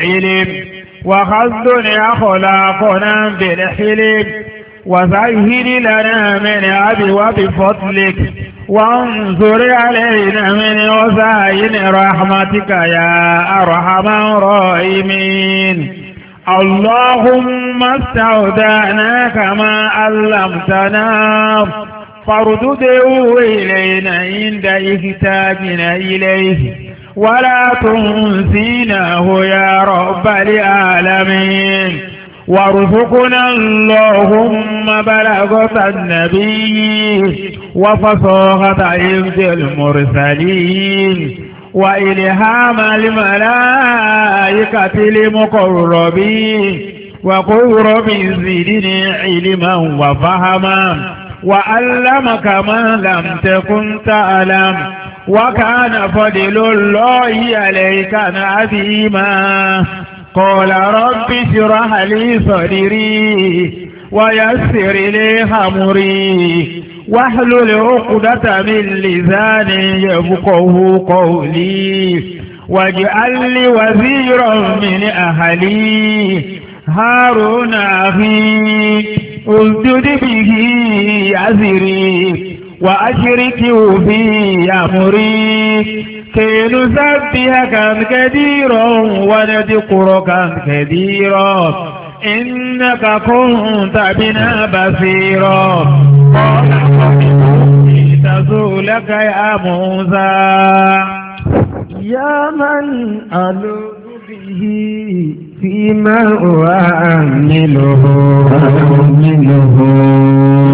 بالعلم وخذنا أخلاقنا بالحلم وسهل لنا من عدو بفضلك وانظر علينا من وسائل رحمتك يا أرحم الراحمين اللهم استودعناك ما علمتنا فارده إلينا عند إحتاجنا إليه ولا تنسيناه يا رب العالمين وارزقنا اللهم بلغة النبي وفصاغة عبد المرسلين وإلهام الملائكة لمقربين وقرب زدني علما وفهما وعلمك ما لم تكن تعلم وكان فضل الله عليك عظيما قال رب اشرح لي صدري ويسر لي أمري واحلل عقدة من لساني يفقه قولي واجعل لي وزيرا من أهلي هارون أخي اسجد به أزري وأشركه في أمري كي نسبحك كثيرا ونذكرك كثيرا إنك كنت بنا بصيرا قال تزولك يا موسى يا من ألوذ به فيما أعمله أعمله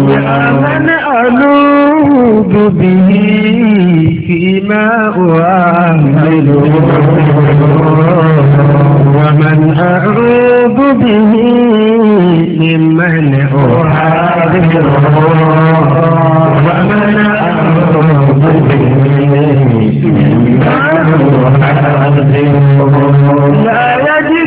ومن ألوب به فيما أعمله ومن أعوذ به ممن ومن أعوذ به ممن أحاذره لا يجد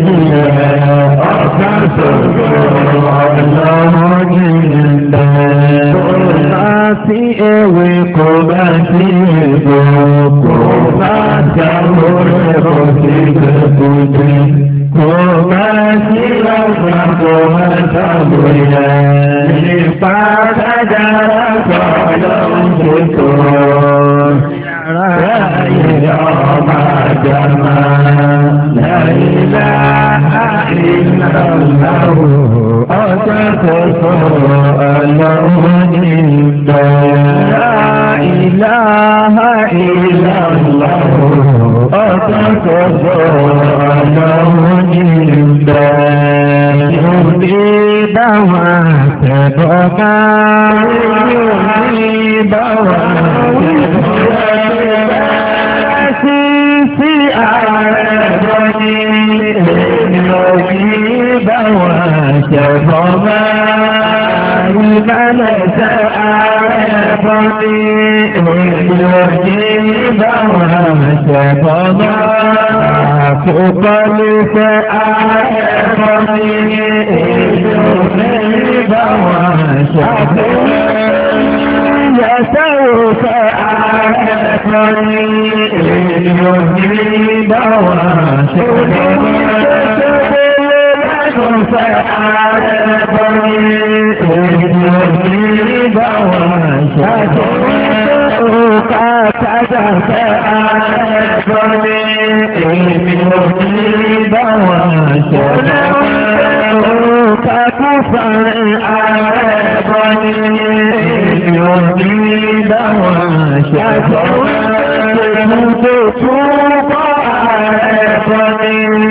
sí ewé kò bá sí egbò kò bá sáwó rẹ̀ kò sí gbẹ̀kọ̀ jẹ́ kò bá sí lọ́gbà kò bá sáwó rẹ̀ nípa dáadáa sọ̀rọ̀ ń ṣe kọ́ ráyè ọmọ àjàmá láìlá àìláwò ọjọ́ kòkòrò ọlọ́run ní ìgbà láìlá àìláwò ọjọ́ kòkòrò àárẹ̀ bọ́ í bá من ساء طبيب يجيب وتقضى فوق لساء طبيب يجيب وتقضى يسوف أعرفني يجيب وتقضى لكم فأعلمني اجدوني فوق قتل فأعلمني اجدوني فوق كفر أعلمني اجدوني فوق كفر أعلمني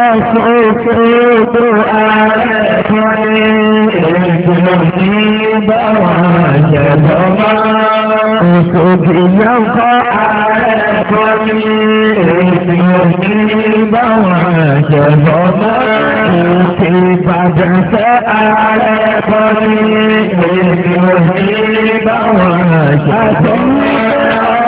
سقوط آيات المصيبة وجبرا اسقط يبقى آيات المصيبة وجبرا كيف جسى آيات المصيبة وجبرا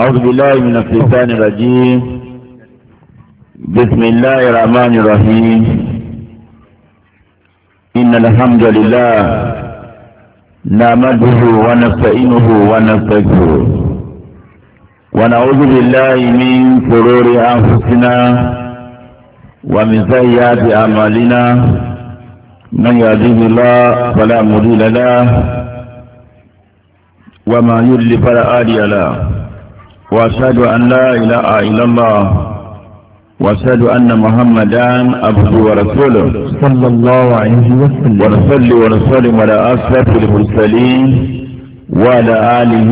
أعوذ بالله من الشيطان الرجيم بسم الله الرحمن الرحيم إن الحمد لله نعمده ونستعينه ونستغفره ونعوذ بالله من شرور أنفسنا ومن سيئات أعمالنا من يهديه الله فلا مضل له وما يضلل فلا هادي له واشهد ان لا اله الا الله واشهد ان محمدا عبده ورسوله صلى الله عليه وسلم ونصلي ونسلم على اشرف المرسلين وعلى آله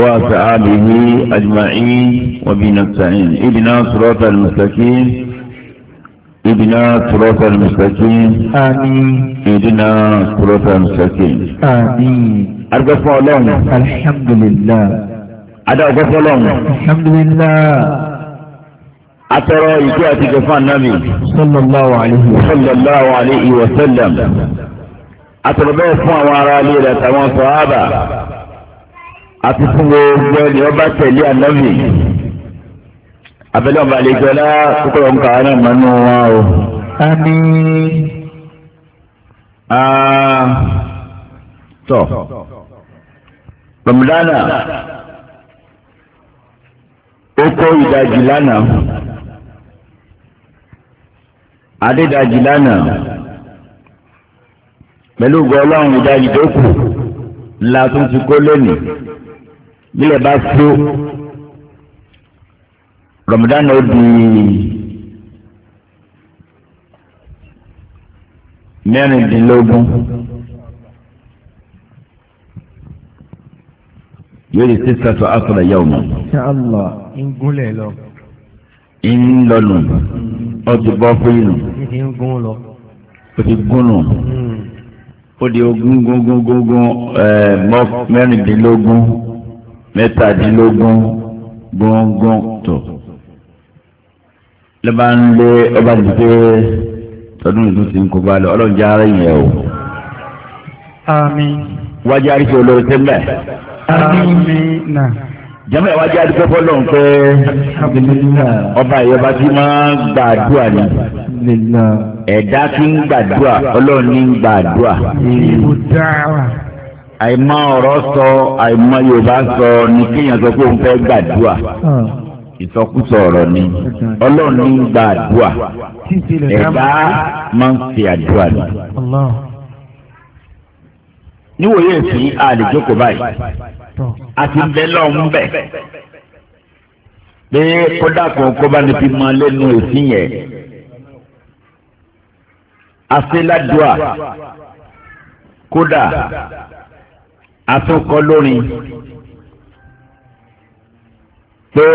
وأصحابه أجمعين وبنستعين إهدنا صراط المستقيم اهدنا صراط المستقيم آمين اهدنا صراط المستقيم آمين أرجو فلان الحمد لله أدعو فلان الحمد لله atọrọ ìkẹ́ àti gẹ̀fà nàbì sallallahu alayhi wa sallallahu alayhi wa sallam atọrọ bẹ́ẹ̀ fún àwọn ará ilé rẹ̀ àtàwọn sọ̀hábà àti fún gbogbo ẹni ọba tẹ̀lé ànábì abẹ́lẹ́ ọba àlejòlá kókòrò ń kàánà mọ́nú wọn o. àmín. tọ́ ramadana ó kó ìdajì lánàá adédajì lánàá pẹ̀lú gọlọ́run ìdajì tó kù la tún ti kó lónìí bí lè bá fún rọmọdánù ó di mẹ́rìndínlógún yóò di sísè tó asọ̀rọ̀ yẹ ọmọ. ṣáàlọ̀ ń gúnlẹ̀ lọ. ń lọnù ó ti bọ́ fún yìí nù. ti ń gún lọ. ó ti gún nù. Hmm. ó di ogún eh, tó ló bá ń lé ọba ní pé tọdún ìlú ti ń kó bá lọ ọlọ́run já ara yẹn o. àmín. wájú àríkè olórí tẹ́lẹ̀. àmín náà jama yà wá jẹ́ adúgbò pé ọba ìyọba tí máa ń gbàdúrà ni ẹ̀dá tí ń gbàdúrà ọlọ́run ní ń gbàdúrà. àìmọ̀ ọ̀rọ̀ sọ àìmọ̀ yorùbá sọ ni kéèyàn sọ pé òun fẹ́ gbàdúrà. Ah ìsọkúsọ ọ̀rọ̀ ni ọlọ́run ń gba àdúrà ẹ̀dá máa ń fi àdúrà ni. níwòye sí àlejòkó báyìí àti bẹ́lọ̀ ń bẹ̀ pé kódà kan kó bá ní fi máa lẹ́nu èsì yẹn. aseladua kódà atúnkọ lórin pé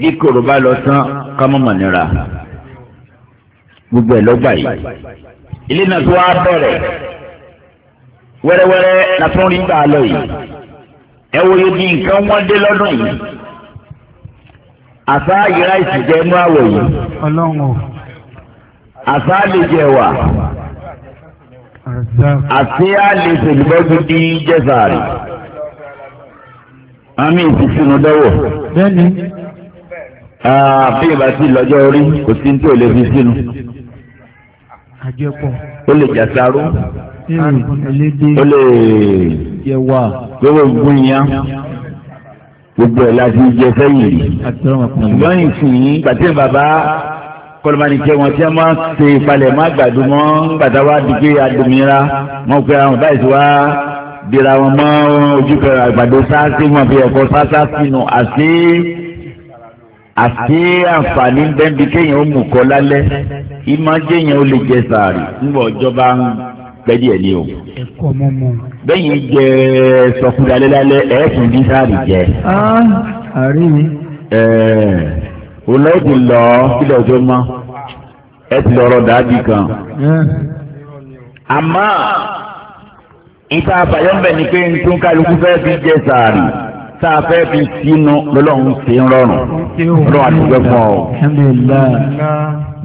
bí kòrò bá lọ tán ká mọ̀ mọ̀nira gbogbo ẹ̀ lọ́gbà yìí ilé náà tó wá bẹ̀rẹ̀ wẹ́rẹ́wẹ́rẹ́ la tún rí gbà lọ yìí ẹ wo yóò di nǹkan wọ́n dé lọ́dún yìí àṣà yìrá ìsìjẹ́ inú àwọ̀ yìí àṣà lè jẹ wà àti àlejò ìbọ́jú di jẹ́sàárì àmì ìsìsinu dọ́wọ́ bẹ́ẹ̀ni. bí ìbá sí lọ́jọ́ orí kò sí ní tí ò lè fi sínú. àjẹpọ̀. ó lè jàsáró. ó lè yẹwà. gbogbo ògùn yẹn gbogbo ẹ̀ la ti jẹ sẹ́yìn rí. ṣùgbọ́n ìsìn gbàtẹ́ bàbá kọlọmọdéjẹ wọn tí a máa ń ṣe ìpalẹ̀ má gbàdúmọ́ gbàtà wá dìgbé adùnmíra mọ̀ pé àwọn báyìí ti wá dira wọn mọ́ ojú kan àgbàdo sáásí wọn fi ẹ̀kọ́ sáásá sínú àti àti àǹfààní bẹ́ẹ̀bi kéèyàn ó mú kọ́ lálẹ́ ìmájẹ́yàn ó lè jẹ sàárì nígbà ọjọ́ba ń gbẹ́dí ẹ̀ ní o. bẹ́yìn jẹ sọkúndalẹ́ lálẹ́ ẹ̀ẹ́sùn bí sàárì jẹ. Ah, ẹ̀ẹ́ olóògùn lọ sílẹ̀ ọjọ́ mọ́ ẹ ti lọ́rọ̀ dáàbì kan. Eh. àmọ́ nta àbàyọ̀ ń bẹ̀ ni pé ntún kálukú fẹ́ fi jẹ sàárì tá a fẹ́ fi sínú lọ́lọ́run sí ń rọrùn lọ́wọ́ àtúgbẹ́ fún ọ.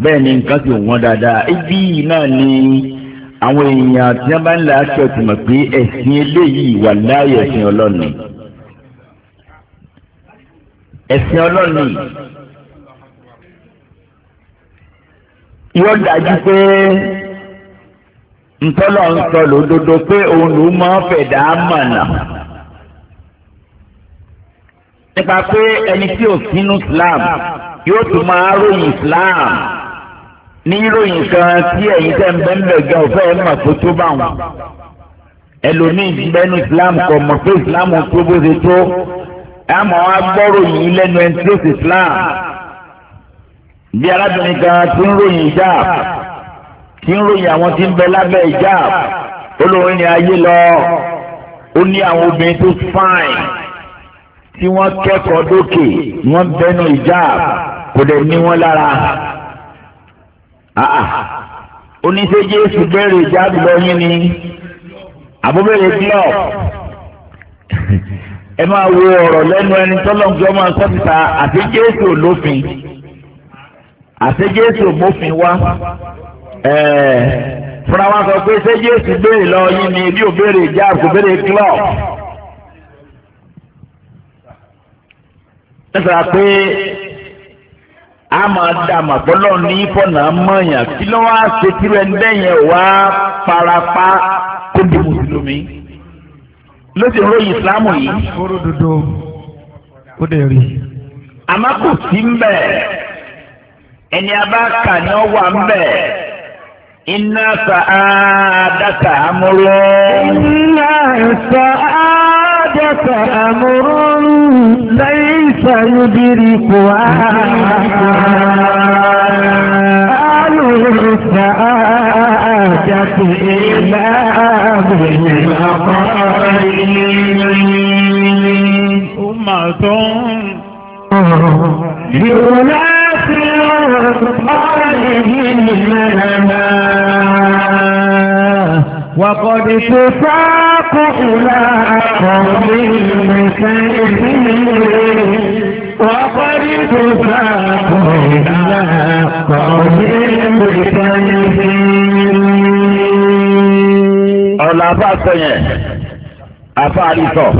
bẹ́ẹ̀ ni nǹkan ti wọ́n dáadáa ibi náà ni àwọn èèyàn tí wọ́n bá ń là á kẹ́ ọ̀tún mọ̀ pé ẹ̀sìn eléyìí wà láàyè ẹ̀sìn ọlọ́ọ̀ni. ẹ̀sìn ọlọ́ọ̀ni yóò dájú pé ntọ́lọ̀ ń sọ lódodo pé òun ló máa ń fẹ̀dá mọ̀nà nípa pé ẹni tí ò sínú Islam yóò tún máa ròyìn Islam ní ròyìn kan tí ẹ̀yin tẹ́ ń bẹ́ ń bẹ̀ gan ọ̀fẹ́ ẹ̀ mà kó tó bá wọn ẹlòmíì bẹ́nu Islam kò mọ̀ pé Islam tó bó ṣe tó àmọ́ wá gbọ́rò yìí lẹ́nu ẹni tí ó Islam bí arábìnrin kan ti ń ròyìn jáà tí ń ròyìn àwọn tí ń bẹ lábẹ́ hijab olórin ní ayé lọ ó ní àwọn obìnrin tó fine tí wọ́n kẹ́kọ̀ọ́ dókè wọ́n bẹnu hijab kò dẹ̀ ní wọ́n lára oníṣẹ́ jésù bẹ̀rẹ̀ hijab lọ́yìn ni àbúbẹ̀rẹ̀ glove ẹ máa wo ọ̀rọ̀ lẹ́nu ẹni tọ́lọ́ǹkì ọmọ sọ́fìtà àti jésù lófin àti jésù mófin wá. Eh, fúnra wa sọ pé ṣé lọ yín ni bí ò béèrè jáàbù kò béèrè club. a máa dà màtọ́lọ́ ní fọ̀nà mọ̀yàn kí ló wá ṣe tí rẹ̀ wa wá farapa kó di mùsùlùmí ló sì ròyìn yìí. kóró dodo ó dẹ̀ ẹni abá kà ni Iná sàádàtà àmúrú. Iná sàádàtà àmúrú lẹ́yìn ìsàyúdìrí kò wá. Alùrù sàádàtà ìlà àbẹ̀yẹ̀ Ó mà tó Ìrọ̀lá. وقد تفاق إلى قوم مسلمين وقد تفاق إلى قوم مسلمين أولا فاسقين أفعل صوت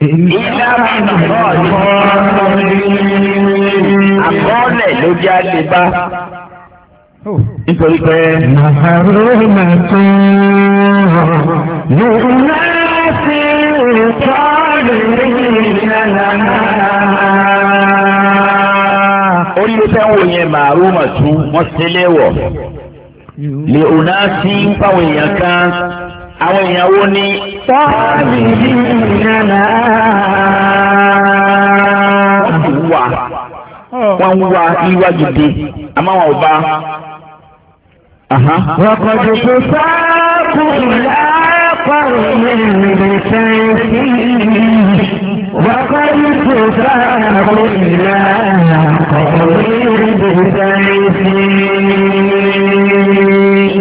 Àkọọ́lẹ̀ ló jẹ́ àdébá. Nítorí pé. Nàbàrú màtó lùnà sí ìtọ́lù ìlànà. Oríṣẹ́ wo yẹn màrú màtó wọ́n sílẹ̀ wọ̀. Lè ònà sí fáwọn èèyàn kan àwọn èèyàn ni. sáàbì nana. wà wọ́n ń wá ìwà gidi àmọ́ wọn ò bá. wọ́kọ̀dù tó sáàkù lápárò mẹ́rin sẹ́yìn. وقد تفاق إلى قبير بسيف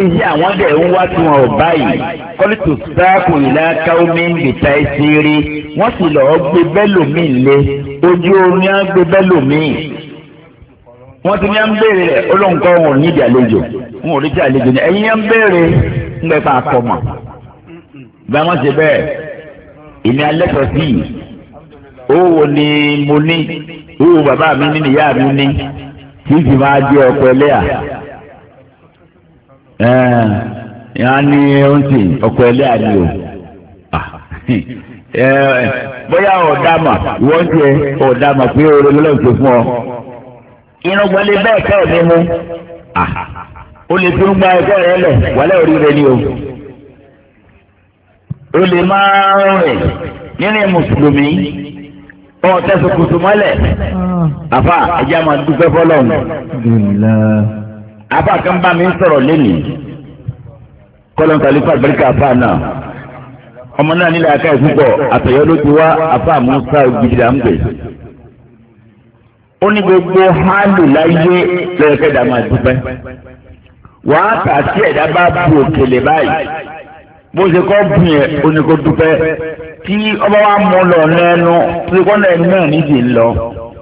Ìyá àwọn ọdẹ ń wá tí wọn ò báyìí kọ́lítù sáàkù ìlà káwọ́mí gbèta ìṣeré wọ́n sì lọ́ọ́ gbé bẹ́lòmí lé ojú orin á gbé bẹ́lòmí wọ́n ti ní à ń béèrè rẹ̀ olóńkọ́ wọn ò ní ìdí àlejò wọn ò ní ìdí àlejò ní ẹ̀yin à ń béèrè ńgbẹ́ pa àkọ́mọ̀ bá wọn ṣe bẹ́ẹ̀ èmi alẹ́tọ̀ sí i owó ni mo ní owó bàbá mi ní ìyá mi ní kí n sì máa jẹ ọ̀pọ̀ ẹlẹ́yà ìyá ní oúnjẹ ọkọ ẹlẹ́ àlè o ah, bóyá ọ̀dàmà wọ́n jẹ ọ̀dàmà pé oore ló lọ́ọ̀ tó fún ọ. irungba lè bẹ́ẹ̀ kẹ́ ẹ̀ mímú o lè fi ń gba ẹgbẹ́ rẹ lẹ̀ wálẹ̀ oríire ni o. o lè máa rìn nínú mùsùlùmí ọ̀tẹ́ sòkòtò mọ́lẹ̀ àfa ẹ̀jẹ̀ máa dúpẹ́ fọlọ́run. àfa kan bá mi sọ̀rọ̀ lénìí kọ́lọ́n kàlífà àgbẹ̀ríkà àfa náà ọmọ náà nílẹ̀ aká ìfúnpọ̀ àtẹ̀yọ́ ló ti wá àfa àmúṣá ògidì àǹgbè. ó ní gbogbo hálù láyé lẹ́yẹ̀kẹ́ dàmú àdúpẹ́. wàá kà sí ẹ̀dá bá bu òkèlè báyìí bó ṣe kọ́ bùn yẹn ó ní kó dúpẹ́ tí ọba wa mú lọ lẹ́nu tó ṣe kọ́ náà ní ńlọ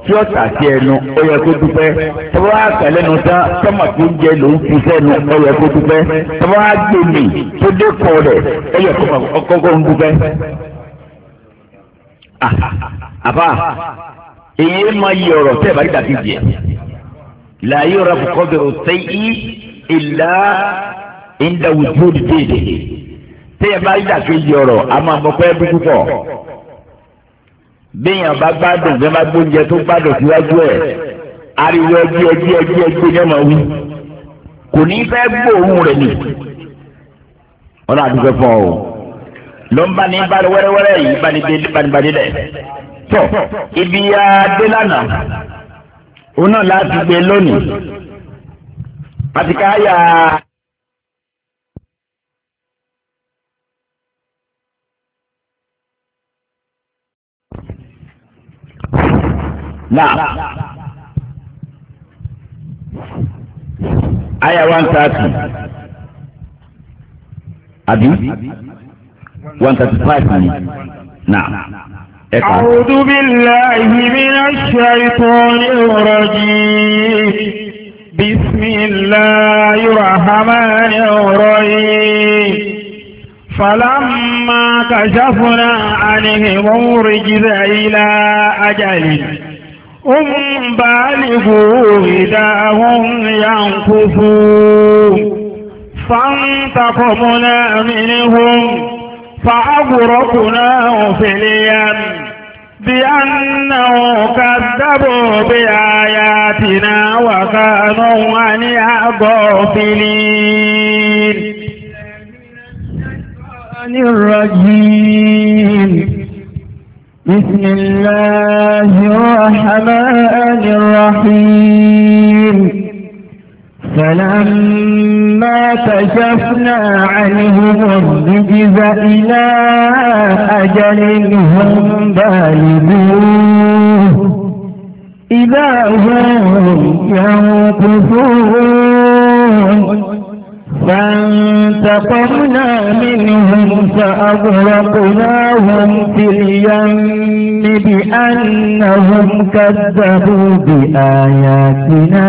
tí ó tà sí ẹnu ó yẹ kó dúpẹ́ tọ́wọ́ àkàlẹ́nu tán tọ́mọ̀ tó ń jẹ ló ń fi sẹ́nu ó yẹ kó dúpẹ́ tọ́wọ́ àgbèmí tó dé kọ́ rẹ̀ ó yẹ kó kọ́kọ́ ń dúpẹ́. àbá èyí máa yí ọ̀rọ̀ tẹ́ ẹ̀ bá dìgbà kejì ẹ̀ láyé ọ̀rọ̀ àbùkọ́ bẹ̀rù sẹ́yìn ìlà ìdáwùjú òdìdí tẹ́ ẹ̀ bá dìgbà kejì ọ̀rọ̀ àmọ́ àbọ̀kọ́ ẹ̀ dúdú pọ̀ béèyàn bá gbádùn bẹ́ẹ̀ bá gbóúnjẹ tó gbádùn síwájú ẹ̀ ariwo ẹgbẹ́ ẹgbẹ́ ẹgbẹ́ ẹgbẹ́ ní ọmọ wí kò ní fẹ́ gbóòórùn rẹ̀ nì ọ̀nà àdúgbò fún ọ ló ń bá ní balẹ̀ wẹ́rẹ́wẹ́rẹ́ yìí bá ní balẹ̀ dẹ̀ tọ́ ibi adé lánàá òun náà láti gbé lónìí àti káyà. náà aya one thirty àbí one thirty five ni náà. أعوذ بالله من الشيطان الرجيم بسم الله الرحمن الرحيم فلما كشفنا عنهم الرجز إلى أجل هم بالغوا إذا هم ينكثون فانتقمنا منهم فأغرقناه في اليم بأنه كذبوا بآياتنا وكانوا عنها غافلين الرجيم بسم الله الرحمن الرحيم فلما كشفنا عنهم الرجز إلى أجل هم بالغوه إذا هم ينقصون فانتقمنا منهم فأغرقناهم في اليم بأنهم كذبوا بآياتنا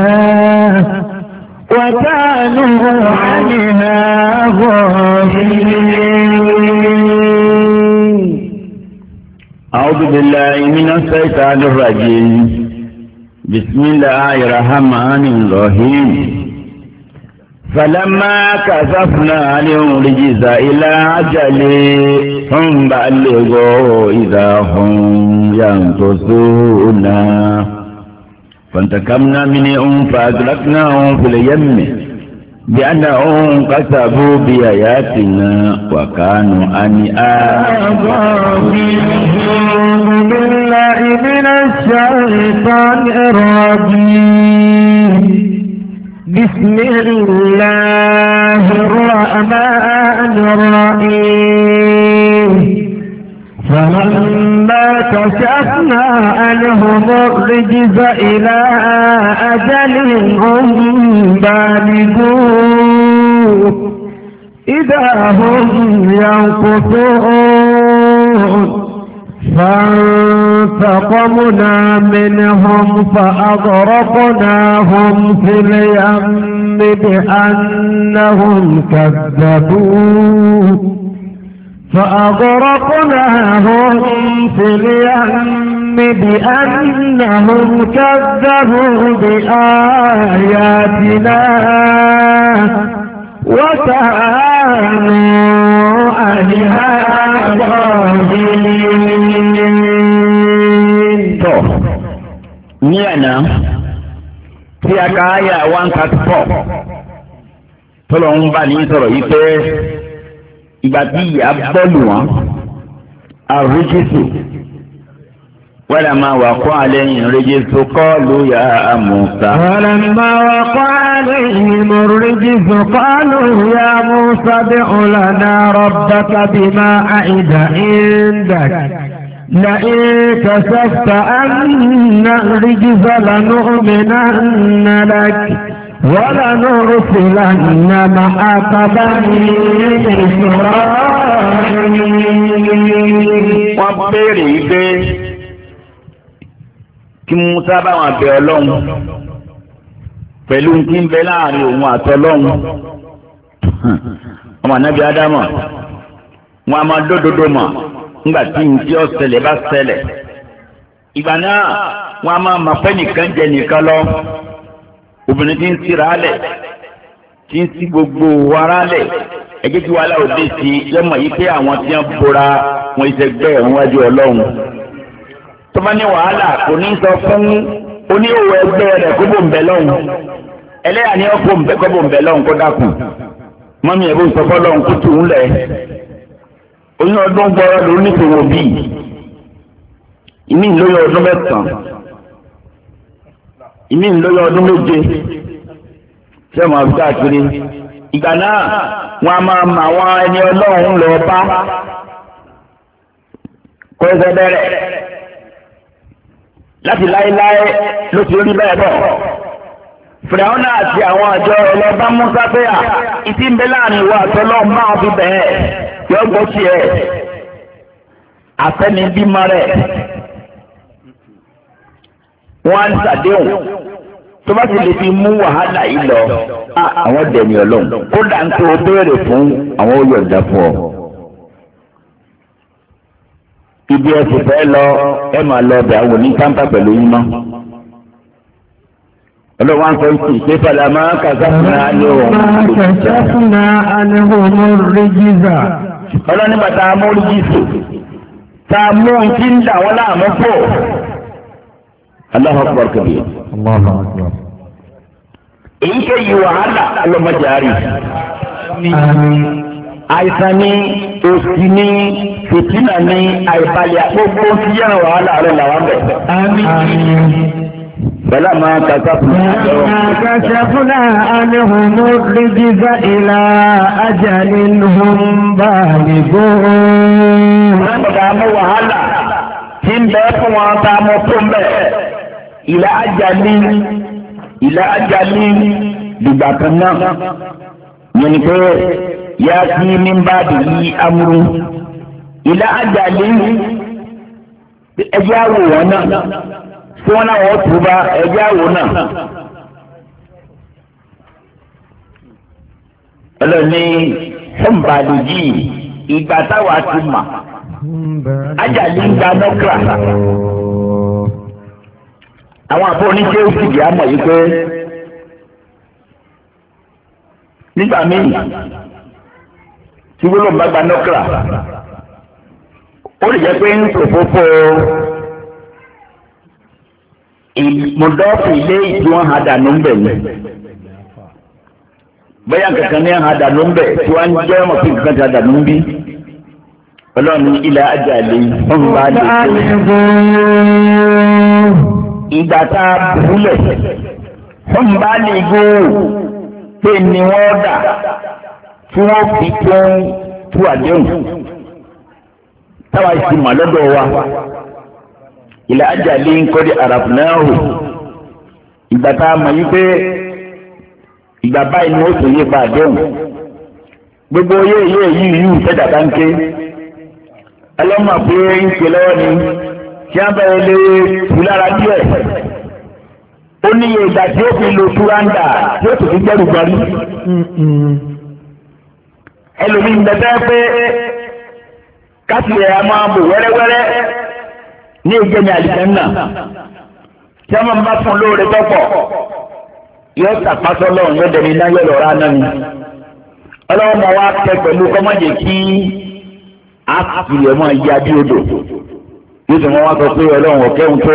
وكانوا عنها غافلين أعوذ بالله من الشيطان الرجيم بسم الله الرحمن الرحيم فلما كشفنا عليهم رجز إلى عجل هم بلغوا إذا هم ينقصونا فانتكمنا منهم فأغلقناهم في اليم بأنهم كسبوا بآياتنا وكانوا أن آياتهم بالله من الشيطان الرجيم بسم الله الرحمن الرحيم فلما كشفنا عنهم الرجز إلى أجل هم بالغوه إذا هم ينقصون فانتقمنا منهم فأغرقناهم في اليم بأنهم كذبوا فأغرقناهم في اليم بأنهم كذبوا بآياتنا وكانوا أهلها ظاهرين ní àná tí a ka àyà one thirty four tọ́lọ̀ ń bá ní sọ̀rọ̀ yìí pé ìgbà tí ìyá bọ́ọ̀lù wọn àrùjísù wọ́n máa wà kọ́ alẹ́ yìí rẹ́jísù kọ́ yà á Musa. wọ́n máa wà kọ́ alẹ́ yìí rẹ́jísù kọ́ yà á Musa bí ọ̀làdà rọ̀bàkà bí máa àìdá ẹ̀ ń dàgbà. لئن كسفت أن الرجز لنؤمنن لك ولنرسلن معك بني إسرائيل wọ́n béèrè wípé kí Musa bá wọn bẹ Ọlọ́run pẹ̀lú kí n bẹ láàrin òun àtọlọ́run ọmọ anábì Ádámọ̀ wọn a máa dódodo mọ̀ ńgbà tí n tí ó ṣẹlẹ̀ bá ṣẹlẹ̀ ìgbà náà wọn a máa máa fẹ́ nìkan jẹ nìkan lọ obìnrin tí ń síra lẹ̀ tí ń sí gbogbo wàrà lẹ̀ ẹjẹ́ kí wàhálà òde sí lọ́mọ yìí pé àwọn tí wọ́n bora wọn ṣe gbẹ́ níwájú ọlọ́run tó ní wàhálà kò ní sọ fún oníhòòhò ẹgbẹ́ rẹ̀ kó bò ń bẹ lọ́hùn ẹlẹ́yà ni ó kó bò ń bẹ lọ́hùn kó dákun mọ́mí ẹ̀ bó ń sọ fọ́ kó tù ú lẹ̀ oyún ọdún gbọ́ra ló níṣòwò bíi ìmí ìlóyè ọdún mẹ́sàn-án ìmí ìlóyè ọdún méje tí ẹ̀ máa fi káàkiri ìgbà náà wọn a máa mọ àwọn ẹni ọlọ́run lọ bá kó ẹsẹ̀ bẹ̀rẹ̀ láti láéláé ló ti rí bẹ́ẹ̀ bọ̀ fìràwọ́nà àti àwọn àjọ ẹlẹ́bá mú sáfẹ́yà ìtì ń bẹ láàrin ìwà àtọ́lọ́ máa fi bẹ̀ẹ́. yọ gbọ́ tiẹ̀ afẹ́nibímọ rẹ̀ wọ́n á ń sàdéhùn tó bá ti lè fi mú wàhálà yìí lọ àwọn dẹ̀mí ọlọ́run béèrè fún àwọn fún ibi ẹ ti fẹ́ lọ ẹ máa lọ ọbẹ̀ àwọn oníkàńpá pẹ̀lú yín mọ́. Ọlọ́wọ́n sọ ìsì pé fàlàmà kàzáfúnà ni ọlọ́nìgbà tá a mú orí tá a mú ìdí ń láàmú pọ̀ Allahu Akbar kabir. èyí ṣe yí wàhálà ọlọ́mọdé àìsàn ni òsì ni fìtínà ni àìbalẹ̀ gbogbo ti yẹ̀rọ wàhálà rẹ̀ làwọn bẹ̀. فلما كشفنا عنهم الرجز إلى أجل هم بالغون tí ń bẹ fún wọn tá a mọ tó ń bẹ ìlà àjàlí ìlà àjàlí dìgbà kan náà yẹn ni pé yá sí ní bá di yí amúrú ìlà àjàlí ẹgbẹ́ àwòrán náà. tí wọ́n náà wọ́n tù bá ẹgbẹ́ àwò náà. ọlọ́ni ṣọ́nbàlùjì ìgbà táwa ti mà ájàlí ń gba nọ́kìlà. àwọn àbọ̀ oníṣẹ́ òsìdì á mọ̀ yìí pé nígbà míì tí wọ́n lọ́ọ́ bá gba nọ́kìlà ó lè jẹ́ pé ń pòfófó mọ̀dọ́fù ilé tí wọ́n ha dànù ń bẹ̀ ni bẹ́yà kankan ní ha dànù ń bẹ̀ tí wọ́n jẹ́ ọmọ fún kankan ta dànù ń bí ọlọ́run ilẹ̀ ajá lè bá lè tó ìgbà tá a wa. ìlà ajáde ńkọ́dé àràbùnáhù ìgbà tá a mọ̀ yí pé ìgbà báyìí ni ó sì yí pa àdéhùn gbogbo yóò yóò yí ìlú ìtẹ́jà bá ń ké ọlọ́mọ pé ń ṣe lọ́wọ́ ni tí a bẹ̀rẹ̀ lé tu díẹ̀ ó ní ìgbà tí ó fi lo túráńdà tí ó sì fi gbẹ́rù gbọ́rí ẹlòmíín bẹ́tẹ́ pé kásìlẹ̀ a máa wẹ́rẹ́wẹ́rẹ́ ní ìjẹni àlìjẹ́nà tí a máa bá fún lóore tọ́pọ̀ yóò tàpásọ́ lọ́run yóò dẹni iná yóò lọ́ra náà ni ọlọ́run máa wá tẹ pẹ̀lú kọ́mọ́jì kí àpilẹ̀ máa yí adé odò yóò tún wá sọ pé ọlọ́run ọ̀kẹ́hun tó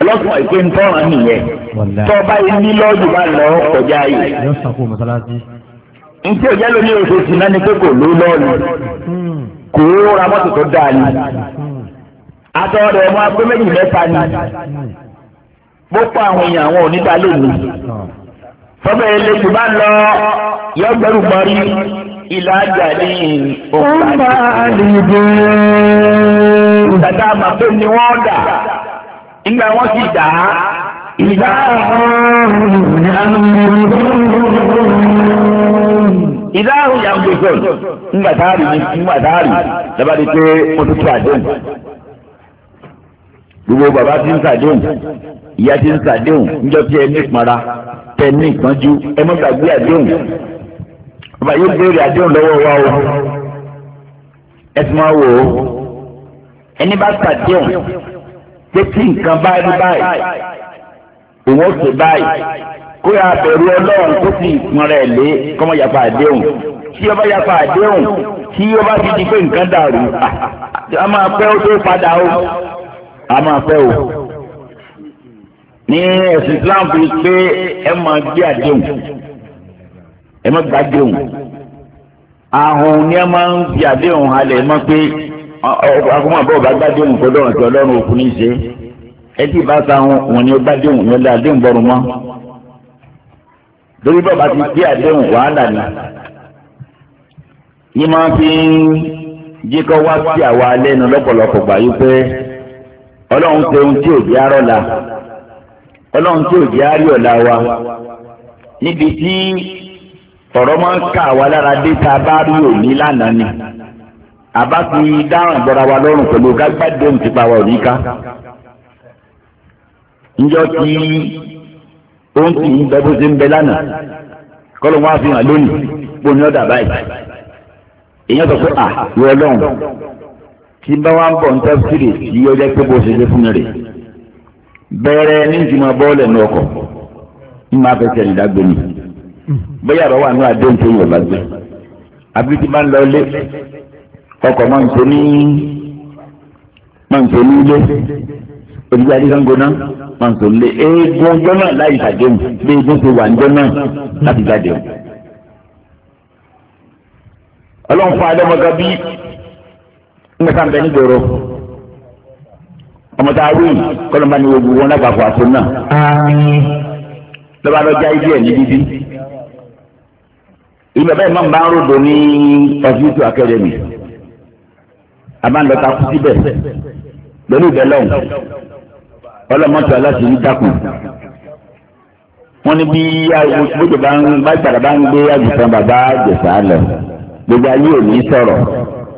ọlọ́sùn àìpé ń tọ́ràn nìyẹn tọ́ba yìí ní lọ́ọ̀dù bá lọ kọjá yìí. ntí òjá lóní oṣooṣù náà ni pé kò ló lọ́ọ̀lù hmm. kò rọra mọ́tò tó dáa ni. Hmm. adọ́ rẹ̀ wọ́n méjì mẹ́ta ni gbogbo àwọn èèyàn àwọn onídà lè ní. tọ́bẹ̀ ilé tó bá lọ yọ gbẹrù gbọ́rí ìlà àjà ní òkúta ni dà nígbà sì dà á. nígbà tá a nígbà tá a pé mo tún tún gbogbo bàbá ti ń sàdéhùn ìyá ti ń sàdéhùn níjọ́ tí ẹ ní ìpara tẹ ní ìpọ́njú ẹ mọ́ gbàgbé àdéhùn bàbá yóò béèrè àdéhùn lọ́wọ́ wa o ẹ ti máa wò ó ẹni bá sàdéhùn pé tí nǹkan bá rí báyìí òun ó ṣe báyìí kó yà bẹ̀rù ọlọ́run tó sì pọn rẹ̀ lé kọ́mọ yàtọ̀ àdéhùn tí ọba yàtọ̀ àdéhùn tí ọba ti di pé nǹkan dàrú a máa pẹ́ ó tó padà o a máa fẹ́ o ní ẹ̀sìn Islam fi pé ẹ máa gbé àdéhùn ẹ máa gbá àdéhùn ahun ni ẹ máa ń fi àdéhùn halẹ̀ ẹ máa pé akọ́mọ̀ àbọ̀ bá gbá àdéhùn kó dọ̀rùn tí ọlọ́run òkú ní í ṣe ẹ tí ì bá sa wọn ni ó gbá àdéhùn ni ó dá àdéhùn bọ̀rùn mọ́ torí bàbá ti gbé àdéhùn wàhálà ni yìí máa fi ń jíkọ́ wá sí àwa lẹ́nu lọ́pọ̀lọpọ̀ gbà pé. ọlọ́run ṣe ohun tí òjì arọ́la ọlọ́run tí òjì wa níbi tí ọ̀rọ̀ máa ń kà wá lára dé tá a bá rí òní lánàá ni bá ti dáràn gbọ́ra wa lọ́rùn pẹ̀lú ohun ti wa òní njọ́ tí ohun tí ń bẹ bó ṣe ń bẹ lánàá kọ́lọ́ wọn á fi hàn lónìí sọ pé à tí n bá wá ń bọ̀ ń tẹ́sírì tí yóò pé bó ṣe lé fún mi rè ní ìjùmọ̀ bọ́ọ̀lù ẹ̀nu ọkọ̀ ń máa fẹsẹ̀ ìdágbé ni bóyá àbá wà ní àdéhùn tó yọ̀ bá gbé abidjan máa ń lọ ilé ọkọ̀ máa ń tó ní máa ń tó ní ilé olùgbé adigangbona máa ń tó ní ilé eégún ọjọ́ náà láì ṣàdéhùn bí eégún ti wà níjọ́ náà láti jáde ọlọ́run fún nígbà tá à ń bẹ nígboro ọmọ tá a wí kọlọmọ ni gbogbo wọn lágbàfọ àfọn náà lọba lọjà ibi ẹ ní bíbí ìgbà bẹ́ẹ̀ máa ń bá ń ròdò ní ọfíìsì akademi àbáńdọ́ta kú síbẹ̀ lórí ìbẹ́lọ́hùn ọlọ́mọtò aláṣẹ ní dákùn wọ́n ní bí bójú bá ń bá ìgbàlá bá ń gbé àgùntàn bàbá àjẹsà lọ gbogbo ayé ò ní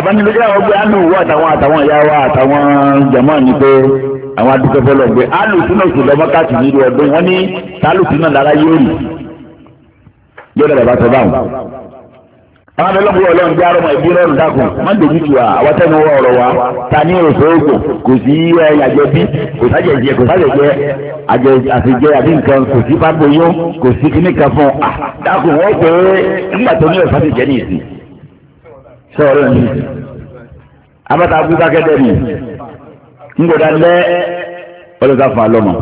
bàbá mi lójú àwọn gbé alu wọ àtàwọn àtàwọn ìyá wa àtàwọn jàmọ́ ni pé àwọn adúgbò fẹ́ lọ gbé alu sínú oṣù lọ́mọ káàkiri nílùú ọdún wọn ní tálù sínú lára yóò rí yóò rẹ̀ bá sọ báwọn. àwọn abẹ́lẹ́ ọ̀gbọ́n ọlọ́run bí arọ́mọ ìbí rọrùn dákun má dèjì tù wá àwọn tẹ́nu wọ ọ̀rọ̀ wa ta ní òṣò oògùn kò sí àjẹ bí kò sájẹjẹ kò sájẹjẹ àjẹ àfijẹ àbí nǹkan kò sí fágbóyún kò sí kíníkan fún un ah, dákun wọ́n pé nígbà tó ní ọ̀sán ti jẹ́ ní ìsìn sọ̀rọ̀ ni abata abuka kẹdẹ ni ŋgoda lẹ ọlọta fún alọmọ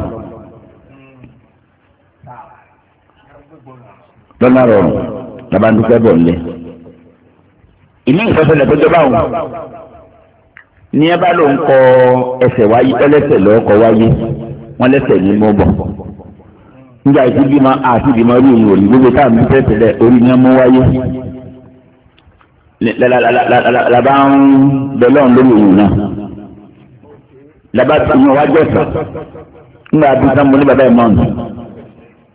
lọ́nà rọrùn labandukẹ bọ nlẹ ìní ìfẹsẹlẹ tó jọba wọn ní ẹ bá kọ ẹsẹ̀ wáyé ẹlẹ́sẹ̀ lọ wáyé wọn lẹ́sẹ̀ ní nígbà àti òun laba ń bẹlọ́n lórí òun náà laba ìyẹn wá jẹ́sà ńgbà abisa mo ní bàbá ẹ̀ mọ́ọ̀nù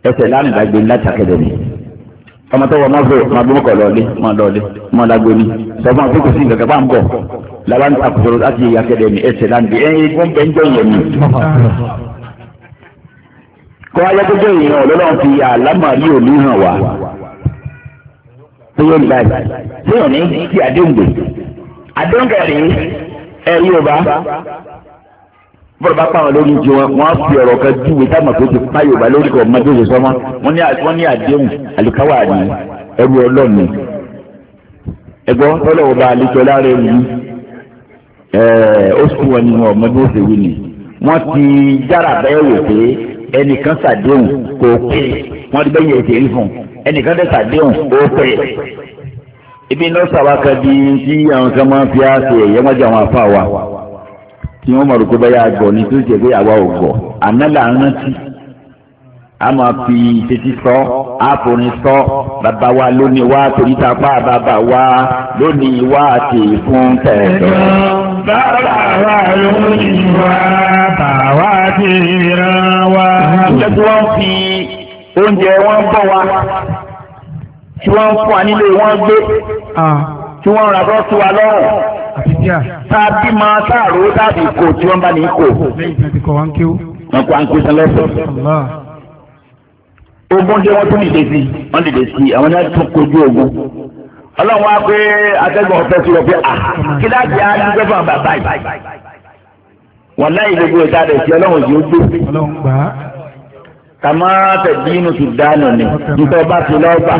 ẹsẹ̀ lánàá ìdágbé ńlá tàkẹ́dẹ̀ ni ọmọ tó wọ ọmọ fún ọmọ abúlé kọ lọlé ọmọ lọlé ọmọ lagbe ni sọ fún akókò sí nǹkan kan bọ̀ laba ń takùsọ̀rọ̀ láti yẹ akẹ́dẹ̀ ni ẹsẹ̀ lánàá ẹ̀yìn fún bẹ́ńjọ́ yẹn ni kọ́ ayẹ́kọ́jọ́ yìí hàn lọ́lọ́run fi àlámà yìí ò ní hàn wá tó yẹ gbà yìí tí ò ní ti àdéhùn gbè àdéhùn kẹrin ẹ Yorùbá bọ́dọ̀ bá pàwọn lórí ju wọn wọn fi ọ̀rọ̀ kan júwe táwọn tó ti pa Yorùbá lórí kọ̀ ọmọdé òṣèlú sọ́mọ́ wọn ní àdéhùn àlùkáwà ní ẹrú ọlọ́ọ̀nù ẹgbọ́n tọ́lọ́wọ́ bá àlejò lára ẹ̀rù yìí ó sùn wọn ní ọmọdé òṣèlú ni wọ́n ti dára bẹ́ẹ̀ wò pé ẹnìkan ṣàdéhùn kò pé wọ́n ti bẹ́yẹ̀ ètè rí fún ẹnìkan tẹ̀ ṣàdéhùn kò pé. ibi iná sàwákà di tí àwọn kan máa fi àṣẹ ẹ̀yẹ́ wọ́n jẹ́ wa tí wọ́n mọ̀ rògbò báyà gbọ̀ ní tó ṣe pé àwa ò gbọ̀ àná là ń rántí a máa fi ìṣètì sọ àforin sọ bàbá wa lónìí wa torí tapá bàbá wa lónìí wa àti ìfún tẹ̀sán bàbá lóyìn wa bàbá ti ràn wá. Ṣé tí wọ́n fi oúnjẹ wọn bọ̀ wá? Tí wọ́n ń fún wa nílé wọn gbé? Tí wọ́n ń rabọ́ sí wa lọ́rùn? Tàbí máa sáàrò tàbí kò tí wọ́n bá ní kò. Wọ́n kọ́ àǹkí san lọ́sọ̀ọ́. Ogun jẹ́ wọ́n tún lè dé sí, wọ́n lè dé sí, àwọn náà tún kojú ogun ọlọ́run wá pé atẹ́gùn ọ̀fẹ́ sí wọn pé ah, kí láti á ní gbẹ́fọ́ àbá báyìí wọn láyé gbogbo ìta rẹ̀ sí ọlọ́run yìí ó gbé kàmá tẹ̀dínú sùdánù ni nípa ọba ti lọ́ọ̀bà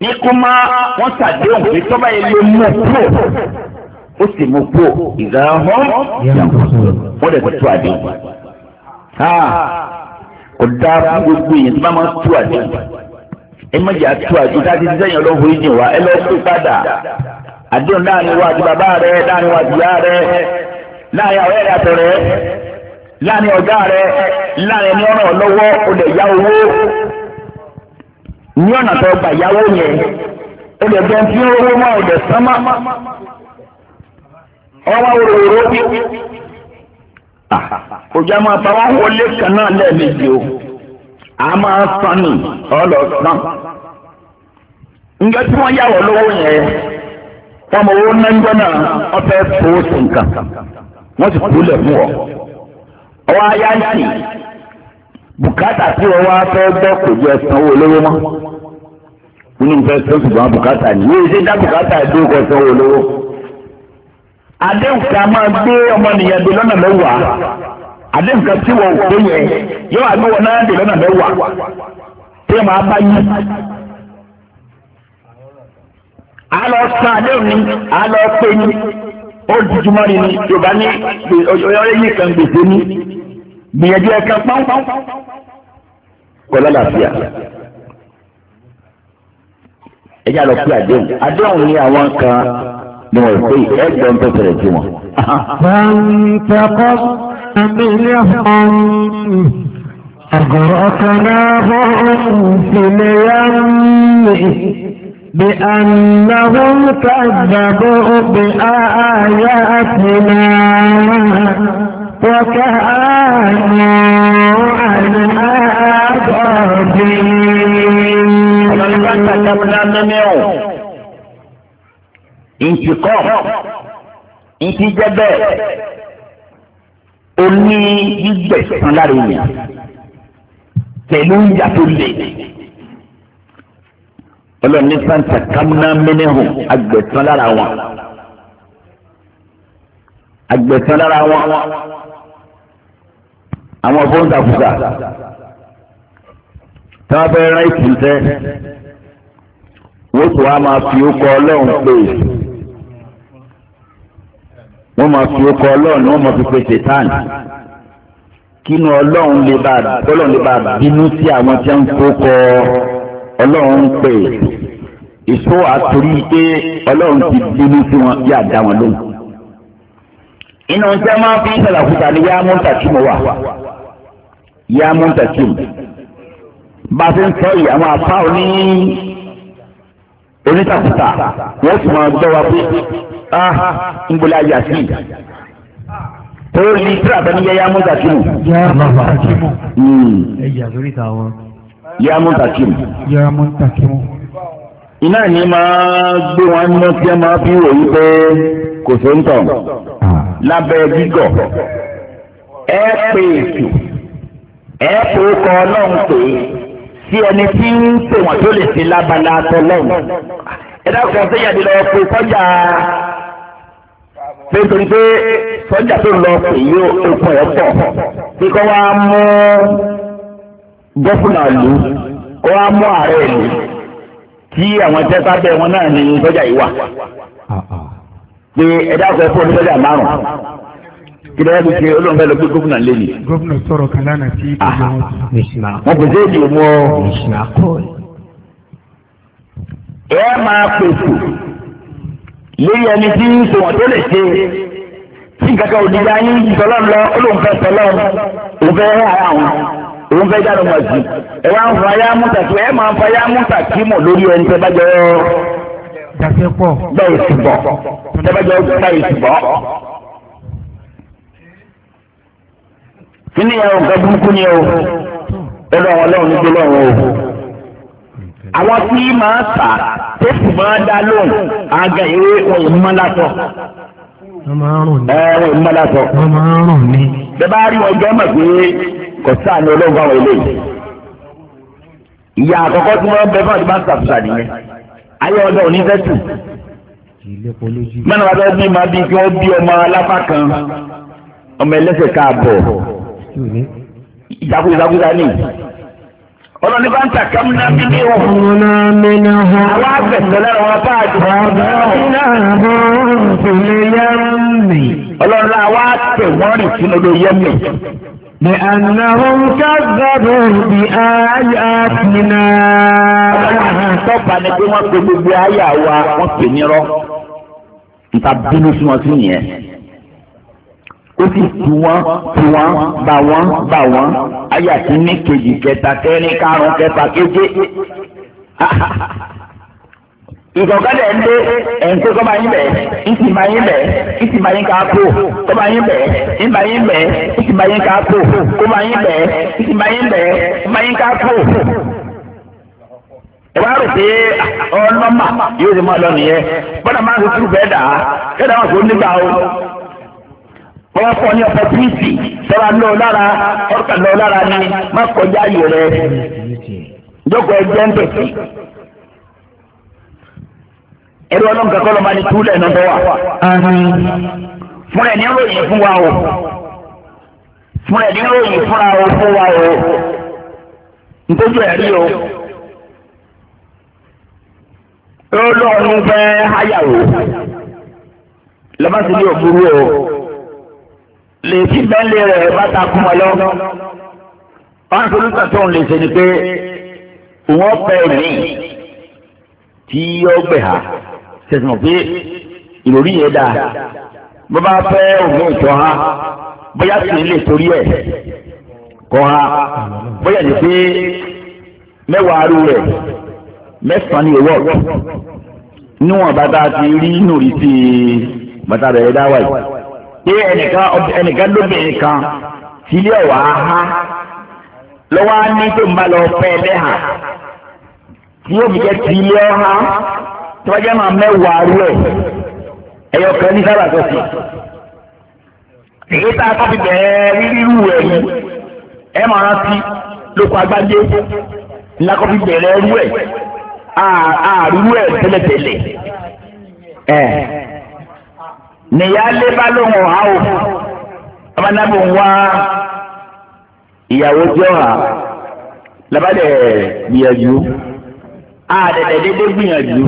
ní kúmá wọ́n ṣàdéhùn pé tọ́ba yẹn lè mú kúrò ó sì mú kúrò ìgbàhán wọ́n dẹ̀ tó àdéhùn kò dáa gbogbo èèyàn tí wọ́n máa ń àdéhùn. ẹ má jà tú ká ti ti sẹ́yìn ọlọ́run forí jìn ẹ padà àdéhùn bàbá rẹ láàrin wa rẹ láàrin àwọn ọ̀gá rẹ láàrin ẹni ọ̀ràn lọ́wọ́ o lè yá owó ní ọ̀nà tó gbà yáwó yẹn o lè mọ́ ọ̀dẹ̀ sánmà ọwọ́ ah, o. a máa san ní ọlọ́sàn. ǹjọ́ tí wọ́n ya yẹn wọ́n mọ owó náńjọ́ náà wọ́n fẹ́ nǹkan wọ́n sì kúlẹ̀ fún ọ. bùkátà tí ọwụwa wá kò jẹ sanwó nínú ni ṣe dá bùkátà sanwó gbé ọmọnìyàn bí àdé nǹkan tí wọ́n wò yẹn yóò wá gbé wọn náà dè lọ́nà mẹ́wàá tí ẹ máa bá yín. a lọ san àdéhùn ni a lọ pé o ó dùdùmọ́ ni ni yorùbá ní ọ̀rẹ́ yìí kan gbèsè ní gbìyànjú ẹ̀ka pọ́npọ́n kọlá làbíà ẹjẹ àlọ pé àdéhùn àdéhùn ni àwọn kan ni wọn rò pé ẹgbẹ̀rún tó tẹ̀lé sí wọn. باليمن أغرقناهم في اليم بأنهم كذبوا بآياتنا وكانوا عنها غافلين انتقام انتجابات ó ní gbígbẹ̀sán lára èèyàn pẹ̀lú ìyà tó le ọlọ́ọ̀ni fanta kamuna mẹ́nẹ́hùn agbẹ̀sán lára wọn agbẹ̀sán lára wọn àwọn fúntàfúta tí wọ́n fẹ́ rán ìkùntẹ́ wọ́n tún wá máa fi ó kọ ọlọ́run pé wọ́n máa fi okọ̀ ọlọ́run wọ́n máa fi pe sètán kínú ọlọ́run lè bá ọlọ́run lè bá bínú sí àwọn tí wọ́n ń kókọ ọlọ́run pè ìṣó àtòrí pé ọlọ́run ti bínú sí wọn bí àdá wọn lóhùn. inú tí a máa fi ń sàlàkùtà ni yá múntàkìm wà yá múntàkìm bá a ti ń sọ yìí àwọn afáwọn ní oníṣàkúta wọ́n sì máa gbọ́ wa pé a ah, ń gbọ́lá yà sí tóró ní tíráàbà ní yẹ́yà mú zakimu. yẹ́yà mú zakimu. yẹ́yà hmm. mú zakimu. iná ni máa gbé wọn mọ́ tí wọ́n máa fi wòye pé kò tó ń tàn lábẹ́ gígọ̀ ẹ pè é ẹ pè é kọ́ ọlọ́run pè é tí ẹni tí ń pè wọ́n tó lè fi lábala tọ́lọ́ọ̀ ẹ dákun ọ̀sẹ̀ yàtí lọ pé sọ́jà pé torí pé sọ́jà tó lọ pè yí okùn ẹ̀ pọ̀ pé kọ́ wá mú gọ́fúnà lù kọ́ wá mú ààrẹ lù tí àwọn tẹ́sà bẹ́ẹ̀ wọn náà ní sọ́jà yìí wà ah, ah. pé ẹ dákun ẹ̀ fún onísọ́jà márùn-ún kìlẹ̀ bí kìlẹ̀ olóńgbà lọ pé gómìnà lé ní. gómìnà sọ̀rọ̀ kan lánàá sí ah. ìgbésẹ̀ wọn. wọn kò sí èdè mọ́. ẹ máa pèsè lórí ẹni tí sòwọ́n tó lè ṣe tí kankan òdìgbà yín sọlọ́ lọ olóńgbà sọlọ́ òun fẹ́ rẹ́ ara wọn òun fẹ́ dáná wọn sí ẹ wá ń fa yá múta kí ẹ máa ń fa yá múta kí mọ̀ lórí ẹni tẹ́ bá jọ ọ́. dàtẹ́ pọ̀. bẹ́ẹ̀ sì bọ̀ tẹ́ bẹ́ẹ̀ sì bọ̀. kíni yẹn o nǹkan burúkú ni o lọ́dọ̀ àwọn ọlọ́run níbi lọ́run o. àwọn tí máa tà tó sì máa dá lóhùn àga ìwé wọn yìí máa látọ̀. ẹ wọn yìí máa látọ̀. bẹ́ẹ̀ bá rí wọn jẹ́ mọ̀ pé kò sáà ní olóògùn àwọn eléyìí. ìyá àkọ́kọ́ tí wọ́n bẹ fún àti máa ṣàtúnṣà nìyẹn ayé ọ̀dọ́ òní fẹ́tù. mẹ́rin wàá bẹ́ẹ̀ bí máa bí kí wọ́n bí ọmọ alápá kan ọmọ ẹlẹ́sẹ̀ káàbọ̀ ìjagunjagunja ni ọlọ́ni bá ń ta kámúná mi ní o. kámúná mi ní o. àwọn wọn bá a jù. ọ̀dọ́ iná ọ̀hún kò lè yẹ mí. tẹ̀ wọ́n rìn sínú ló yẹ mí. Ní ànáhùn kágbàbọ̀ bí ayé àtìná. Tọ́pà ni pé wọ́n pe gbogbo ayé àwa wọ́n pè nírọ́. Nta bínú sí wọn nìyẹn. ó sì tù wọn tù wọ́n bà wọ́n bà wọ́n ayé àti ní kejì kẹta kẹrin karùn kẹfà isi ma ń dé ẹ̀ǹkó kọ́ bá yín bẹ̀ ìtì bá yín bẹ̀ ìtì bá yín ká kó kọ́ bá yín bẹ̀ ìbá yín bẹ̀ ìtì bá yín ká kó o. wọ́n fọ ní ọpọtúnìtì tọ́ra lọ lára ọ̀kà lọ lára ni má kọjá ayò rẹ jókòó ẹgbẹ́ ń tẹ̀sí. ẹ̀rọ ọlọ́nkà kọ́ ló máa ní túlẹ̀ náà bọ́ wà. fún ẹ̀ ní ròyìn fún wa o fún ẹ̀ ní ròyìn fúnra o fún wa o ntójú ẹ̀rí o. ó lọ́ọ̀nù fẹ́ háyàwó lọ́mọ́sí ní òkúrú o lè fi bẹ́ńlẹ̀ rẹ̀ bá ta kún ọ lọ. wọ́n á sọ́dún tàtọ́ òun lè ṣe ni pé wọ́n pẹ́ mí tí ó gbẹ̀ ha ṣẹ̀sìn mọ̀ pé ìròrí yẹn dáa bó bá fẹ́ òun ìtọ́ ha bóyá sì lè torí ẹ̀ kọ́ ha bóyá ní pé mẹ́wàá rú rẹ̀ mẹ́sàn-án ni èwọ̀ níwọ̀n bàtà ti rí nùrí sí bàtà rẹ̀ dáwà yìí. pé ẹnìkan ẹnìkan lóbìnrin kan sílé ọ̀wá ha lọ́wọ́ á ní tó ń bá lọ pẹ́ lẹ́hà tí yóò fi jẹ́ máa mẹ́wàá ẹ̀ kan ní sábà tó èyí tá a kọ́ fi bẹ̀ẹ́ rírú ẹ̀ yìí ẹ̀ máa rántí fi rú ẹ̀ lé bá lóun ọ̀há o ọmọdébò ń wá ìyàwó tí ọ̀há labadẹ gbìyànjú àdẹdẹ dédé gbìyànjú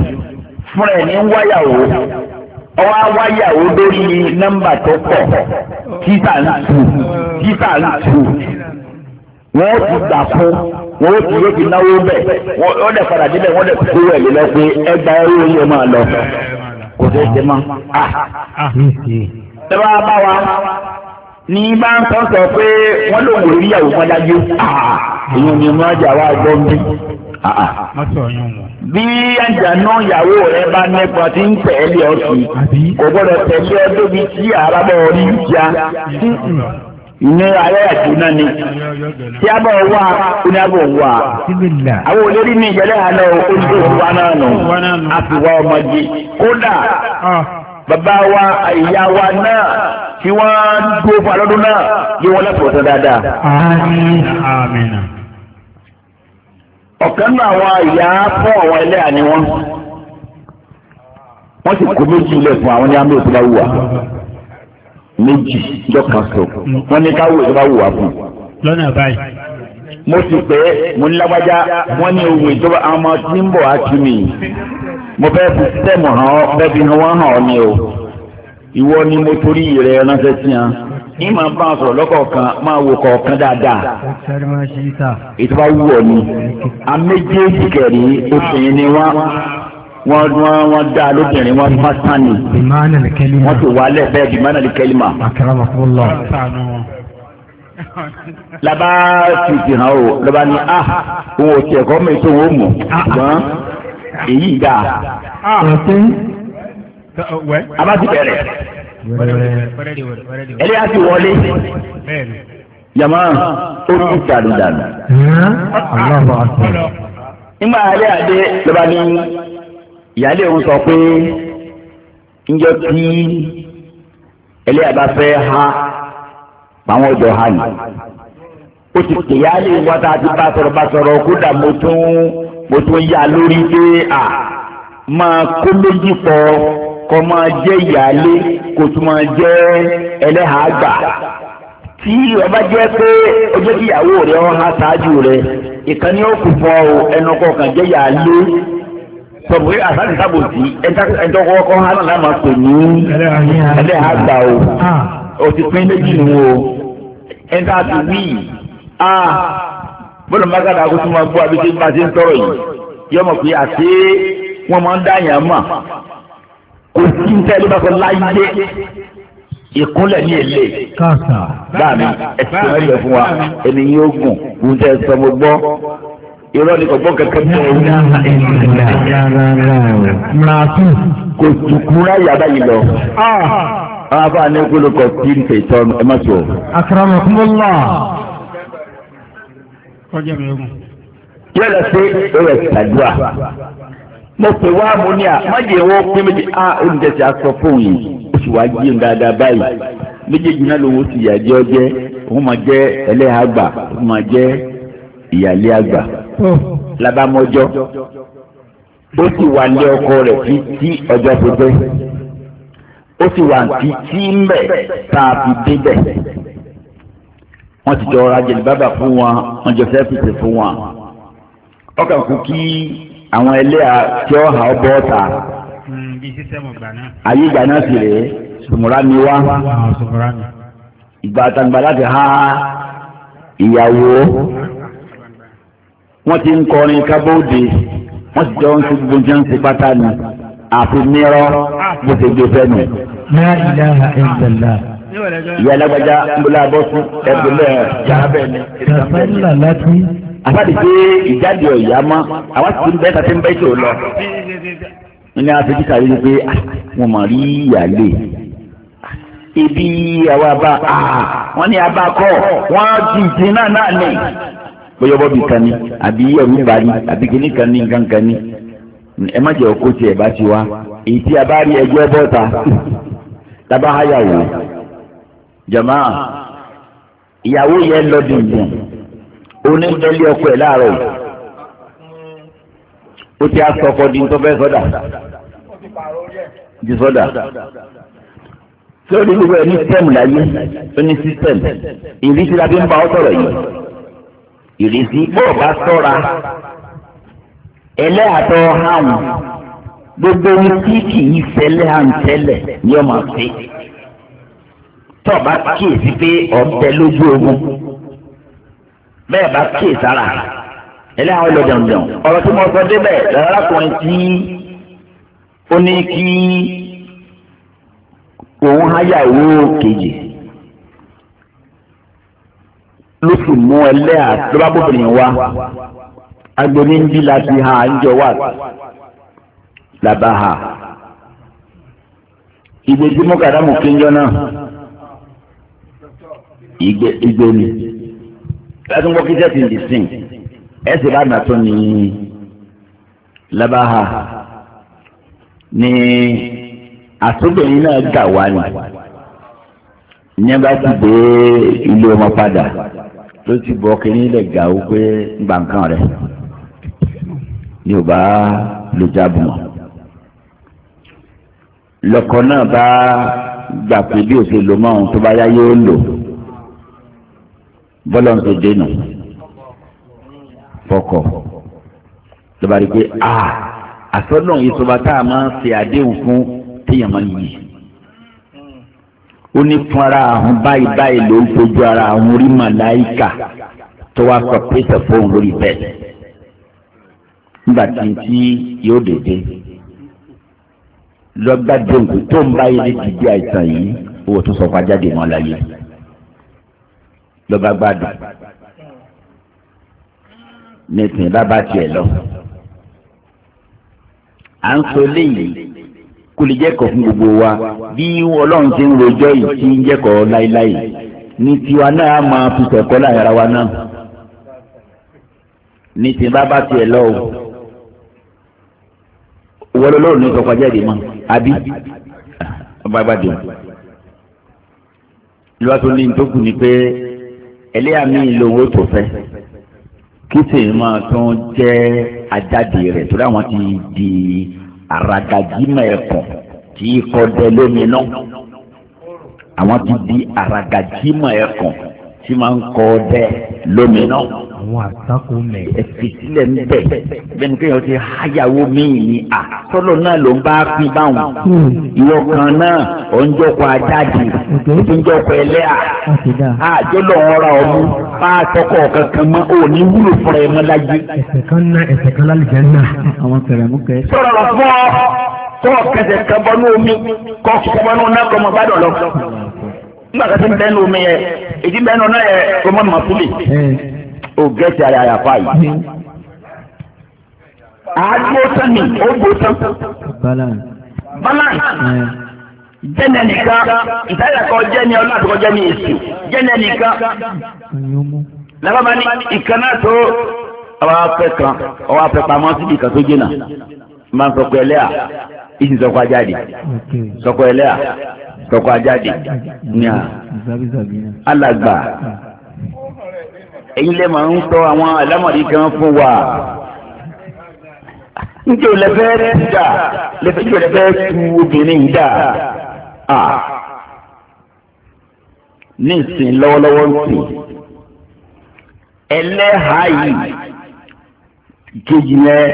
fúnra ẹ̀ ní ń wáyàwó ọwọ́ awáyàwó lórí nọ́mbà tó pọ̀ títà ń tù títà ń tù wọ́n ti gbà fún wọ́n ti náwó bẹ̀ wọ́n dẹ̀ padà kò tó ṣe mọ́. tẹ́wọ́ ah, ah, bá wa ní bá ń sọ sọ pé wọ́n lòun ò rí ìyàwó wọn dájú ah, èèyàn ni wọ́n jà wá gbọ́ mi. bí àjànú ìyàwó rẹ bá nípa tí ń tẹ̀lé ọ̀sìn kò gbọ́dọ̀ tẹ̀lé ọdún bíi tí àràbọ̀ orí ìjà. ìnira ayọ́yà tó ni tí a bọ̀ wá oní a bọ̀ wá àwọn olórí ní ìjẹ́lẹ̀ àná oúnjẹ òwúwa náà nù a fi ah. bàbá wa ìyá wa náà tí wọ́n gbó fún alọ́dún náà yé wọn lẹ́fọ̀ọ́ tán dáadáa. ọ̀kan náà àwọn ìyá fún àwọn wọ́n sì méjì lẹ̀ fún àwọn ní tó bá wù wá. méjì jọkàn so wọn ní ká wò tó bá wù wá fún un. lọ́nà báyìí. mo ti pè é mo ní lágbájá wọ́n ní òwe tó àwọn ọmọ tí ń bọ̀ á ti mi mo fẹ́ fi sẹ́mu hàn ọ́ fẹ́ fi wọ́n hàn ọ́ ni o ìwọ ni mo torí rẹ ránṣẹ́ sí hàn ní màá bá a sọ̀rọ̀ lọ́kọ̀ọ̀kan máa wò kọ̀ọ̀kan dáadáa. ìtura wù ọ ni a méjèèjì kẹ̀rí obìnrin ni wọ́n wọ́n wọ́n wọ́n dá lóbìnrin wọ́n fà sani wọ́n ti wà lẹ́fẹ̀ẹ́ bí mánà lè kẹ́lìmà. laba ti ti o laba ni a ah, òun ò tiẹ̀ kọ́ mi tó òun ò mọ̀ èyí dà. a bá ti bẹ̀rẹ̀ ẹlẹ́yà ti wọlé jama ó ti dànù nígbà alẹ́ àdé laba ni ìyáálé òun sọ pé ńjọ́ tí ẹlẹ́yà bá fẹ́ ha àwọn ọjọ́ ha ni ó ti pè ìyáálé wa tá a ti bá sọ̀rọ̀ bá sọ̀rọ̀ kódà mo tún mo tún yá lórí pé à máa kó méjì pọ̀ kọ́ máa jẹ́ ìyáálé kó tún máa jẹ́ ẹlẹ́hàá tí ọba jẹ́ pé ó kí ìyàwó rẹ̀ ọ̀hán ṣáájú rẹ̀ ìkànnì ó ẹnu kọ̀ọ̀kan jẹ́ ìyáálé sọ̀rọ̀ pé àsáàdì sábò tí ẹjọ́ máa pè ní ẹlẹ́hà gbà o o ti pín méjì nù o ẹ̀ńtà ti wí a bọ́dọ̀ mágàdà kó tó máa gbọ́ abíṣe bá ti ń tọrọ yìí yọ mọ̀ pé àti wọ́n máa ń dá yàn mà kò sí ń tẹ́lẹ̀ bá sọ láyé ìkúnlẹ̀ ní èlé báàmì ẹ̀sìn ẹ̀rẹ̀ fún wa ènìyàn ogun ń tẹ́ sọmọ irọ́ ni ọgbọ́n kankan bí wọn. mùràtù. kò tukura yàrá yìí lọ. Ah. àwọn afa ni kúlù kọ tí n fè tọ́ ẹ má tó. akramakumullah. kọjá mi ogun. yóò lọ sí ẹwẹ sàdúrà mo pè wá mo ní à má jẹ wọ́n pé méjì á olùdẹ̀sẹ̀ aṣọ fóun yìí oṣù wa jí n dáadáa báyìí méjèèjì náà lòun ó sì yà jẹ́ ọjẹ́ òun máa jẹ́ ẹlẹ́hàgbà òun máa jẹ́ ìyálé àgbà labamọjọ ó sì wà lé ọkọ rẹ̀ fi tí ọjọ́ tó pẹ́ ó sì wà fi tí ń bẹ tá a fi débẹ̀ wọ́n ti jọ rajẹ bàbà fún wọn wọ́n jọ sẹfìsì fún wọn ọkàn kú kí àwọn ẹlẹ́yà tí ó hà ọ́ bọ́ ta hmm, ayé ìgbà náà sì rèé sùmùránì wá ìgbà àtàgbà láti há ìyàwó wọ́n ti ń kọrin kábóde wọ́n ti jọ ń fi gbogbo jẹun sí pátá ni àfi mírọ́ bó ti gbé fẹ́ nù. La ilaha illallah. ìyá alágbájá ń bọ́lá abọ́sù ẹ̀dùnlẹ̀ yàrá bẹ́ẹ̀ ni. kàfẹ́ńlá láti. àbáde pé ìjáde ọ̀yá mọ́ àwa ti ń bẹ́ẹ̀ tàbí ń bẹ́ẹ̀ tó lọ. ní afẹ́jú sáré ni pé wọ́n ah, mọ̀ rí ìyàlè ibi àwa bá ah, wọn ní abakọ wọn dìde náà náà ní bóyá ọbọ bìí kan ni àbí ẹrú bá ní àbí kíní kan ní nǹkan kan ní ẹ má jẹ́ ọkọ tiẹ̀ bá ti wá èyí tí a bá rí ẹjọ́ bọ́ta tábà háyàwó jama ìyàwó yẹn lọ dùndùn onídọ́lé ọkọ ẹ̀ láàárọ̀ ó ti asọ̀kọ di ntọ́fẹ́ sọ́dà di sọ́dà tí ó di gbogbo ẹ̀ ní sítẹ́mù láyé ó ní sítẹ́mù ìrísí la fi ń bá ọ sọ̀rọ̀ yìí ìrísí bó o bá sọ́ra ẹlẹ́àtọ̀ hàn gbogbo ohun tí kì í ṣẹlẹ̀ hàn tẹ́lẹ̀ ni ọmọ fi tọ́ bá kíyèsí pé ọ̀bẹ lójú ogun bẹ́ẹ̀ bá kíyèsí ara ẹlẹ́hàn lọ dandan ọ̀rọ̀ tí mo sọ débẹ̀ lọ́lákùnrin tí ó ní kí òun háyà ìwé kejì. ló sì mú ẹlẹ́ ló bá agbóni ń bí láti ha ńjọ wà làbá ha ìgbé tí mo kàdá mọ̀ náà ìgbé ìgbé mi láti ń gbọ́ kí jẹ́sìn dì sìn ẹ̀sìn bá nà tó ní ha ní àtúbẹ̀yìn náà gà wá ní ẹ bá ti dé ilé ló ti bọ́ kínní lẹ̀ gà ó pé gbà nǹkan rẹ̀ ni ò bá lè jábọ̀ mọ́. lọ́kọ náà bá gbà pé bí ó ṣe lò mọ́ ohun tó bá yá yóò lò bọ́lọ̀ ń ṣe dénú fọkọ̀ ló rí i pé a ah, àsọ́nà ìṣọba tá a máa ń ṣe àdéhùn fún téèyàn máa ń yìí ó ní fúnra àwọn báyìí báyìí ló ń fojú ara àwọn orí màláìkà tó wá sọ pété fóun lórí bẹ́ẹ̀ nígbà tí tí yóò dédé lọ́gbàdé tó ń bá yẹn ti di àìsàn yìí owó tó sọ fún ajáde mọ́ láyé lọ́ba nísìnyí bá bá tiẹ̀ lọ à ń sọ léyìí kó lè jẹ́kọ̀ọ́ fún gbogbo wa bí ọlọ́run ti ń rojọ́ yìí ti ń jẹ́kọ̀ọ́ láéláé ní tiwa náà máa fi sẹ̀kọ́ láyàrá wa náà ní ti bá bá tiẹ̀ lọ o wọ́n lọ́rùn ní sọ́kọ́jà dì mọ́ àbí ọba bá dì mọ́ ìlú àti oní tó kù ni pé ẹlẹ́yàmí lòun ó tó fẹ́ kí sì máa tún jẹ́ ajáde rẹ̀ tó dáwọn ti di àràgàjìmọ̀ ẹ̀kùn tí kọ́ dẹ lómi náà àwọn ti di àràgàjìmọ̀ ẹ̀kùn tí máa ń kọ ọdẹ lómi náà. àwọn àtàkù mẹ. ẹsì sílẹ̀ ń bẹ̀ bẹ́ẹ̀ni kéèyàn ti háyàwó míì ni à sọ́lọ̀ náà ló ń bá pín báwọn. ìwọ kan náà ọ̀njọ́kọ̀ ajáde ọ̀njọ́kọ̀ ẹlẹ́à àjọlọ̀ ọ̀rá ọmú bá a tọkọ̀ kankan mọ́ ò ní wúlò fúnra ẹ̀ mọ́ láyé. ẹsẹ̀ kan ná ẹsẹ̀ kan lálùjẹ́ náà àwọn kẹrẹ̀ mú kẹ kọ́ kẹsẹ̀ kan bọ́ ní omi kọ́ kọ́ bọ́ ní omi èyí mẹ́nu náà yẹ Roman masuli o gẹ̀ẹ́sì ayé àyàfà yìí. àádó sani ó bó tán. balance jẹ́nẹ̀ nìkan ìtàyàkọ jẹ́ni ọlọ́run àtọkọ jẹ́ni èsì jẹ́nẹ̀ nìkan. lábàbá ní ìkànnà tó ọwọ́ afẹ́ kan ọwọ́ afẹ́ pamọ́ síbi kan tó jìnnà máa ń sọkọ ẹlẹ́à ìsìn sọkọ ajáde sọkọ ẹlẹ́à tọkọ ajáde ní à alàgbà èyí lè máa ń sọ àwọn àlámọ̀rí kan fún wa njẹ́ o lè fẹ́ dà lè fẹ́ jù lè fẹ́ tu obìnrin yìí dà à ní ìsìn lọ́wọ́lọ́wọ́ ń sìn ẹlẹ́hàá yìí kejì yẹn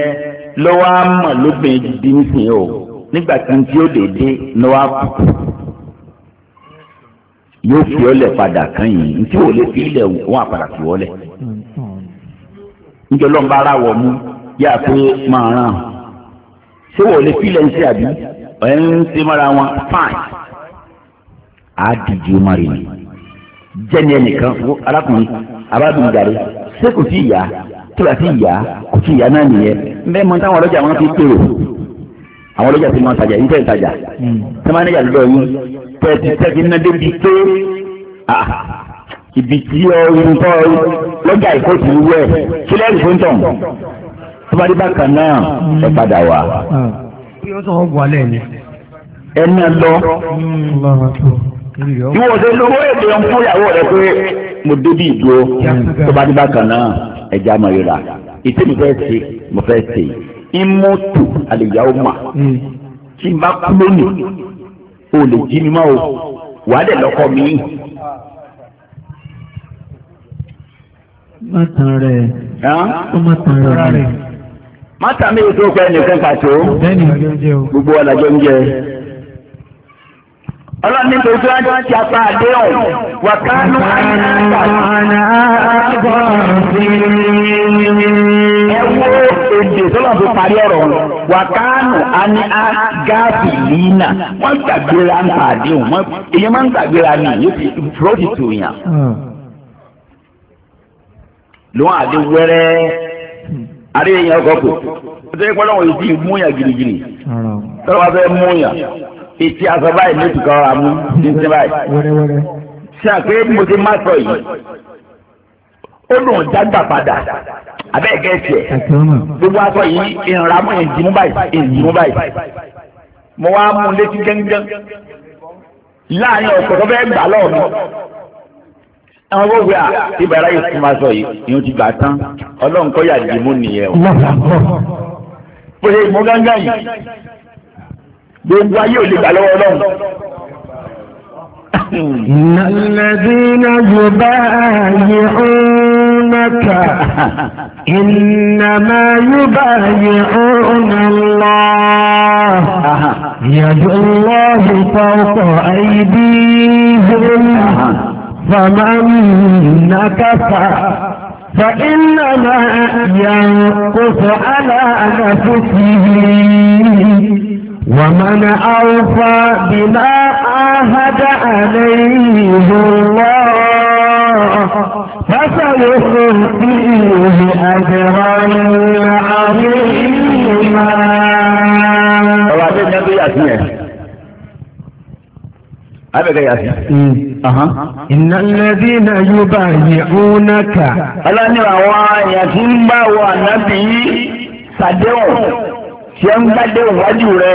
lọ́wọ́ á lóbìnrin dídí ń sìn o nígbà tí n tí ó dédé lọ́wọ́ á yóò fi ọlẹ̀ padà kàn yìí ntí wò lè fi ilẹ̀ wọn àpàdà fi wọlẹ̀ níjọ lọ́nba ara wọ̀ mú yá pé máa ràn ṣé wò lè fi ilẹ̀ ń ṣe àbí ẹ̀ ń ṣe mọ́ra wọn fine á dìjú mari ni jẹ́ni ẹnìkan arákùnrin arábìnrin dàrí ṣé kò sí ìyá tó bá sí ìyá kò sí ìyá náà nìyẹn bẹ́ẹ̀ mọ táwọn ọlọ́jà wọn fi pèrò àwọn ọlọ́jà ti máa tajà yìí tẹ̀ ń tajà hmm. tẹ́ máa níjà lọ́dọ̀ yín tẹ́tí tẹ́tí ná débi pé ibi tí ọrùn tọ́ lọ́jà ìkó ti wú ẹ̀ kí lẹ́rìí fún tọ̀ tó bá dé bákan náà hmm. ẹ padà wá. Ah. ẹ náà lọ ìwọ hmm, ṣe lówó èdè ń fún ìyàwó rẹ pé mo débi ìdúró tó bá dé bákan náà ẹ já mọ̀ rírà ìtẹ́mi fẹ́ ṣe mo fẹ́ ṣe ìmọ̀tò àlèyáwó mà hmm. tí n bá kú lónìí o lè jí mi mọ́ o wàá dẹ̀ lọ́kọ́ mi. má tàn rẹ̀ ó má tàn rẹ̀ rẹ̀. má tàn mí pàtó gbogbo ọ̀làjọ ń jẹ. ọlọ́ni anyị ajọ́ ti apá àdé ọ̀hún wà kánú ẹwọ́ èdè tọ́lọ̀ parí ọ̀rọ̀ wọn wà ani gáàsì lìínà wọ́n gbàgbéra ń pàdé wọn èyí máa ń gbàgbéra ní tó yàn àdé wẹ́rẹ́ yẹn yìí ti mú yàn gírígírí fẹ́ mú yàn. ètí aṣọ báyìí ní ìtùkọ àmú ní ti báyìí ṣe àpé mo ti má sọ yìí ó lòun jágbà padà abẹ́ẹ̀kẹ́ tiẹ̀ gbogbo aṣọ yìí ìrànlámọ́ ìdìmú báyìí ìdìmú báyìí mo wá mú un létí gángan láàrin ọ̀pọ̀ tó fẹ́ gbà lọ́wọ́ mi. àwọn gbogbo à ìbára yìí fún ma sọ yìí ìhun ti gbà tán ọlọ́run kọ́ yà dìímú nìyẹn o. bó ṣe mú gángan yìí gbogbo ayé ò lè gbà lọ́wọ́ ọlọ́run. الذين يبايعونك إنما يبايعون الله يد الله فوق أيديهم فمن نكف فإنما ينقص على نفسه ومن أوفى بما عاهد عليه الله فسيؤتيه أجرا عظيما Iná lẹ́bí na yóò bá yẹ òun náà kà. Ọlọ́ni àwọn èèyàn tí ń bá wọ ànábì yìí ṣàdéhùn tí ó ń bá dé ìwájú rẹ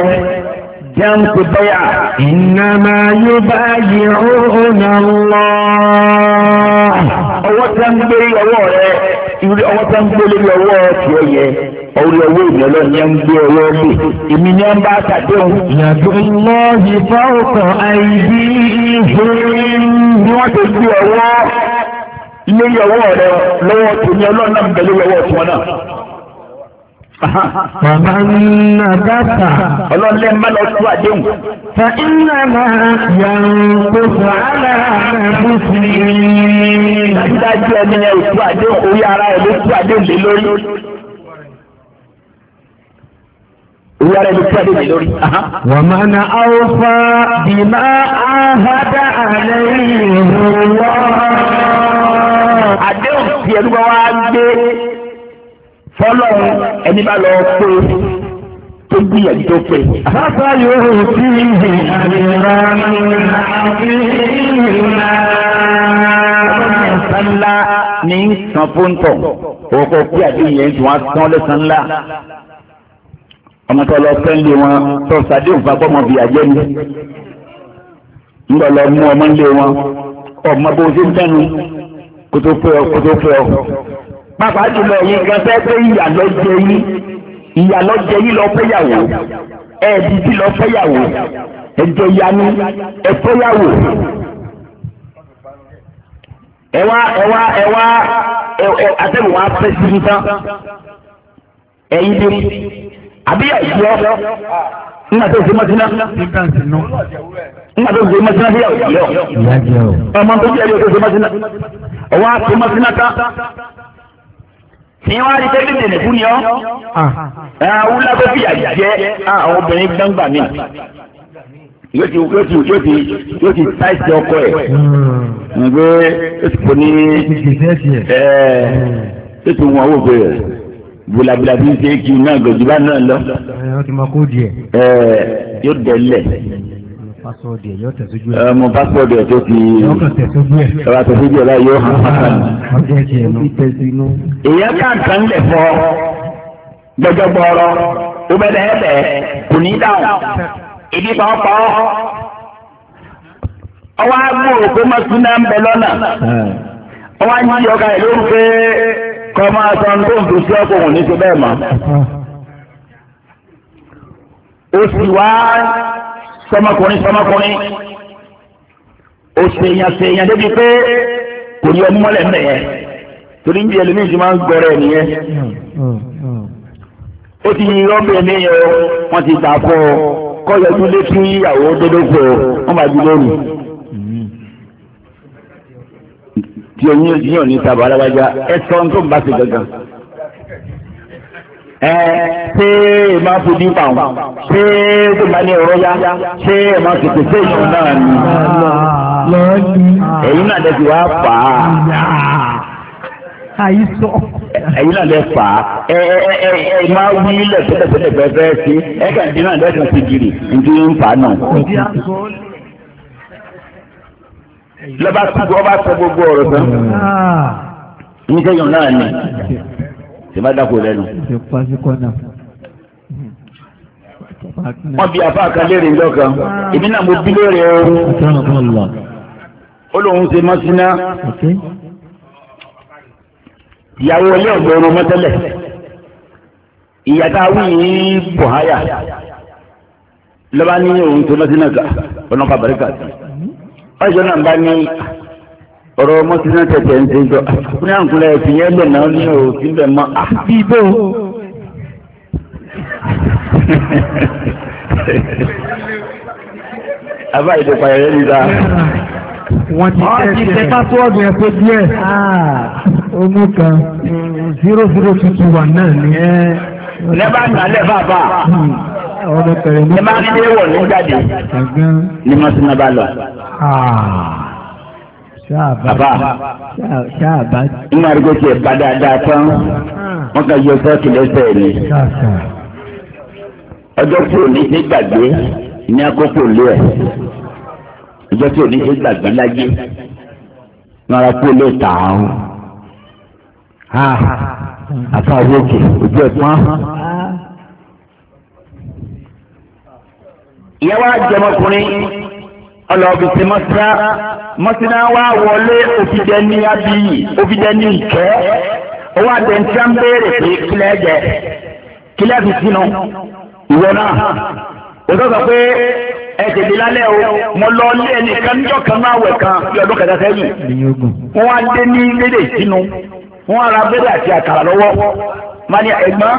jẹ́ ń pè bẹ́yà. Innama yubayyi'una Allah. ọwọ́ tí a ń gbé ọwọ́ rẹ ọwọ́ tí a ń gbé lórí ọwọ́ tí ó yẹ orí ọwọ́ ìgbẹ́lẹ̀ ni a ń gbé ọwọ́ lè èmi ni a ń bá sàdéhùn. yàtọ̀ lọ́ọ̀yì fáwọ̀kọ̀ àìdí ìhìn ni wọ́n ti gbé ọwọ́ lórí ọwọ́ rẹ lọ́wọ́ tó ní ọlọ́ọ̀nà ń bẹ lórí ọwọ́ tiwọn náà. Bàbá nà bàtà. Ọlọ́lẹ́ má lọ tú àdéhùn. Fa iná máa yàrá gbogbo àlà àbí sí i. Dájúdájú ẹni yẹn ò tú àdéhùn orí ara ẹ̀ ló tú àdéhùn lé lórí. Orí ara ẹ̀ ló tú àdéhùn lé lórí. Wa man awfa bima ahada alayhi Allah. Àdéhùn tí ẹnu wá gbé fọlọ́run ẹni bá lọ pé tó gbìyànjú tó pé. Àbáfà yóò fi ìhè àmìlá àmìlá ẹ̀sán ńlá ní san fóńtọ̀. Òkò pé àdéhùn yẹn tí wọ́n á tán lẹ́sàn ńlá. Ọmọ tó lọ pẹ́ńlé wọn tó sàdéhùn fagbọ́ ọmọ bìyà jẹ́ ni. Ń mú ọmọ ńlé wọn. Ọmọ bó ṣe ń tẹnu kótó ọ kótó ọ. pàápàá jùlọ ẹ̀yin kan fẹ́ pé jẹ yín jẹ yín lọ fẹ́yàwó ẹ̀ẹ́dì lọ fẹ́yàwó ẹ̀jẹ̀ yanu ẹ̀fẹ́yàwó. ẹ̀wá ẹ̀wá ẹ̀wá fẹ́ sí ẹ̀yin àbí ẹ̀jẹ̀ nígbà tó ṣe nígbà tó ṣe ẹ̀jẹ̀ ọmọ tó ṣe ẹ̀jẹ̀ tó ṣe ọwọ́ àti ní wọ́n á rí tẹ́lẹ̀ tẹ̀lẹ̀ fún ni ọ́ àwọn ah. ah, lábẹ́ fìyà jẹ́ ah, àwọn obìnrin gbangba mi yóò ti yóò ti yóò ti yóò ti táìsì ọkọ ẹ̀ hmm. ǹgbẹ́ yóò ti pọ̀ ní ẹ̀ yóò ti eh, wọn owó bẹ̀rẹ̀ bulabula bí n ṣe kí n náà gòjìbá náà lọ. ẹ eh, ọ ti mọ kó di ẹ. ẹ eh, yóò dẹ lẹ pásọ̀dì ẹ̀ yóò tẹ̀sójú ẹ̀. ọmọ pásọ̀dì ẹ̀ tó ti ọba tẹ̀sójú ẹ̀ láyé yóò hàn pásán. èèyàn ká nǹkan lẹ̀ fọ gbẹjọ gbọrọ ó bẹ bẹ bẹ kò ní dáhùn ibi kan ọ ọwọ́ agbóhùn pé mọ́tún náà ń bẹ lọ́nà ọwọ́ anyi ọ̀gá ẹ̀ ló kọ́ máa sọ tó ń fi sí ọkùnrin sọmọkùnrin sọmọkùnrin ó ṣèyàn ṣèyàn débi pé kò ní ọmú mọ́lẹ̀ mẹ́ yẹn torí ń bí ẹlòmíì ti máa ń gbọ́rọ̀ ẹ̀ nìyẹn ó ti yin rọ́bì mi yẹn o wọ́n ti gbà fọ́ ọ kọ́ yọjú létí ìyàwó dodo fẹ́ ọ wọ́n bá ju lóru tí oyún yóò ní sábà alábàjá ẹ sọ ohun tó ń bá ṣe gangan ẹ ṣé ẹ máa fojú pa wọn ṣé tó bá ní ọ̀rọ̀ yá ṣé ẹ máa tètè ṣe ìṣù náà ni. ẹ̀yin náà lẹ́sìn wá fà á. ẹ̀yin náà lẹ́ fà á ẹ ẹ ẹ ẹ máa wí lẹ́sẹ̀lẹ́sẹ̀ fẹ́fẹ́ sí ẹ kàn dín náà lẹ́sìn sí gírì nítorí ń fà á náà lọ́ba sọ gbogbo ọ̀rọ̀ tán. Nígbà yóò náà ni sèmá dàpọ̀ lẹ́nu. wọ́n bí afá kan léèrè ńlọ kan èmi náà mo bí léèrè o ó lóun ṣe mọ́síná ìyàwó ilé ọ̀gbọ̀n ọmọ tẹ́lẹ̀ ìyàtà wíyìn bùháyà lọ́ba ní òun ṣe mọ́síná ká ọlọ́pàá bàríkà mm-hmm. ọjọ́ náà bá ní ọ̀rọ̀ ọmọ tí náà tẹ̀tẹ̀ ń tẹ̀jọ́ ní àǹkúlẹ̀ ẹ̀sìn yẹn bẹ̀ náà ní òkú bẹ̀ mọ́ àbí ibò. àbá ìdòpà ẹ̀rẹ́ ní ta. wọ́n ti tẹ pásíwọ́ọ̀dù yẹn pé díẹ̀. ọmọ ah, kan zero zero two two one náà ni. lẹ́bà náà lẹ́bà bá a. Hmm, ọ̀rọ̀ kẹrin ní. ẹ máa ń gbé wọ̀ ní jáde ní mọ́tún lọ. Ah. aba ṣáàbà. nínú àdúgbò tiẹ̀ bá tán ah. wọn ka yọ sọ́ọ̀kì lọ́sẹ̀ ni. ọjọ́ tí ò ní ṣe gbàgbé ní àkókò lé ẹ̀ ọjọ́ tí ò ní ṣe gbàgbé nara kó lè tà á ọlọ́ọ̀bì ti mọ́síná mọ́síná wá wọlé òfìdẹ ní abiyì òfìdẹ ní ìkẹ́ owó àtẹnudá ń béèrè pé kílẹ̀ jẹ kílẹ̀ fi sínú ìwọ náà o sọ sọ pé ẹ tètè lálẹ́ o mo lọ lé ẹnìkan níjọ́ kan náà wẹ̀ kan bí ọdún kẹta sẹ́yìn wọ́n á dé ní lédè sínú wọ́n á ra bẹ́rẹ̀ àti àkàrà lọ́wọ́ má ẹ̀gbọ́n.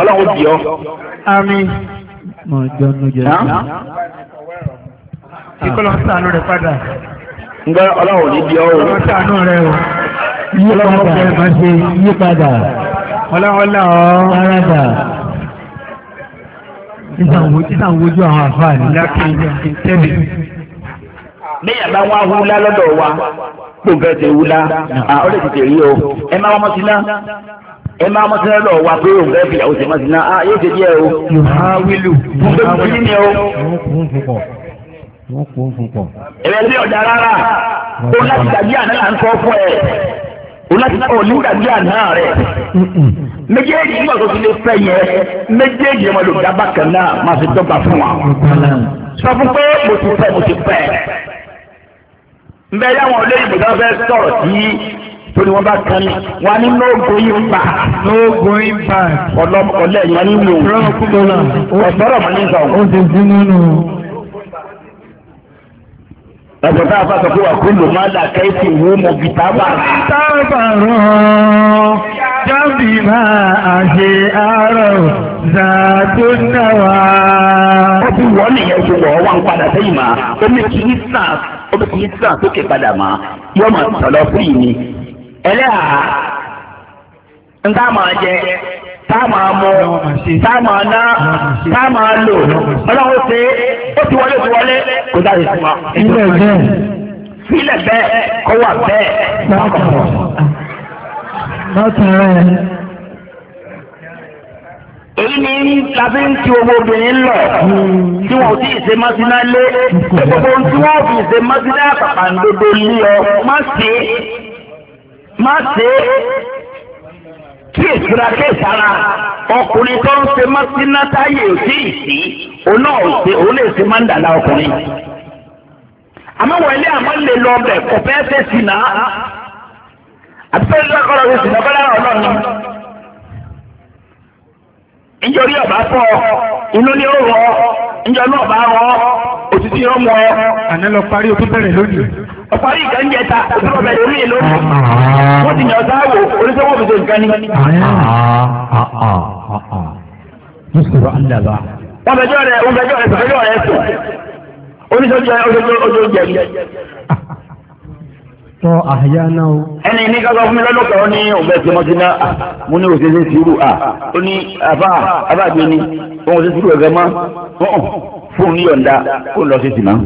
ọlọ́run bì ọ́. àmín. mo jọ nu jẹ. ìkọlọ ń sànú rẹ padà. ń gbọ́ ọlọ́run ní bí ọ́ o. ọlọ́run sànú rẹ o. yípadà má ṣe yípadà. ọlọ́run là ọ́. parada. sísan wojú àwọn àfáàní. lákì tẹ́lẹ̀. bẹ́ẹ̀ bá wọn wúlá lọ́dọ̀ wa gbọ̀ngàn ti wúlá ó lè tètè rí o ẹ má wọ́n mọ́ sí náà ẹ máa mọ́ sínú lọ wà pé òun fẹ́ fi ìyàwó ṣe máa sinna ah yóò ṣe díẹ̀ o. muhawilu muhawilu ni o. wọ́n kún fún pọ̀. ẹ̀rẹ́ ilé ọ̀dà rárá o láti dàbí àná là ń sọ fún ẹ o láti ọ̀ méjèèjì nígbà tó ti lè fẹ́ yẹn méjèèjì ọmọdé òjá bákan náà máa fi dọ́gba fún wa. sọ fún pé mo ti fẹ́ mo ti fẹ́. ń bẹ yáwọn olóyìnbó náà fẹ́ sọ̀rọ̀ sí torí wọn bá kan ní wọn ní no going back. no going back. ọlọmọ ọlẹ yìí wọn ní lò. ọ̀sọ́rọ̀ mọ̀ ní sọ. ó ti dín nínú. Ẹ̀sọ̀ tá a fà sọ pé wà kó lò má dà kẹ́sì wó mọ̀ bìtá bà. Bìtá bà rọ̀ jábì máa àṣe àárọ̀ zàtó náwà. Ó ti wọ́n nìyẹn ṣe wọ̀ wá ń padà sẹ́yìn máa. Omi kì í sàn, omi kì í sàn sókè padà máa. Yọ́mọ̀ sọ̀lọ́ fún yìí ni. ele ntá máa jẹ tá máa mú tá máa ná tá máa lò ọlọ́run ṣe ó ti wọlé ti wọlé kó dáre sí wa. ilẹ̀ bẹ́ẹ̀. bẹ́ẹ̀ wà bẹ́ẹ̀. lọ tí ṣe gbogbo tí má ṣe kí èsìlá kéèsára ọkùnrin tó ń ṣe mọ́síná táyé ò sí ìsí òun náà ò ṣe òun lè ṣe máa ń dàda ọkùnrin. àmọ́ wọlé àmọ́ lè lọ ọbẹ̀ kò fẹ́ ṣe sí náà àti fẹ́ẹ́ lọ́kọ̀ọ́ rẹ̀ sì lọ́kọ́ lára ọlọ́run nítorí ọba fọ inú ni ó rọ níjọ náà bá rọ òtítí ọmọ. àná lọ parí o tó bẹ̀rẹ̀ lónìí ọ̀parí ìkà ń jẹta òtúrọ̀ bẹ̀rẹ̀ orí èlò wọ́n ti yàn sáàwò oníṣẹ́wọ́ fi ṣe nǹkan ni. wọ́n bẹjọ́ rẹ̀ wọ́n bẹjọ́ rẹ̀ sọ̀rọ̀ rẹ̀ sùn oníṣẹ́jọ́ ojú jẹ̀ mi. sọ àyà náà o. ẹni ní ká sọ fún mi lọ́lọ́kọ̀ ó ní òǹbẹ̀ tí wọ́n ti ná mo ní òṣèṣe sùúrù à ó ní àbá àbá àgbẹ̀ ni òun òṣèṣe sùúrù ẹ̀fẹ̀ mọ́ fóun ní yọ̀ǹda kó lọ sí tìmọ́.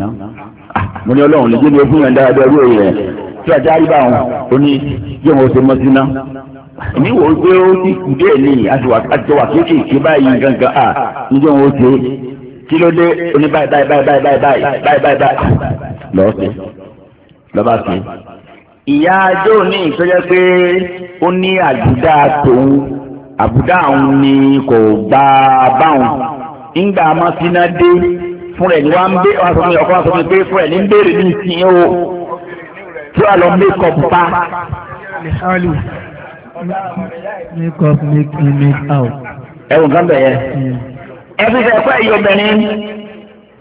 mo ní ọlọ́run lè jẹ́ ní ogún yẹn dáadáa ẹrú òye rẹ̀ tí ọjà rí bá wọn ó ní yóò wọ́n ṣe mọ́tí ná. èmi wò ó pé ó ní ìdí èlé àtiwà báyìí gangan à wọn ṣe kí ló dé báyìí báyìí báyìí báyìí báyìí báyìí báyìí báyìí lọ́ba ìyá ajó ní pé ó ní tòun òun ni kò báwọn ná dé fún rẹ̀ ni wọ́n ń bẹ wọ́n sọ fún mi ọkọ wọn sọ fún mi pé fún rẹ̀ ní ń béèrè ní ìsìn o tí wàá lọ mékọ̀pù pa. make up make make out. ẹ̀wùn kan bẹ̀ yẹn. Hmm. ẹbí fẹ́ ẹ̀kọ́ ẹ̀yọ obìnrin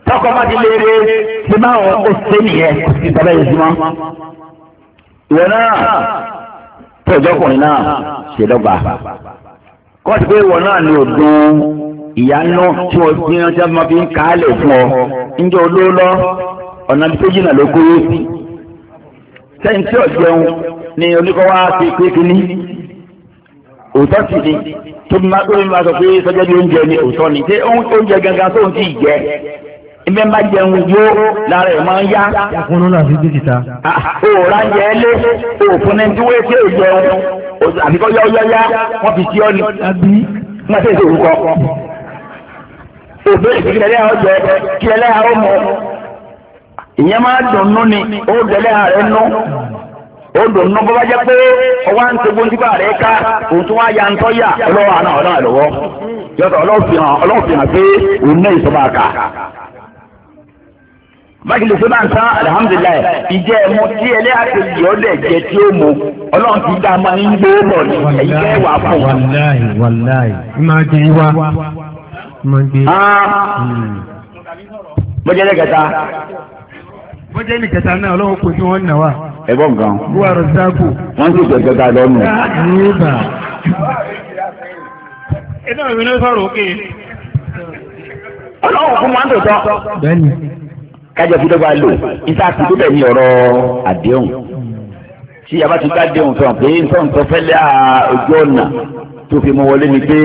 tọkọ má ti léere ṣé máa wọn kó nìyẹn kò sí ìtọ́lẹ̀ yìí sí ìwọ náà tó ìjọkùnrin náà ṣèdọ́gba kọ́ọ̀tù pé ìwọ náà ni ò dùn ìyá ńlọ tí wọ́n ti rántí ọmọ fi ń kálẹ̀ fún ọ níjọ́ olówó lọ ọ̀nà tó jìnnà ló kúrú sẹ́yìn tí ọ̀jẹun ni oníkọ́wá ti pé kínní òótọ́ sì ni tó bí máa sọ pé sọ́jà bí oúnjẹ ni òótọ́ ni ṣé oúnjẹ gangan tó ń tì jẹ ìbẹ́ máa jẹun yó lára ẹ̀ máa ń yá. Fúnú náà fi bí Òòrà ń jẹ ẹ́ lé, òòfun ní dúró tí ò jẹun, àbíkọ́ yáyáyá, wọ́n fi sí ọ ni. Wọ́n ti ṣe òrùkọ òbẹ́rẹ́ kí lẹ́lẹ́ àwọn jẹ kí lẹ́lẹ́ àwọn mọ̀ ìyẹn máa dùn nú ni ó dẹ̀lẹ́ ààrẹ nú ó dùn nú bọ́bá jẹ́ pé ọwọ́ à ń tegbó nípa rẹ̀ ká òun tún wá ya ń tọ́ yà ọlọ́wọ́ àná ọlọ́wọ́ lọ́wọ́ yọtọ̀ ọlọ́fihàn ọlọ́fihàn pé òun náà ìsọba àkà mákìlì tó bá ń tán alihamudulilayi ìjẹ́ ẹ̀mú tí ẹlẹ́ àti ìyọ́ dẹ̀ jẹ́ tí ó mu ọlọ́run ti dá a máa ń gbé bọ̀ ní ẹ̀yìn kẹwàá fún wa bọ́jẹ́ ah. hmm. lẹ́kẹta. bọ́jẹ́ lẹ́kẹta náà ọlọ́run kò sí wọn nà wá. ẹ bọ́ nǹkan. buwa rọ̀sáàkù. wọ́n sì jẹ́ kẹta lọ́nu. inú mi ló sọ̀rọ̀ òkè. ọlọ́run kún máa ń tò tọ́. bẹ́ẹ̀ni. kájọ fi dọ́gba lò níta ti tó bẹ̀ ní ọ̀rọ̀ àdéhùn. tí a bá ti dá àdéhùn sàn pé nǹkan tó fẹ́lẹ́ ojú ọ̀nà tó fi mú wọlé ni pé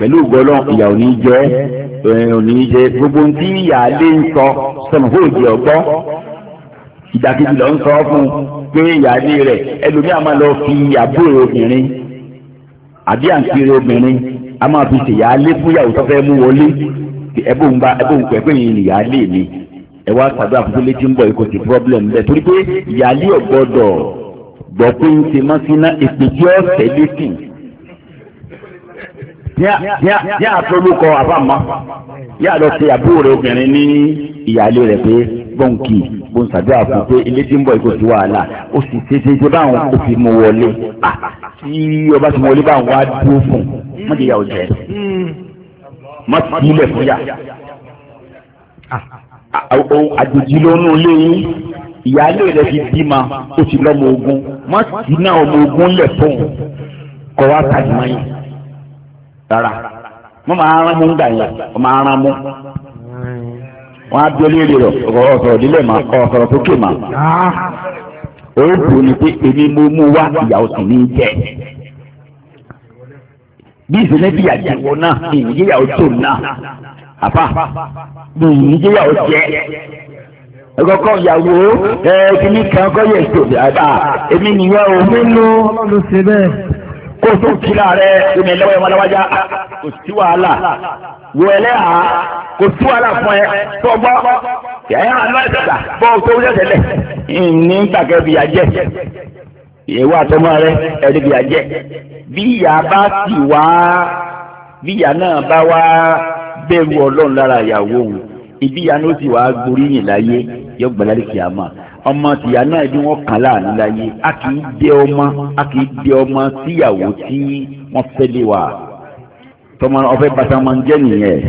pẹ̀lú ògbọ́lọ́ ìyà òní jẹ́ òní jẹ́ gbogbo ohun tí ìyà lé ń sọ sọmọ fún òjì ọgbọ́ ìdàkejì lọ ń sọ fún pé ìyà lé rẹ̀ ẹlòmíà máa lọ fi àbúrò obìnrin àbí àǹtí obìnrin a máa fi ṣèyà lé fún ìyàwó tó fẹ́ mú wọlé ẹbùn ń bá ẹbùn pẹ̀ pé ìyìn ìyà mi ẹ wá sàdúrà fún létí ń bọ̀ kò sí problem bẹ́ẹ̀ torí pé ìyà lé ọ̀gbọ́dọ̀ gbọ̀ pé ń ṣe mọ́síná ìpèjì ní àtolúkọ àbámọ́ yà lọ sí àbúrò rẹ obìnrin ní ìyáálé rẹ pé bọ́ǹkì bọ́ǹsàdé àfún pé ilé tí ń bọ̀ ìkó sí wàhálà ó sì ṣeéṣeéṣe báwọn kò fi mú wọlé tí ọba ti mú wọlé báwọn wá dúró fún má ti yà ó jẹ má ti ilẹ̀ fún yà àjòjì ló nù léyìn ìyáálé rẹ ti bímọ ó ti lọ́mọ ogun má ti ná ọmọ ogun lẹ̀ fún kọ́ wá tàbí mọ́yìn rárá mo máa rán mú gbà yẹn mo máa rán mú wọn á bí olóyè rẹ ọ̀sọ̀rọ̀ nílẹ̀ mà ọ̀sọ̀rọ̀ sókè mà ó bù ní pé èmi mo mú wá ìyàwó sì ní jẹ bí ìsinmi bí àjẹwò náà ìníjẹyàwó tó náà àpá bí ìníjẹyàwó jẹ ẹkọkọ ìyàwó ẹ kíní kan kọ yẹ tó àbá èmi nìyẹn o kó tó kíra rẹ ìmọ̀ ẹlẹ́wọ̀ ẹ̀ wáláwájá kò sí wàhálà wọ ẹlẹ́hà kò sí wàhálà fún ẹ tó gbọ́ ẹ̀yà aláìsàtà bọ́ tó ń ṣẹ̀ṣẹ̀lẹ̀ ní gbàgẹ́ bìyà jẹ́ ìyẹ̀wò àtọmọ rẹ ẹ̀rí bìyà jẹ́ bíyà bá sì wá bíyà náà bá wá bẹ̀rù ọlọ́run lára ìyàwó òun ibi ìyá náà sì wàá gborí yìn láyé yóò gbà lálẹ́ kìámà ọmọ tìyá náà ẹbí wọn kàn láàánú láyé a kì í dé ọmọ a kì í dé ọmọ síyàwó tí wọn fẹ́ lé wa tọmọ ọfẹ bàtà máa ń jẹ nìyẹn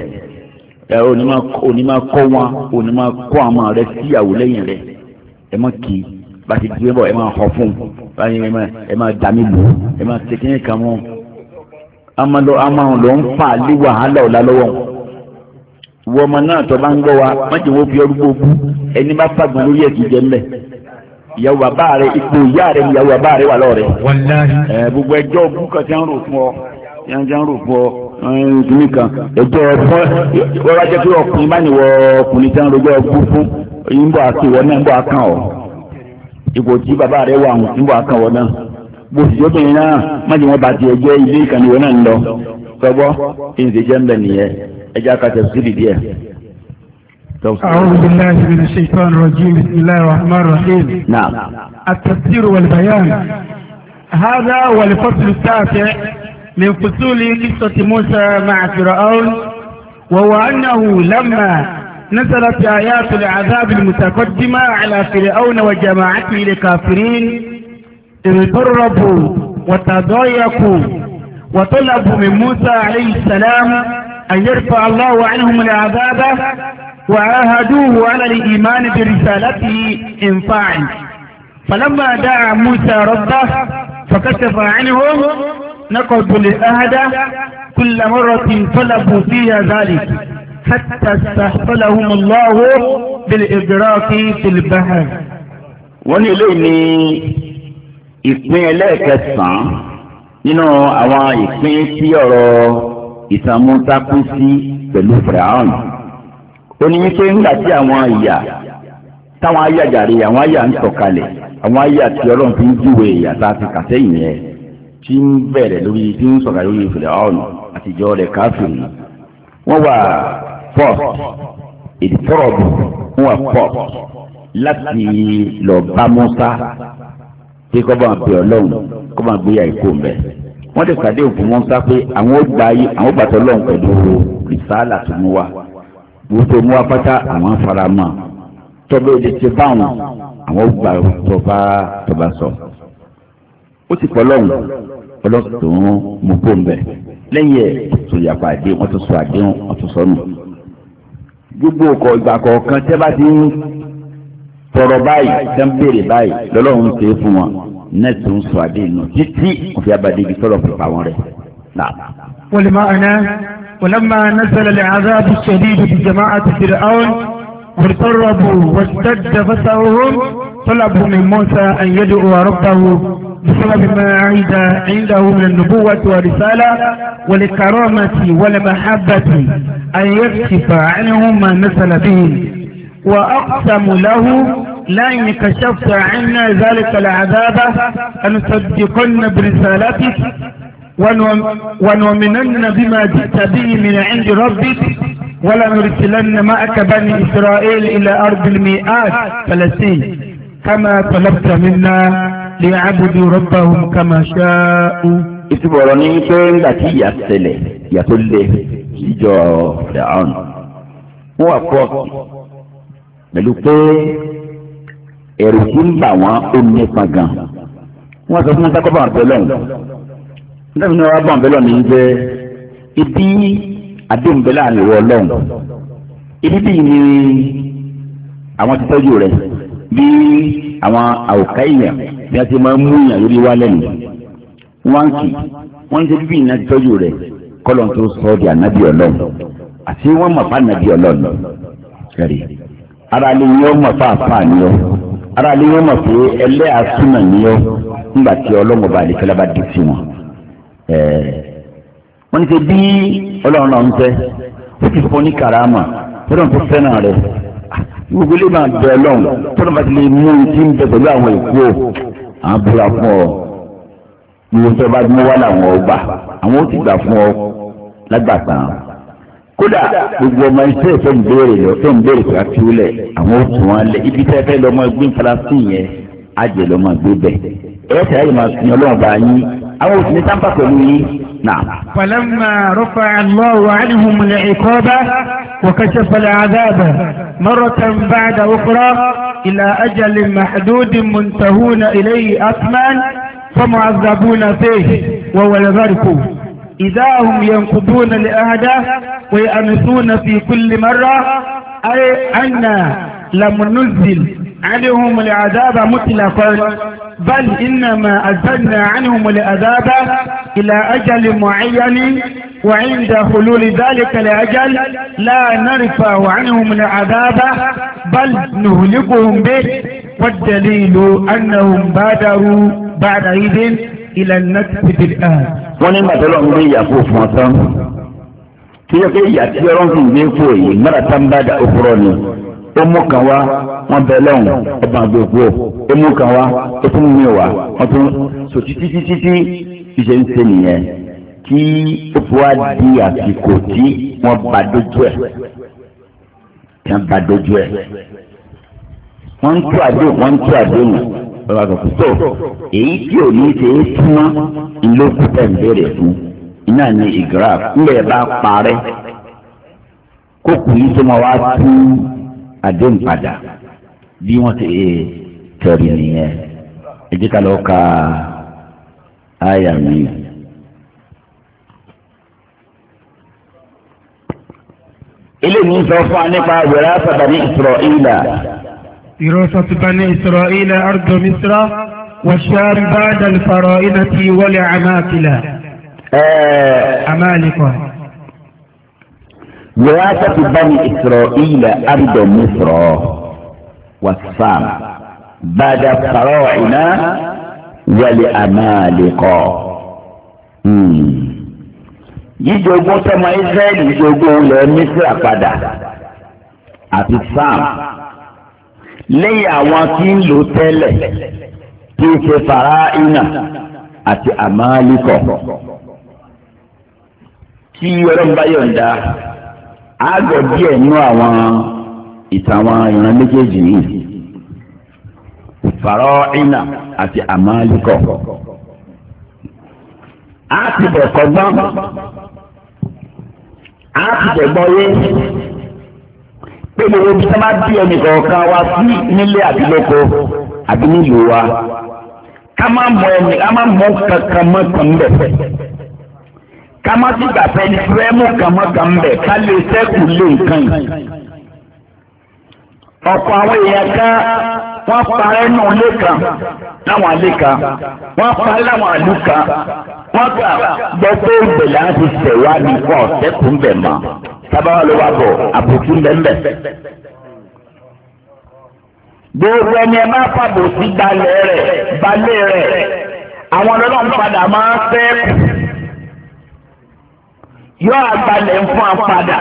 ẹ onímọ̀ kọ́ wọn onímọ̀ kọ́ ọmọ rẹ síyàwó lẹ́yìn rẹ ẹ mọ̀ kì í bàtí gbé bọ̀ ẹ máa họ fún un ẹ máa dà mí ẹ máa ṣe kí ní kàn mọ́ ló ń fà lé wàhálà ọ̀la lọ́wọ́ wọn wọ ọmọ náà tó bá ń gbọ́ wa mọ́tò wo fi ọdún gbogbo ẹni bá fagbọn lórí ẹ̀ kì í jẹ ńlẹ̀ ìyàwó bàbá rẹ ipò ìyá rẹ ni ìyàwó bàbá rẹ wà lọ́ọ̀rẹ́ ẹ gbogbo ẹjọ́ búkọ̀ tí rò fún ọ tí wọ́n rò fún ọ ìdílé kan ẹjọ́ fún wọ́n jẹ́ pé ọkùnrin bá ní wọ ọkùnrin tí wọ́n rojọ́ ọkùn fún yín àti ìwọ náà ń bọ̀ àkàn ọ̀ ipò bàbá rẹ wà ń bọ̀ àkàn ọ̀ náà bó ti jó bìnrin náà má jẹ́ wọn bá tiẹ̀ jẹ́ ilé ìkànnì wọn náà ń lọ sọ́gbọ́ ìǹsì jẹ́ ń bẹ̀ nìyẹn ẹjẹ́ akásẹ̀ síbi díẹ̀. أعوذ بالله من الشيطان الرجيم بسم الله الرحمن الرحيم نعم التفسير والبيان هذا هو الفصل التاسع من فصول قصة موسى مع فرعون وهو أنه لما نزلت آيات العذاب المتقدمة على فرعون وجماعته الكافرين اضطربوا وتضايقوا وطلبوا من موسى عليه السلام أن يرفع الله عنهم العذاب وعاهدوه على الإيمان برسالته إن فلما دعا موسى ربه فكشف عنهم نقض الأهد كل مرة طلبوا فيها ذلك حتى استحفلهم الله بالإدراك في البحر ونلوني ìpín ẹlẹ́ẹ̀kẹsàn-án nínú àwọn ìpín tí ọ̀rọ̀ ìsàmúta kún sí pẹ̀lú fìràhàn ó ní wípé ńgbà tí àwọn ìyà táwọn ayé àjàre àwọn ayé à ń sọ̀kalẹ̀ àwọn ayé àti ọlọ́run fi ń júwe ìyà tá a ti kà sẹ́yìn yẹn tí ń bẹ̀rẹ̀ lórí tí ń sọ̀kalẹ̀ lórí fìràhàn àtijọ́ rẹ̀ káfíìn wọ́n wà pop ìdìtọ́rọ̀bù wọ́n wà pop láti lọ bá Mùsá kí kọ́ bá ń bẹ ọlọ́run kọ́ bá ń gbéyà ikú mbẹ. wọ́n ti pàdé òkú wọn sá pé àwọn ó gba ayé àwọn ó gbàtọ́ ọlọ́run pẹ̀lú rìsáàlà tó mú wa wọ́n tó mú wa pátá àwọn afárámọ́ tọ́bẹ̀ òde ti bá wọn àwọn ó gbà tọ́ba tọ́ba sọ. ó ti pọ̀ lọ́run ọlọ́run mú kó mbẹ lẹ́yìn ẹ̀ tó yàpá àdéhùn wọ́n sọ àdéhùn wọ́n tó gbogbo ọkọ̀ ìgbà kọ̀ọ̀kan tẹ́ bá ti ń tọrọ báyìí tẹ́ńpèrè báyìí lọ́lọ́run ṣe é fún wọn nẹ́ẹ̀sì ń sọ àdé inú títí òfin abàdé ibi tọ́lọ̀ pípa wọn rẹ̀. والمعنى ولما نزل العذاب الشديد بجماعة فرعون اضطربوا واشتد فسعهم طلبوا من موسى أن يدعو ربه بسبب ما عيد عنده من النبوة والرسالة والكرامة والمحبة أن يكشف عنهم ما نزل بهم وأقسم له لئن كشفت عنا ذلك العذاب لنصدقن برسالتك ونؤمنن بما جئت به من عند ربك ولنرسلن معك بني إسرائيل إلى أرض المئات فلسطين كما طلبت منا ليعبدوا ربهم كما شاءوا ìtumọ̀ pé ńgbà tí ìyà ṣẹlẹ̀ ìyà tó le ìjọ rẹ̀ ọ̀nà wọ́n wà pọ̀ pẹ̀lú pé ẹ̀rù tí ń bà wọ́n ó nípa gan wọ́n sọ fún mi sákọ́ bá wọn bẹ́lẹ̀ nígbà tí wọ́n bá wọn bẹ́lẹ̀ ní jẹ́ ibi àdéhùn bẹ́lẹ̀ àlèwọ̀ ibi bíi ni àwọn ti tọ́jú rẹ̀ bí àwọn àwòká èèyàn bí a ti máa ń mú èèyàn lórí wa lẹ́nu wọ́n ń kì wọ́n ń ṣe bíbí tọ́jú rẹ̀ kọ́lọ́n tó sọ ànábì ọlọ́run àti wọ́n mọ̀ fún ànábì ọlọ́run ara lè yọ mọ̀ fáfáà ni ọ ara lè yọ mọ̀ pé ẹlẹ́yà súnmọ̀ ni ọ nígbà tí ọlọ́mọ bá àdìsẹ́lá bá dé sí wọn. wọ́n ti bí ọlọ́run náà ń tẹ́ ó ti fọ́ ní karama ọlọ́run tó fẹ́ràn rẹ̀ gbogbo ilé máa bẹ ọlọ́run tọ́lá bá ti lè mú un ń bẹ pẹ̀lú àwọn ìkú o àwọn búra fún ọ ìwòsàn bá mú wá làwọn ọgbà àwọn ó ti gbà fún ọ lágbàtà kódà gbogbo ọmọ iṣẹ́ ìfẹ́ ń béèrè lọ fẹ́ ń béèrè kíá fi wúlẹ̀ àwọn oṣù wọn lẹ ibi tẹ́ fẹ́ lọ́mọ ẹgbẹ́ falasín yẹn àjẹ lọ́mọ ẹgbẹ́ bẹ̀ ẹ tẹ́ ayé máa sin ọlọ́run bá yín àwọn oṣù ní sáńpà pẹ̀lú yín náà. falamma rafa allahu anhum al-iqaba wa kashafa al-adhaba maratan ba'da ukhra إذا هم ينقضون الأعداء ويأنسون في كل مرة أي أن لم ننزل عنهم العذاب مطلقا بل إنما أزلنا عنهم العذاب إلى أجل معين وعند حلول ذلك الأجل لا نرفع عنهم العذاب بل نهلكهم به والدليل أنهم بادروا بعد إذن ìlànà ti fi hàn. wọ́n ní màtọ́lọ́ ń gbé ìyàpò fún ọ tán tí yẹ kó ìyà tí ọlọ́run fún mi fún òye mẹ́ta tá ń bá dà òkúrọ̀ ni ó mú kan wá wọ́n bẹ lọ́hùn ẹ̀bùn àgbègbè ó mú kan wá ó tún mú wá wọ́n tún sọ títí títí tí ìṣe ń ṣe nìyẹn kí ó fi di àsìkò tí wọ́n bá dojú ẹ̀ wọ́n bá dojú ẹ̀ wọ́n ń tú àdéhùn wọ́n ń tú àdéhùn. ọba àgùnkù tó èyí tí ò ní ṣe é túná ńlọkù ń fún iná ní ìgbà ńlẹ̀ bá parẹ́ kókò yìí tó máa wá tú àdéhùn padà bí wọ́n ti tẹ̀rí nìyẹn ẹ ká lọ́ọ́ ka àyà mi. دراسة بني إسرائيل أرض مصر والشام بعد الفرائنة والعماكلة عمالقة دراسة بني إسرائيل أرض مصر والشام بعد الفراعنة والعمالقة jíjogún sọmọ israẹli jogún lọ mísírà padà lẹ́yìn àwọn tí ń lò tẹ́lẹ̀ tí ń ṣe faraínà àti àmàlíkọ̀ tí ọlọ́mọba yọ̀ǹda àgọ̀ díẹ̀ nú àwọn ìtàwọn ìran méjèèjì yìí faraínà àti àmàlíkọ̀ A ti bẹ̀ kọ́gbọ́n a ti bẹ̀ pé gbogbo bí sábà bí ẹnì kọ̀ọ̀kan wa sí nílé àbí lóko àbí nílùú wa ká má mọ ẹnì ká má mọ kankan mọ́ kan bẹ̀ ká má sì gbàgbé ní fúrẹ́mù kan mọ́ kan bẹ̀ ká lè sẹ́kù lé nǹkan yìí ọ̀pọ̀ àwọn èèyàn kan wọ́n parẹ́ nù ilé kan láwọn ilé kan wọ́n parẹ́ láwọn àlù kan wọ́n gbà gbọ́ pé ìgbẹ̀ láti fẹ̀ wá ní kọ́ ọ̀tẹ́kùn bẹ̀ mọ́ sábàá ló wà bọ̀ àbùkù bẹ́ẹ̀ gbogbo ẹni ẹ má fàbò sí balẹ̀ rẹ̀ balẹ̀ rẹ̀ àwọn ọlọ́run padà máa ń fẹ́ yọ àgbàlẹ̀ fún apàdà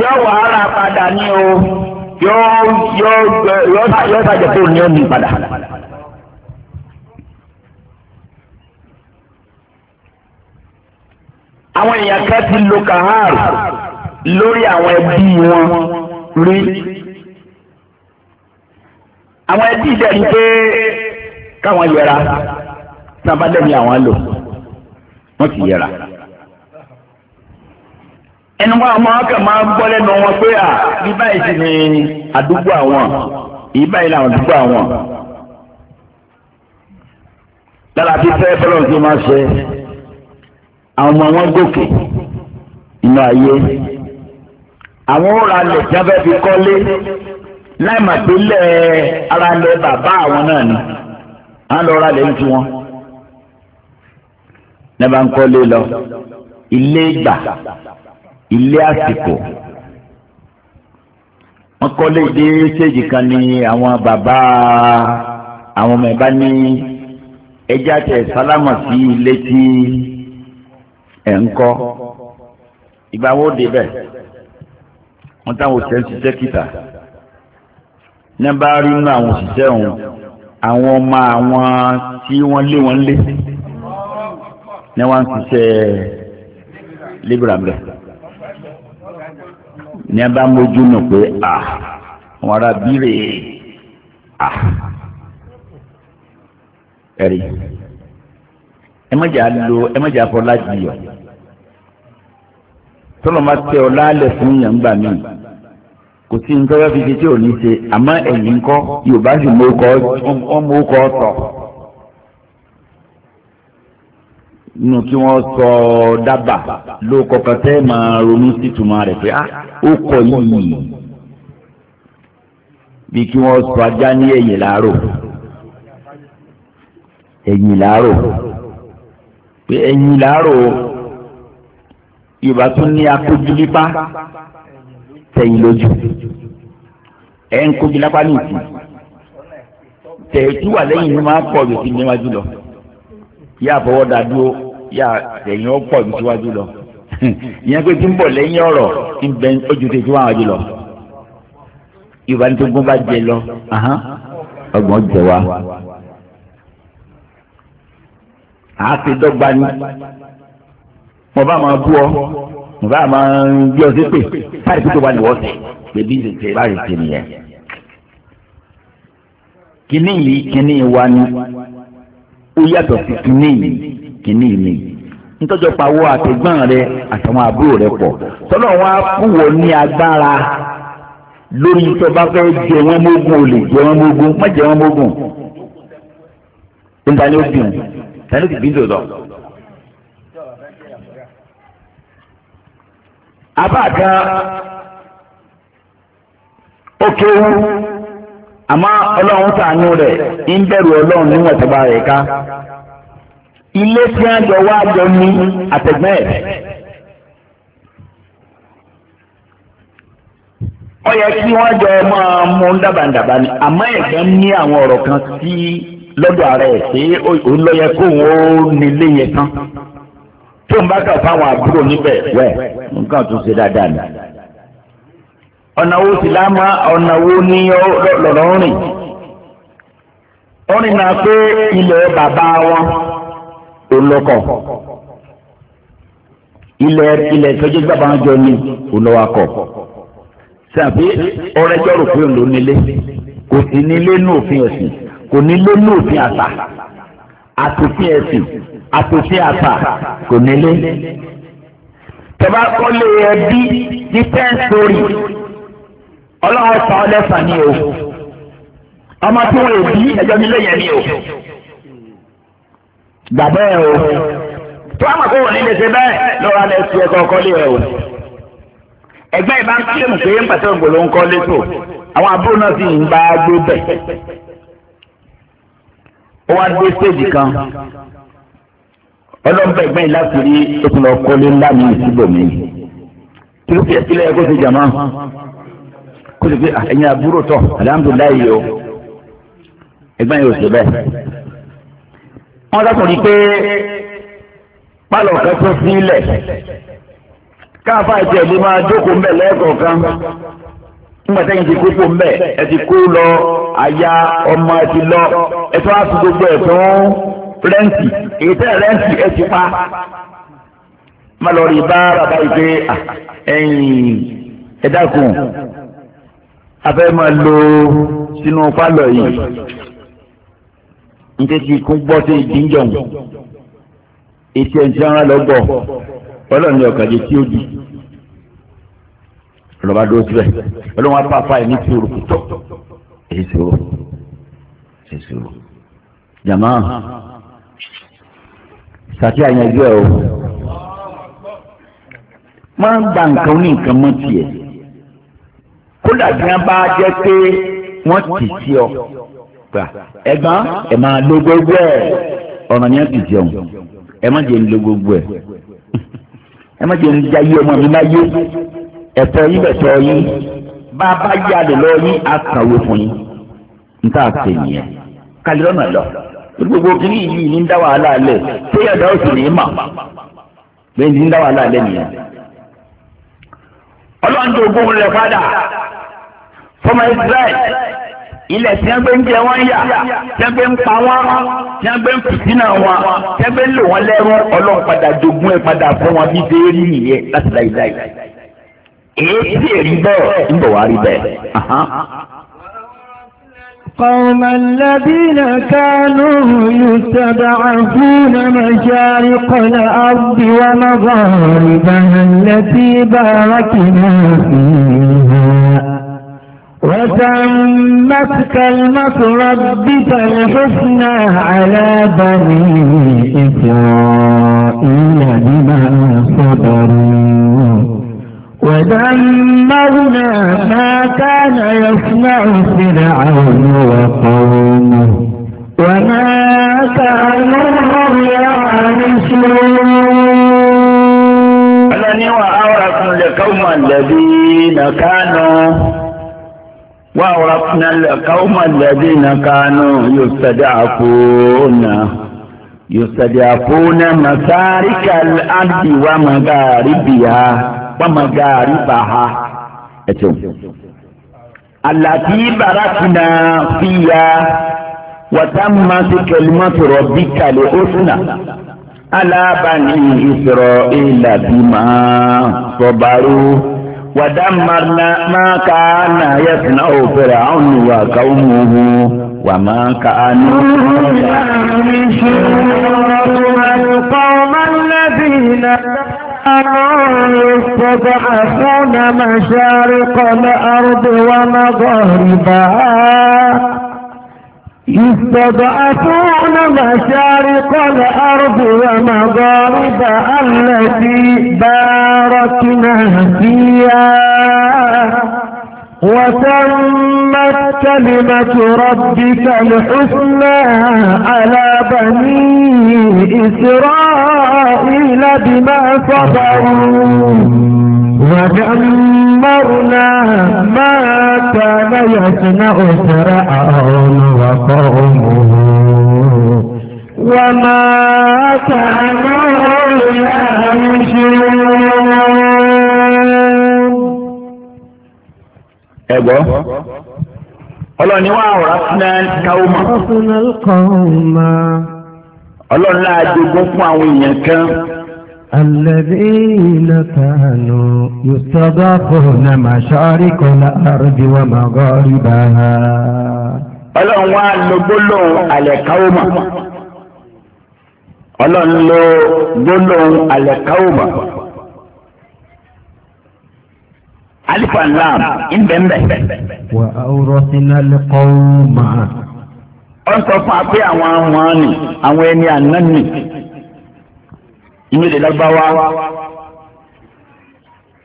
yọ wàhálà padà ní o yóò yóò yóò sàjẹ tó ní omi padà. àwọn èèyàn kan ti lo kahar lórí àwọn ẹbí wọn rí àwọn ẹbí dẹ̀rí pé káwọn yẹra sábà dẹ̀mí àwọn lò wọ́n ti yẹra ẹnu wa máa kà máa gbọ́ lẹ́nu wọn pé à bí báyìí ni àdúgbò àwọn èyí báyìí làwọn àdúgbò àwọn. lára fi fẹ́ fọlọ́n tó máa ṣe àwọn ọmọ wọn gòkè inú ayé àwọn ó ra lẹ̀ tí wọ́n fi kọ́lé láì mà pé lẹ́ ara lẹ bàbá àwọn náà ni à ń lọ ra lẹ́yìn tí wọ́n lẹ́ẹ̀ bá ń kọ́lé lọ ilé ìgbà ilé àsìkò wọn kọ́lé dé séjì kan ní àwọn bàbá àwọn ọmọ ẹ̀bá ní ẹjẹ́ àti ẹ̀sálámà sí ilé tí ẹ̀ ń kọ́ ìgbà wo dé bẹ́ẹ̀ wọ́n táwọn òṣìṣẹ́ ń ṣiṣẹ́ kìtà ní bá rí inú àwọn òṣìṣẹ́ òun àwọn ọmọ àwọn tí wọ́n lé wọn lé ní wọ́n ń ṣiṣẹ́ libra bẹ́ẹ̀ ní a bá mójú nù pé à wọn ara bírè à ẹ̀rí ẹ má jà lo ẹ má jà fọlá jiyọ tọ́lọ́ máa tẹ ọ lálẹ́ fún yàn gbà kò sí nǹkan bá fi ṣe tí ò ní ṣe àmọ́ ẹ̀yìn kọ́ Yorùbá sì mú kọ́ ọ́ mú kọ́ tọ̀ nínú kí wọ́n sọ dábàá ló kọ̀ọ̀kan tẹ́ máa ronú sí ìtumọ̀ rẹ̀ pé ah, ó kọ̀ yìí bí kí wọ́n sọ ajá ní ẹ̀yìn làárò ẹ̀yìn làárò pé ẹ̀yìn làárò yorùbá tún ní akójú nípa tẹ̀yìn lójú ẹ̀ ń kójú lápá ní ìsìn tẹ̀yìn tí wà lẹ́yìn ló máa ń pọ̀ jù sí níwájú lọ yá àfọwọ́dà dúró yá ẹ̀yìn ọ̀pọ̀ ìtúwájú lọ ìyẹn pé tí ń bọ̀ lẹ́yìn ọ̀rọ̀ ń bẹ ojú tó ti wá wájú lọ yorùbá ní tó gún bá jẹ lọ ọgbọ́n jẹ wá àá ti dọ́gba ni mo bá máa bú ọ mo bá máa gbé ọ sí pé báyìí tó wà ní wọ́ọ̀sì bèbí ìṣèṣe báyìí ti nìyẹn kínní yìí wa ni ó yàtọ̀ sí kìíní kìíní mi nítọ́jọ́ pawọ́ àtẹ̀gbọ́n rẹ àtàwọn àbúrò rẹ pọ̀ tọ́lọ́ wọn á fún wọn ní agbára lórí tó bá fẹ́ jẹ wọn mógún olè jẹ wọn mógún má jẹ wọn mógún níta ni ó bìrùn tani ó ti bìrùn lọ. abáàkan ó kéwú. àmọ́ ọlọ́run sàánú rẹ̀ ń bẹ̀rù ọlọ́run níwọ̀n tó bá rẹ̀ ká ilé tí a jọ wá jọ ní àtẹ̀gbẹ́ ẹ̀. yẹ kí wọ́n jọ máa mú ni ní àwọn ọ̀rọ̀ kan sí lọ́dọ̀ ààrẹ pé ó lọ yẹ kó òun ó nílé yẹn tán tó ń bá kà fáwọn àbúrò níbẹ̀ wẹ̀ nǹkan tó ṣe dáadáa ọ̀nà wo sì lámà ọ̀nà wo ní lọ́dọ̀ rìn wọ́n rìn náà pé ilẹ̀ bàbá wọn olókọ̀ ilẹ̀ ilẹ̀ tọ́jú bàbá wọn jọ ní olówakọ̀ sàbí ọ̀rẹ́jọ́ rò pé òun nílé kò sí nílé ní òfin ẹ̀sìn kò nílé ní òfin àṣà àtòfin ẹ̀sìn àtòfin àṣà kò nílé tẹ bá kọ́lé ẹbí ní ten story ọlọ́run pa ọ lẹ́fà ni o ọmọ tí wọn èbí ẹjọ́ mi lẹ́yìn ni o gbàgbẹ́ ẹ o tó àmọ̀ kó wọn nílé ṣe bẹ́ẹ̀ lọ́ra lẹ́ fi ẹ̀kọ́ kọ́lé ẹ o ẹgbẹ́ ìbá ń kílèmù pé ń pàṣẹ ògbò ló ń kọ́ létò àwọn àbúrò náà sì ń bá gbé bẹ̀ ó wá dé stéèjì kan ọlọ́mọbẹ̀ gbẹ̀yìn láti rí ó ti lọ kọ́lé ńlá mi ìsíbòmí kí ló fi ẹ̀ kó lè gbé ah, ẹ̀yin àbúrò tọ̀ alhamdulilayi yìí o ẹgbẹ́ yóò ṣe bẹ́ẹ̀. wọ́n dákùnrin pé pálọ̀ kan tó sílẹ̀ káfá ìtì ẹ̀dí máa jókòó mbẹ̀ lẹ́ẹ̀kọ̀ọ̀kan nígbà tẹ́yìn ti kókó mbẹ̀ ẹ ti kó lọ aya ọmọ ẹ ti lọ ẹ tó wá fi gbogbo ẹ̀ fún rẹ́ǹtì èyí tẹ́ rẹ́ǹtì ẹ ti pa má lọ rí bá bàbá yìí pé ah, ẹ̀yìn ẹ dákun abẹ́ máa lo sínú pálọ̀ yìí n tẹ́tí kún gbọ́ sí ìdíjọ̀n etí ẹ̀ ń tí ara lọ́gbọ̀ ọlọ́run ọ̀kadì tí ó di lọ́ba dúró síbẹ̀ ọlọ́run apá apá ẹ̀ ní sùúrù púpọ̀ èyí sùúrù èyí sùúrù jàmá sàkí àyànjú ẹ̀ o máa ń gba nǹkan ní nǹkan mọ́ tiẹ̀. kódà tí wọ́n bá jẹ́ pé ọ gbà ẹ̀gbọ́n ẹ máa lo gbogbo ọ̀nà ni wọ́n ti jẹun Ẹ má jẹ́ ń lo gbogbo ẹ̀ má ń ọmọ mi láyé ẹ̀tọ́ yín bẹ̀tọ́ yín bá a bá yá lè lọ yín á kàwé fún yín nta ṣe nìyẹn lọ gbogbo kìíní yìí ní ń dá wàhálà tó ní ní ń dá wàhálà nìyẹn ọlọ́run tó fọmọ Israẹl ilẹ̀ tí wọ́n gbé ń jẹ wọ́n yà tí wọ́n gbé ń pa wọ́n tí wọ́n gbé ń fìtínà wọn tí wọ́n gbé ń lò wọ́n lẹ́rú ọlọ́run padà jogún ẹ̀ padà fún wọn bí déérí nìyẹn láti láìláì. èyí tí èrí bẹ́ẹ̀ ń bọ̀ wá rí bẹ́ẹ̀. قوم الذين كانوا يتبعون مشارق الأرض ومغاربها التي باركنا فيها وتمت كلمة ربك الحسنى على بني إسرائيل بما صبروا ودمرنا ما كان يصنع فرعون وقومه وما كان يعرشون ألا نوى وأورث لقوم الذين كانوا وأورثنا القوم الذين كانوا يستضعفون يستضعفون مسارك الأرض ومغاربها ومغاربها التي باركنا فيها وتمت كلمة ربك لحسنى على بني إسرائيل بما صبروا ودمرنا ما كان يصنع فرعون وقومه وما كانوا القوم الذين يستضعفون مشارق الأرض ومغاربها يستضعفون مشارق الأرض ومغارب التي باركنا فيها وتمت كلمة ربك الحسنى على بني إسرائيل بما صبروا ودمرنا ما كان يصنع فرعون وقومه وما كانوا يعيشون ẹgbọ́ ọlọ́ni wà ọ̀rá fúnà káwọ́mà ọlọ́ni láàjogún fún àwọn èèyàn kan الذين كانوا يستضافون مشارق الأرض ومغاربها ọlọ́run wá lo gbólóhùn àlẹ́káwòmà ọlọ́run lo gbólóhùn àlẹ́káwòmà alifa lam ìbẹ̀m̀bẹ̀. wà á rọ sínú àlẹ́káwòmà. ó ń sọ fún wa pé àwọn àwọn ni àwọn ẹni àná ni inú ilé lágbáwá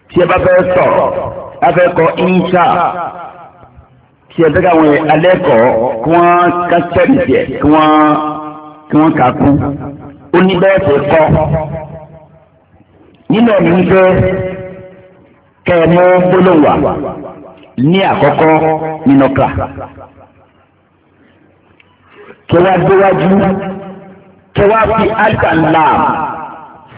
tí ẹ bá fẹ́ sọ̀rọ̀ a fẹ́ kọ insha tí ẹ fẹ́ káwọn alẹ́ kọ́ kí wọ́n ká sẹ́ẹ̀lì tiẹ̀ kí wọ́n kí wọ́n kà kú ó ní bẹ́ẹ̀ fẹ́ kọ́ nínú ẹ̀mí ń fẹ́ gbólóhùn wá ní àkọ́kọ́ nínú ká kí déwájú kí fi àgbà ńlá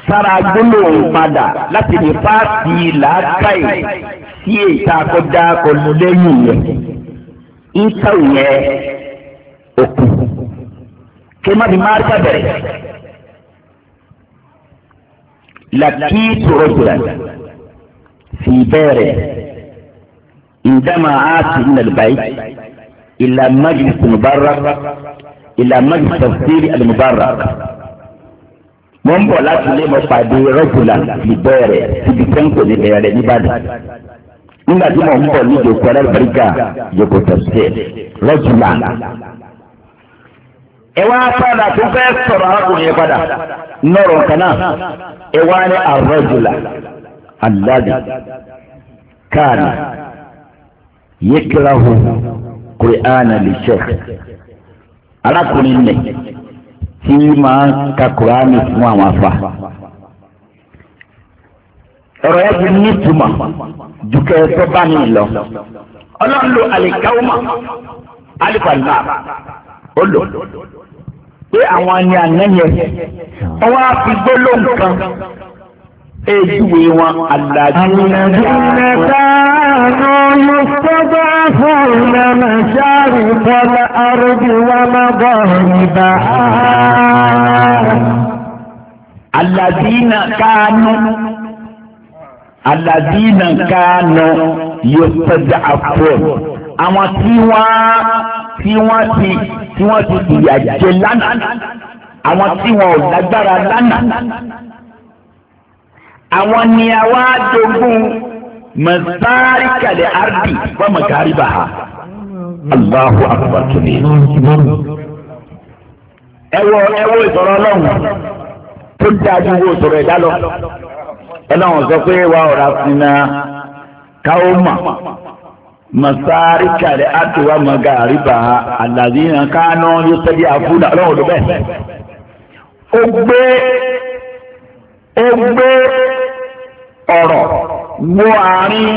sára gbólóhùn padà láti lè fáàsì làákàyè sí èyí àkọjá kọlu lẹ́yìn yẹn ìtọ́ yẹn òkú kí má di máa sábẹ̀rẹ̀ làkì tòrọ̀jùlá sì bẹ̀rẹ̀ ìdámà áàtì nàlùbáyì ìlà májìlì mubarak ìlà mo ń bọ̀ láti ilé mo pàdé rọ́gùlà ìbẹ̀rẹ̀ ibi tẹ́ǹkò ní bẹ̀rẹ̀ nìbàdàn nígbà tí mo ń bọ̀ ní ìjòkó alábàríkà ìjòkó tẹ̀síẹ̀ rọ́gùlà. ẹ wá padà tó fẹ́ sọ̀rọ̀ arákùnrin yẹn padà nọ̀rọ̀ kan ẹ wá ní àrọ́gùlà àdáàdì káàdì yékìláhùn kùrìánà lè ṣe arákùnrin nìyẹn tí máa ń ka kuraani fún àwọn afa ọ̀rọ̀ yẹn ti ní ìtumọ̀ dùkẹ́ tó bá ní lọ ọlọ́run lo àlìkáwọ́mà alifàlá ó lò pé àwọn ni àná yẹn wọ́n á fi gbólóhùn kan. ejúwe wọn alájú كانوا يستضعفون مشارق الأرض ومغاربها الذين كانوا الذين كانوا يستضعفون àwọn tí wọ́n tí wọ́n ti tí wọ́n ti ìyà jẹ lánàá àwọn tí wọ́n ò lágbára lánàá. àwọn ni a wá dogun masarikale ardi wa magariba ha allahu akbar tóbi ẹwọ ẹwọ ìsọ̀rọ̀ ọlọ́run tó dájú wo sọ̀rọ̀ ẹ̀dá lọ ọlọ́run sọ pé wa ọ̀rá sinna káwọ́mà masarikale ardi wa magariba ha alazina kánú yóò tẹ́lẹ̀ àfúnà ọlọ́run ló bẹ́ẹ̀ ó gbé ó gbé. ọ̀rọ̀ wọ àárín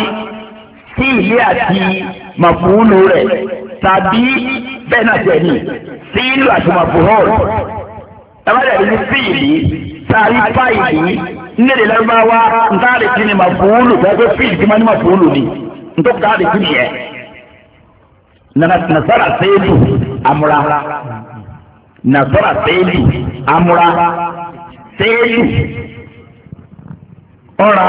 sí ilé àti màfúùlù rẹ̀ tàbí bẹ́ẹ̀ náà jẹ́ sí ìlú àti màfúùlù ẹ̀fọ́dẹ̀ ní sí ìlú sáré fáìlì nílẹ̀ lẹ́gbàáwá ntáàlì kí ni màfúùlù bẹ́ẹ̀ fíìlì kí máa ní màfúùlù ni ntòkàlì kí ni yẹn nasara sẹ́ẹ̀lì amúra nasara sẹ́ẹ̀lì amúra ọra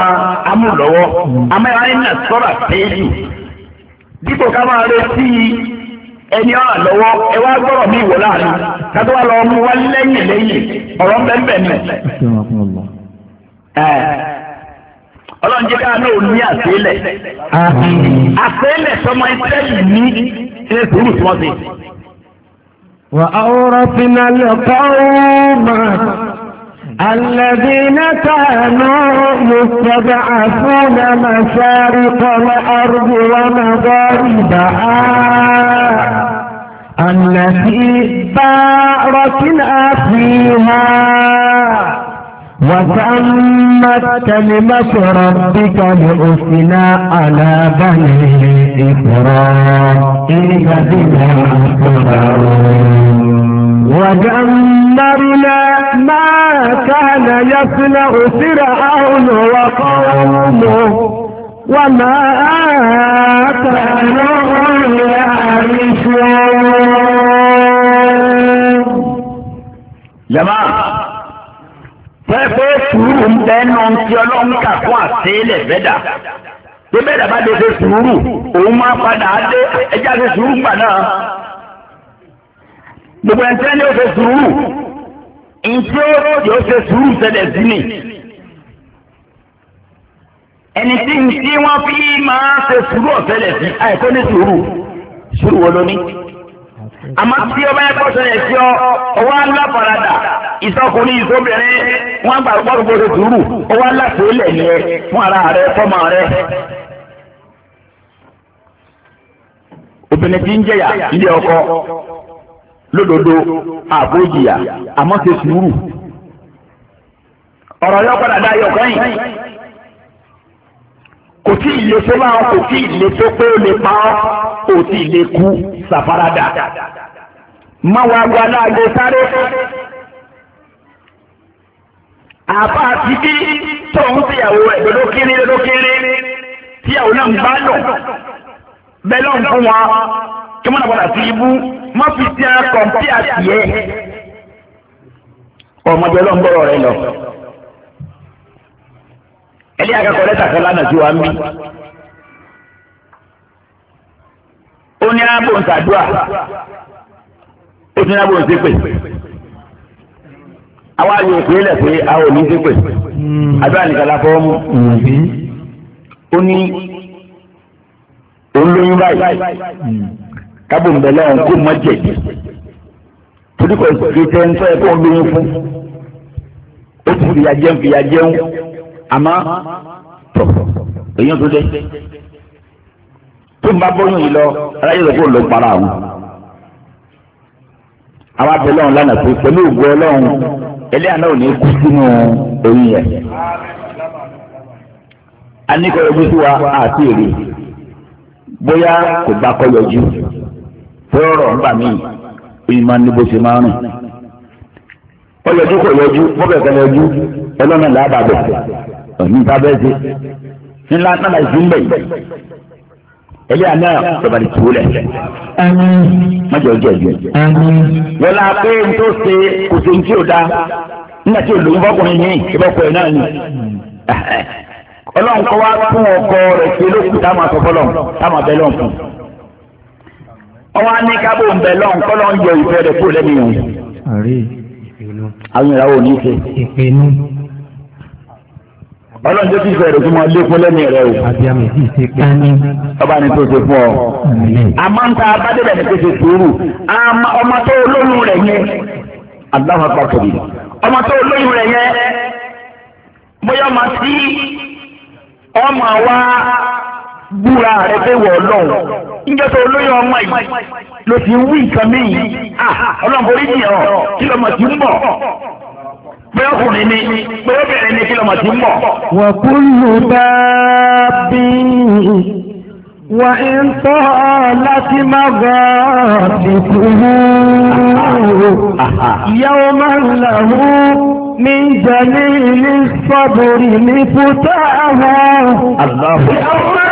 amúlọ́wọ́ amáyáyé náà sọ́ra péjì dípò ká máa retí ẹni ọ̀rà lọ́wọ́ ẹ wá gbọ́rọ̀ mi wò láàrin kátó wá lọ mú wá lẹ́yìn lẹ́yìn ọ̀rọ̀ mẹ́. ọlọ́run jẹ́ náà ní àtẹ́lẹ̀ àtẹ́lẹ̀ sọmọ ní ilé tí wọ́n ti. wà á rọ̀ الذين كانوا يستبعثون مشارق الأرض ومغاربها التي باركنا فيها وتمت كلمة ربك لأسنا على بني إسرائيل بما أخبرون ودمرنا ما كان يصنع فرعون وقومه وما كانوا يعرفون جماعة pẹ́pẹ́ sùúrù ń bẹnu ti ọlọ́run kà fún àtẹ́lẹ̀ bẹ́dà pé bẹ́dà bá dé ṣe sùúrù òun máa padà á dé ẹjá ṣe sùúrù gbà náà gbogbo ẹni tẹ́lẹ̀ yóò ṣe sùúrù ntí yóò ṣe sùúrù ṣẹlẹ̀ sí ni ẹni tí ntí wọn fi máa ṣe sùúrù ọ̀ṣẹlẹ̀ sí àìkọ́ ní sùúrù sùúrù wo lóní àmọ́ tí ọba ẹ̀kọ́ ṣẹlẹ̀ sí ọ ọwọ́ ńlá farada ìsọkùnrin ìsọbìnrin wọn gbà gbọ́dọ̀ ṣe sùúrù ọwọ́ ńlá tó lẹ̀ ẹ fún ara rẹ fọmọ rẹ. obìnrin tí ń jẹyà ilé ọkọ lódodo àbójìyà àmọ́ ṣe sùúrù ọ̀rọ̀ yóò padà dá ayọ̀ kẹ́yìn kò tí ì lè tó bá wọn kò tí ì lè tó pé ó lè pa ọ́ kò tí ì lè kú sàfaradà má wá gba láàgbo sáré àbá àti bí tóun tíyàwó ẹ̀ dodo kiri dodo kiri tíyàwó náà ń bá lọ bẹ́ẹ̀ lọ́n fún wa kí wọ́n nàbọ̀dà sí ibú má fi sí ẹ kọ̀ǹpí àtìyẹ ọmọdé ọlọ́mbọ̀rọ̀ rẹ lọ. ẹlẹ́yà akẹ́kọ̀ọ́ lẹ́tà kan lánàá sí wa ń bí. ó ní abò ń sàdúà ó ti ní abò ń ṣépè àwa yóò pè é lẹ̀ pé a ò ní àdúrà nìkan la fọ́ mú. Mm-hmm. ó ní olóyún báyìí. Mm kábò ń bẹ lọ́wọ́ kó má jẹ̀bi torí kò sí tẹ́ ń sọ ẹ̀ kó ń lóyún fún ó ti fìyà jẹun fìyà jẹun àmọ́ tọ̀ èyàn tó dé tó ń bá bọ́yún yìí lọ aláyé rẹ̀ kó lọ para àwọn àwọn abẹ lọ́wọ́ lánàá pé pẹ̀lú ògùn ọlọ́run ẹlẹ́yà náà ò ní kú sínú oyún yẹn a ní kọ́ yọjú sí wa àti èrè bóyá kò bá kọ́ yọjú. tọ́rọ̀ ń gbà mí ìmọ̀ ní bó ṣe máa rìn kò yọjú bọ́kẹ̀kẹ́ yọjú ọlọ́nà làbàbẹ̀ ọ̀ní ìfàbẹ́sẹ̀ ńlá náà ìfúnbẹ̀ yìí ẹlẹ́yà náà sọ̀bàdì tù lẹ̀ mọ́jọ jẹ́ ẹ̀jẹ̀ pé n tó ṣe kò sí ní tí ò da nígbà tí olùkọ́ ìbọ̀kọ̀ ẹ̀ náà ni ọlọ́run kọ́ fún ọkọ rẹ̀ ṣe lókùn táwọn ọwọ́ ní kábò ń bẹ̀ lọ́n kọ́lọ́ ń yọ ìfẹ́ rẹ̀ kúrò lẹ́nu ìhùn. àwọn ìràwọ̀ ò ní ṣe. ọlọ́run tó ti fẹ́ rẹ̀ fún lékún lẹ́nu rẹ̀ o. ọba ni tó ṣe fún ọ. àmọ́ ń ta abádébẹ̀ ní pèsè sùúrù ọmọ tó olóyún rẹ̀ yẹn aláwọ̀ pàtàkì ọmọ tó olóyún rẹ̀ yẹn bóyá ọmọ sí ọmọ wa búra rẹ̀ fẹ́ wọ̀ ọlọ́run níjọ́tọ̀ olóyè ọmọ yìí ló ti wí nǹkan míì ọlọ́run kò rí nìyẹn ọ kí lọ́mọ ti ń bọ̀ pé ọkùnrin ni pé obìnrin ni kí lọ́mọ ti ń bọ̀. wà á kúlù bá bí wà á ń tọ́ láti má gbọ́ ìkúrú ìyàwó máa ń làwú. من جليل الصبر مفتاحا الله أكبر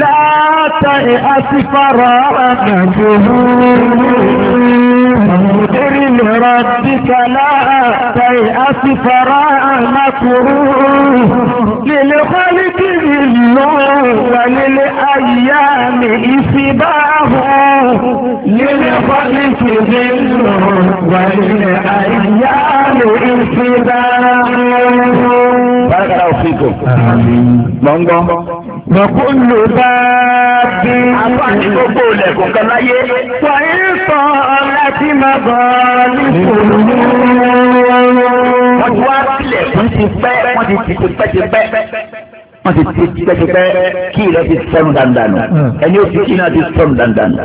láàtà ìhásífàrà àgbàgbòrò ìrìnlẹ̀rọ díkà láàtà ìhásífàrà àgbàgbòrò lílẹ̀ kọ́líkì ìlú wà lílẹ̀ ayíyá ní ìsìbáhù lílẹ̀ kọ́líkì ìlú wà lílẹ̀ ayíyá ní ìsìbáhù Bárakàlá òfin kò. Mọ̀ Bọ̀kúlù bá bí. Àbá ní gbogbo ilẹ̀kùn kan láyé. Wọ́n ń sọ láti máa bọ̀ nípòlù. Wọ́n ti wá sílẹ̀ fún ti pẹ́, wọ́n ti ti ti pẹ́ ti pẹ́ wọ́n ti ti tipẹ́tipẹ́ kí ilẹ̀ ti sọ̀rọ̀ dandanù ẹni òsì kí náà ti sọ̀rọ̀ dandanù.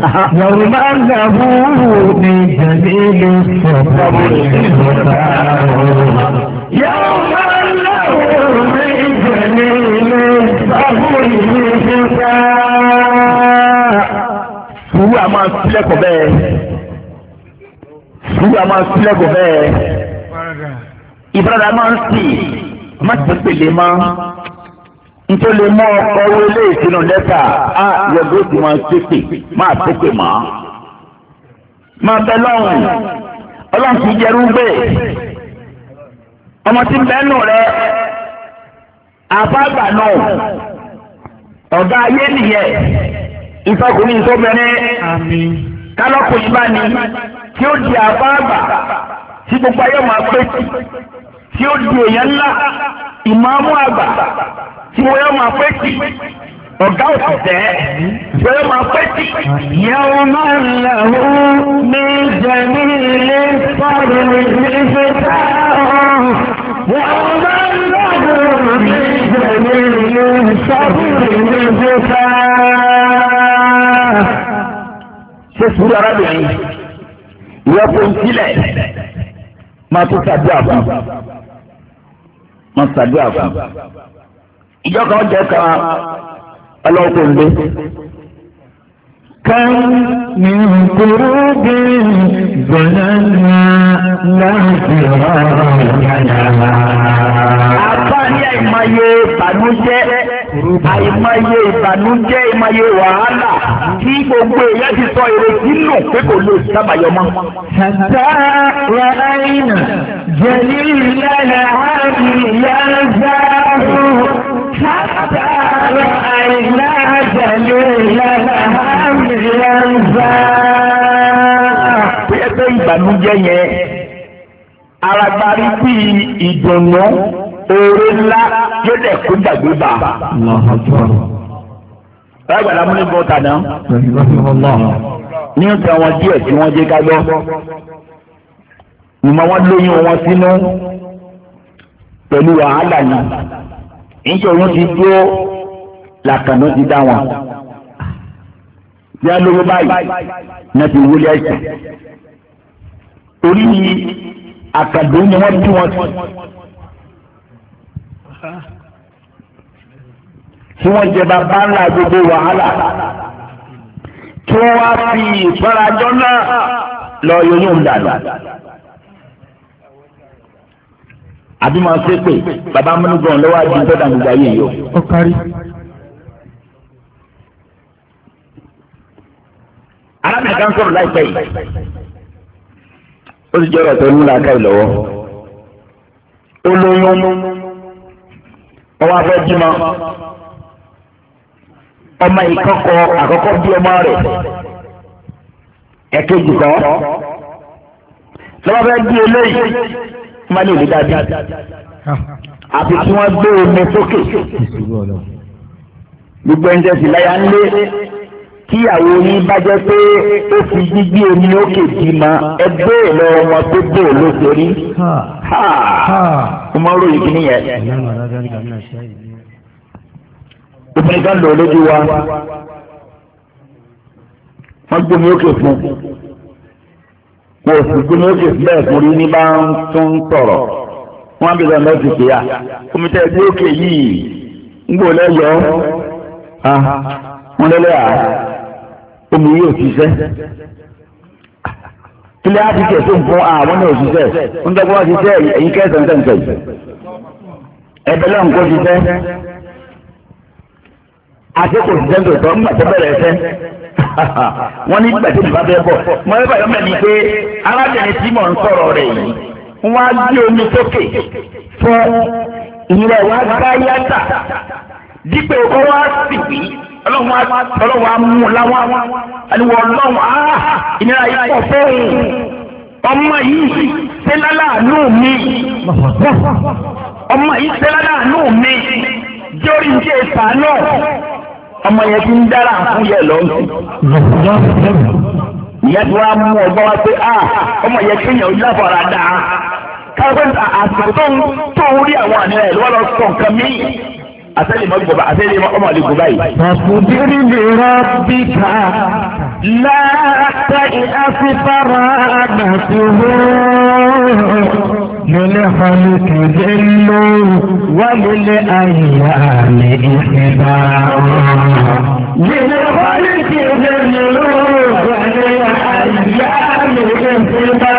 Yàrá máa ń gbà búrú ní ìjẹ́lélé sọ̀rọ̀. Yàrá máa ń gbà búrú. Sùúrù a máa sílẹ̀kọ̀ bẹ́ẹ̀. Sùúrù a máa sílẹ̀kọ̀ bẹ́ẹ̀. Ìfaradà máa ń sì má ti pèlè mọ́. Nítorí lè mọ ọkọ̀ owó ilé ìsinú lẹ́tà á yọ̀gbó tí wọ́n ṣépè máa ṣépè mọ́. Máa bẹ lọ́rùn. Ọlọ́run kì í jẹ́rú gbé. Ọmọ tí ń bẹ́ẹ̀ nù rẹ̀ àbágbà náà ọ̀gá ayé nìyẹn ìfọkùnrin ìfọbìnrin kálọ́kùnrin bá ní tí ó di àbáàbà tí gbogbo ayé máa pé tì tí ó di èèyàn ńlá ìmáàmù àgbà tí wọ́n yọ máa pé tì ọ̀gá òtítẹ́ tí wọ́n yọ máa pé tì. yàrá máa ń lọ mí jẹ mí ilé sọ̀rọ̀ ìfẹ́ sáà yàrá máa ń lọ mí ṣe sùúrù arábìnrin ìwọ kò ń sílẹ̀ máa tó ṣàdúrà fún máa ṣàdúrà fún ìjọ kan kan ọlọ́wọ́ gbé. كم من قلوب ظللنا لا سراج لها Àbáyé ìmọye ìbànújẹ́, àìmọye ìbànújẹ́ ìmọye wàhálà tí gbogbo èèyàn ti sọ ìrètí nù pé kò lè sábàyọ mọ́. Ṣàtà wà láìnà jẹ̀lí ìlànà àmì ìyá záàrù. Ṣàtà wà láìnà jẹ̀lí ìlànà àmì ìrànzá. pé ẹgbẹ́ ìbànújẹ́ yẹn aragbari bíi ìdùnnú oore ńlá yóò dẹ̀ kó dàgbé bá. lágbàdá múlẹ̀ bọ́ tàná. ní ìtàn wọn díẹ̀ tí wọ́n jẹ́ ká gbọ́. ìmọ̀ wọn lóyún wọn sínú pẹ̀lú wàhálà yìí. ìjọ wọn ti dúró làkànnà ti dá wọn tí a lówó báyìí náà ti wúlé ẹsẹ̀ torí àkàdé ni wọ́n bí wọn tí wọ́n jẹ bàbá ńlá gbogbo wàhálà tí wọ́n wá fi ìfarajọ́ náà lọ yóyún dànù àbí máa ṣépè bàbá amúnúgbọ̀n lọ́wọ́ àdìgbò dànù gbàyè yìí o. arábìnrin kan sọ̀rọ̀ láìpẹ́ yìí ó ti jẹ́ ọ̀rọ̀ tó ń múra káyì lọ́wọ́ ó lóyún ọwọ́ afẹ́ bímọ ọmọ ìkọ́kọ̀ àkọ́kọ́ bí ọmọ rẹ̀ ẹ̀kejì kan lọ́wọ́ fẹ́ bí eléyìí má lè rí dájú àfi tí wọ́n gbé omi sókè gbogbo ẹ̀ńtẹ́sì láyà ń lé tíyàwó yín bá jẹ́ pé ó fi gbígbé omi òkè bí ma ẹ bẹ́ẹ̀ e lọ wọn pé bẹ́ẹ̀ ló ṣe rí. mo máa ń ròyìn obìnrin kan lò lójú wa wọ́n gbé omi òkè fún wọ́n sì gbé omi òkè fún bẹ́ẹ̀ fún rí ní bá ń tún sọ̀rọ̀ wọ́n á bẹ̀rẹ̀ lọ́ọ́ ti pè omi tẹ́ gbé òkè yìí ń gbò lẹ́yọ̀ọ́. Wọ́n lé lé àá omi yóò ti sẹ́ kílẹ̀ á ti tẹ̀sán fún àwọn náà òṣìṣẹ́ ń dọ́gbọ́n ṣiṣẹ́ ẹ̀yìn kẹsàn-án tẹ̀sán ẹ̀bẹ̀ lọ́n kó ṣiṣẹ́ àti kò ṣiṣẹ́ tó tọ́ pàṣẹ bẹ̀rẹ̀ ẹ̀fẹ́ wọ́n ní gbàtí ìbá bẹ́ẹ̀ bọ̀ mọ ẹ̀bà yọmọ ẹ̀mí pé arábìnrin tí mò ń sọ̀rọ̀ rẹ̀ yìí wọ́n á gbé omi sókè fún ìrẹ̀wá gáyàtà dípò kó wá sì ọlọ́run á mú láwọn àníwọ̀ ọlọ́run á ìnira yìí pọ̀ fóun ọmọ yìí ṣe lálàánú mi ọmọ yìí ṣe lálàánú mi jórí ń ṣe sànú ọmọ yẹn ti ń dára fún yẹ lọ́wọ́ ìyá tí wàá mú ọgbọ́n wá pé ah, ọmọ yẹn kéèyàn ojú àfọ̀rà dáa káwọn ah, àtúntò tó ń rí àwọn àníyàn lọ́wọ́ lọ sọ mí àtẹ́lẹ̀ mọ́ gbọ̀bá àtẹ́lẹ̀ mọ́ ọmọ àlejò báyìí. Fàkùdírí lè rọ bí ká láàtà ìhásífàrà àgbàtúwò. Lọ́lẹ̀ ọ̀lù kìdé ló wà lọ́lẹ̀ àyà àmì ìsìnbà. Lọ́lẹ̀ ọ̀lù kìdé ló wà lọ́lẹ̀ àyà àmì ìsìnbà.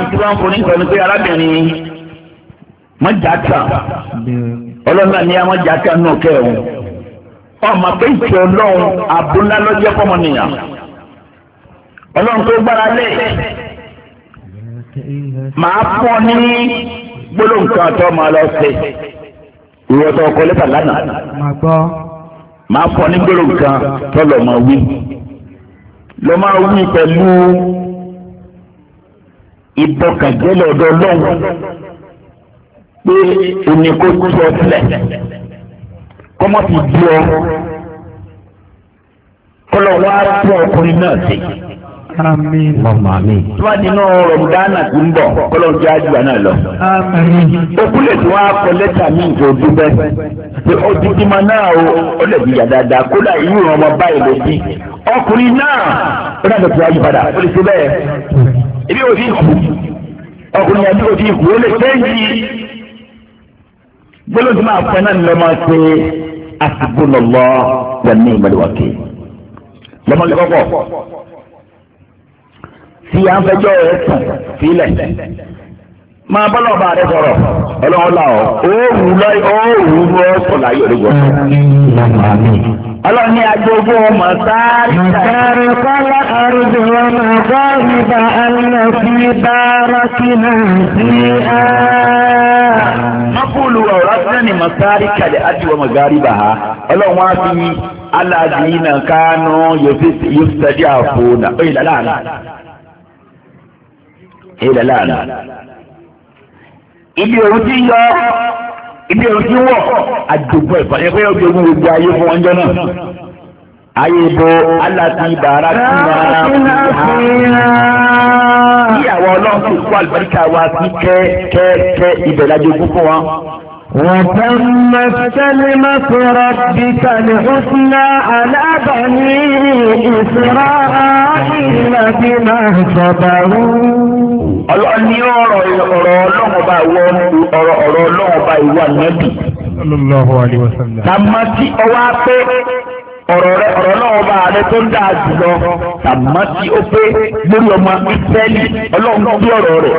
Ìtura ń foni pẹ̀lú pé arábìnrin mọ́jàtà ọlọ́nà ni amọ́jàtà náà kẹ́ ẹ̀ ọmọ pé ìtì ọlọ́run àbúlá lọ́jọ́ fọmọnìyàn ọlọ́run tó gbára lẹ̀ màá fún ọ ní gbólóhùn kan tó máa lọ sí ìwọ tó ọkọ lẹ́tà lánàá màá fún ọ ní gbólóhùn kan tó lọ máa wí lọ máa wí pẹ̀lú ìbọkànjẹ́ lọ́dọ̀ ọlọ́run pé òní kó sọ sílẹ̀ kọ́mọ́ ti di ọ kọ́lọ̀ wá tún ọkùnrin náà sí. Àmín. Mọ̀mọ́ àmín. Tí wọ́n ti ná ọ̀rọ̀ Ghana tó ń bọ̀, kọ́lọ̀ ń jẹ́ àjùbá náà lọ. Àmín. Òkú lè tún wá kọ lẹ́tà míì tó dúpẹ́. Pé ó ti di ma náà o, ó lè jìyà dáadáa, kódà irú ìran ọmọ báyìí ló di. Ọkùnrin náà, ó dàgbà tó wáyé padà, ó lè ṣe bẹ́ẹ̀. Ebi ò ní Ọkùnrin yẹn bí ò ní ìkú, lè fẹ́ yí gbólóhùn tí máa fẹ́ náà lọ́ máa pe asibúlọ́lọ́ pẹ̀lú ìmọ̀lẹ́wàkè lọ́mọlẹ́ kọ́kọ́ tí à ń fẹjọ́ rẹ̀ sùn sílẹ̀ máa bọ́ lọ́ba rẹ sọ̀rọ̀ ọlọ́run là ọ́ òòrùn lọ òòrùn lọ sọ̀lá yóò lè gbọ́dọ̀. ọlọ́ni agbègbè ọmọ sáré. sáré kọ́lá àrùjọ ọmọ bọ́ọ̀lù bá àlọ́ sí báárà kí náà sí á. mọ́kùlù ọ̀rá sí ní masáré kalẹ̀ àti wọ́n magari bá a ọlọ́run fi aláàbí náà kánú yóò fi àpò náà ó yẹ lálàánà ibi òun ti yọ ibi òun ti wọ̀ àdùgbò ìfọ̀yẹ́fẹ́ òbí ogun gbogbo ayé fún wọn jọ náà. Ayébo aláti bàárà tí wọ́n á. Bí àwọn ọlọ́run ti kó àlùbáríkà wa sí kẹ́kẹ́kẹ́ ibẹ̀ lájogún fún wọn. وتمت كلمة ربك الحسنى على بني إسرائيل بما صبروا Ọlọ́run ní ọ̀rọ̀ ọ̀rọ̀ ọlọ́run bá ìwọ ọ̀rọ̀ ọ̀rọ̀ ọlọ́run bá ìwọ ànábì. Sallallahu alaihi wasallam. Tàmátí ọwá pé ọ̀rọ̀ rẹ ọ̀rọ̀ náà bá rẹ tó ń dáa jùlọ tàmá tí ó pé lórí ọmọ ìtẹ́lì ọlọ́run bí ọ̀rọ̀ rẹ̀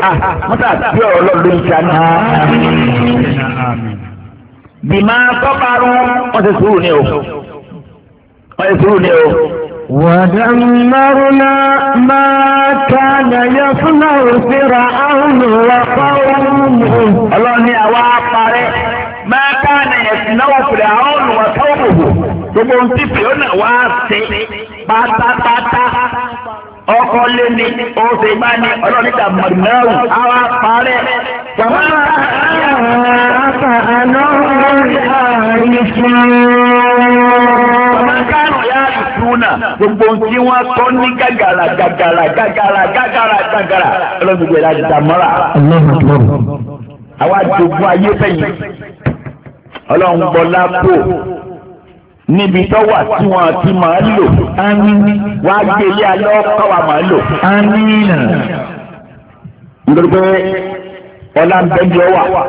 mọ́tà ah, bí ọ̀rọ̀ ọlọ́run ló ń bìmá tọ́parú wọ́n ti sùúrù ní o wọ́n ti sùúrù ní o. ودمرنا ما كان يصنع فرعون وقومه الله ni àwa parẹ́ ما كان يصنع فرعون وقومه gbogbo ohun tí fiona wá sí pátápátá ọkọ lé ní oṣù bá ní ọlọ́nìkà mọ̀nàrù àwa parẹ́. Bàbá àgbà àná orí àìsàn. Bàbá kárùn yá ìtúnà gbogbo ohun tí wọ́n kọ́ ní gàgàrà gàgàrà gàgàrà gàgàrà gàgàrà ọlọ́dúnrún ìlàjì dàmọ́ra. Àwa jogún ayé fẹ̀yìn. Ọlọ́run bọ́lá kú níbi tó wà tí wọn ti máa lò wá gbélé alẹ́ ọkọ̀ wa máa lò. nítorí pé ọlá ń bẹ́ẹ̀ jọ wà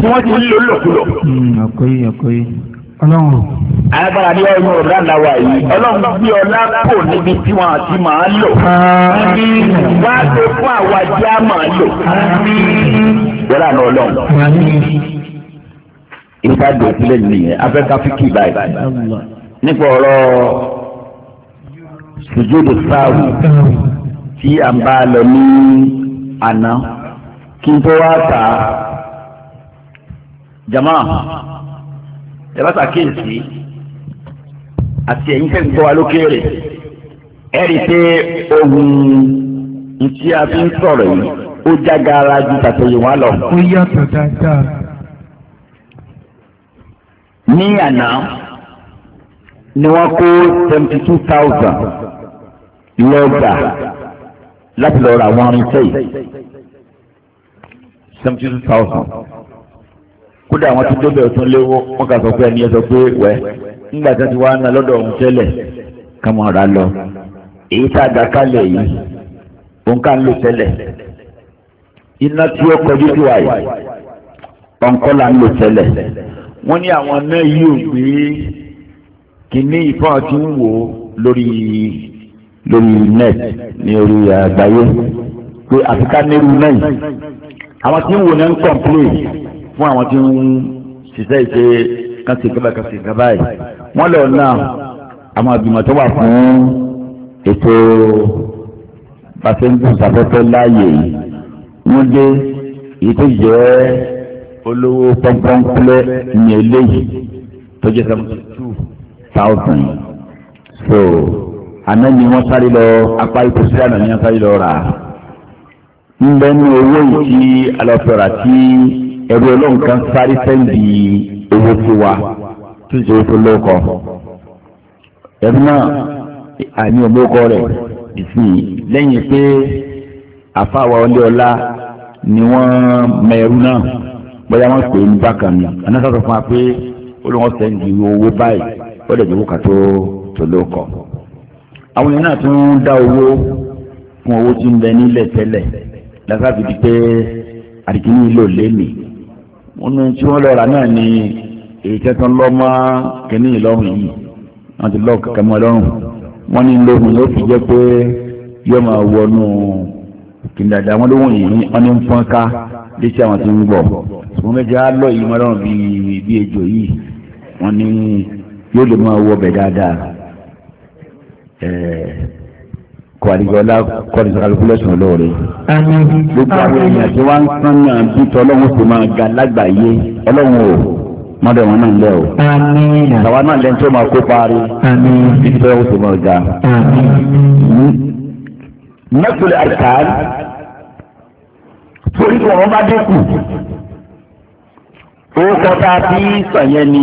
tí wọ́n ti lò lòkulò. Hmm, ọlọ́run. alágbára ní ọ̀rọ̀ ọ̀rọ̀ àláwà yìí ọlọ́run bí ọlá kò níbi tí wọ́n àti máa lò. wá gbé fún àwa jẹ́ àmà lò. wọ́n rà ní ọlọ́run nípa gbèsè nìyẹn afẹ́ká fíkì báyìí nípa ọ̀rọ̀ sùjúdù sáàwù tí a ń bá lọ ní àná kí n tó wá ta jama ìbáta kéèsì àti ẹ̀yin fẹ́ gbọ́ wa lókèrè ẹ rí i pé ohun tí a fi ń sọ̀rọ̀ yìí ó jágara ju tàtẹ̀yìnwá lọ. ó yàtọ̀ dáadáa ní àná ni wọ́n kó seventy two thousand lọ́gbà láti lọ́ọ́ ra àwọn irinṣẹ́ yìí seventy two thousand kódà àwọn tó débẹ̀ ọ̀tún léwó wọn kà sọ pé ẹni yẹn sọ pé wẹ́ nígbà tí wọ́n ti wá ń na lọ́dọ̀ ọ̀hún tẹ́lẹ̀ ká máa ra lọ èyí tá a dá kálẹ̀ yìí òun ká ń lò tẹ́lẹ̀ iná tí ó kọjú sí wa yìí ọ̀nkọ́ là ń lò tẹ́lẹ̀ wọ́n ní àwọn náà yóò gbé kínní ìfọ́n àti ń wò lórí lórí net ní orí àgbáyé pé àfikà nírú náà yìí àwọn tí ń wò náà ń complain fún àwọn tí ń ṣiṣẹ́ ìṣe kan sì gbọ́dọ̀ kan sì gbọ́dọ̀ báyìí wọ́n lọ náà àwọn àgbìmọ̀ tó wà fún ètò bàtẹ́ńdùn sàfẹ́fẹ́ láàyè yìí wọ́n dé èyí tó jẹ́ olówó pọ́npọ́npọ́lẹ́ ní eléyìí tó jẹ́ seventy two thousand so àná ni wọ́n sáré lọ apá ipò sílẹ̀ àná ni wọ́n sáré lọ rà á ń bẹ́ ní owó yìí tí alọ́fẹ́ra tí ẹ̀rọ ọlọ́run sáré sẹ́ǹdì owó fún wa tó ṣe owó fún lóko ẹ̀rọ náà àní ọmọkọ rẹ̀ ìsìn lẹ́yìn pé àfáwà ọlẹ́ ni wọ́n mẹ̀rú náà bóyá wọ́n pè é ní bákan mi anáta sọ fún wa pé olùwọ́n sẹ́ńdì owó báyìí ó lè dìbò kàtó tó ló kọ. àwọn èèyàn náà tún ń dá owó fún owó tí ń bẹ nílẹ̀ tẹ́lẹ̀ lásàbí di pé àdìgínní ló lé mi wọ́n ní tí wọ́n lọ rà náà ni èyí tẹ́tàn lọ́mọ kẹ́ni ìlọrin yìí wọ́n ti lọ́ọ̀ kẹ́kẹ́ mọ́ ọlọ́run wọ́n ní lóhùn ló fi jẹ́ pé yọ́ọ́ máa wọnú kìndàdà wọn lóhùn yìí wọ́n ní ń fọ́n ká létí àwọn tó ń gbọ́ ṣùgbọ́n méjì á lọ yìí mọ́rán bíi bí ejò yìí wọ́n ní yóò lè máa wọ ọbẹ̀ dáadáa kọ àdìgbọ́lá kọ́ni sàkàlùkù lẹ́sùn olóore. gbogbo àwọn èèyàn tí wọ́n ń sán náà bí tọ́ ọlọ́run tó máa ga lágbàáyé ọlọ́run o mọ́dọ̀ wọn náà lẹ́ o. àwa náà lẹ́ni tó máa kó parí bí tọ́ ọlọ́run tó máa ga. mẹ́kùlẹ̀ àìsàn torí kò wọ́n bá dínkù owó kọta bí sànyẹn ní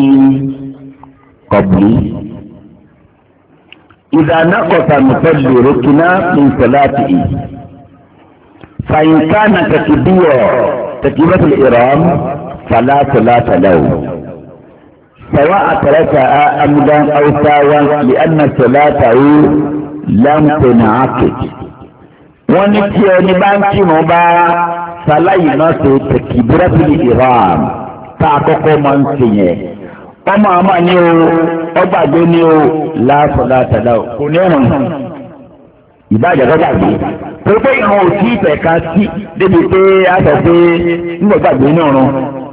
kọ̀bùlì ìdáná kọta nùfẹ́ lèrè kíná ní sọláàtì yìí fàyínká na kẹkìbíyọ tẹkìbẹ́tì ìrọ̀m fàlá sọláàtà سواء تركها أمدا أو ساوا لأن صلاته لم تنعقد wọ́n ní tí sáláyì náà tó tẹ̀kì buru ìram tá a kọ́kọ́ máa ń sè yẹn ọmọ àmà ni o ọgbàgbé ni o láàfọ̀dá tàdá o kò ní ọ̀rùn ìbàjẹ́ pé ìran ò tí ìtẹ̀ka sí débi pé a sọ pé ní ọ̀run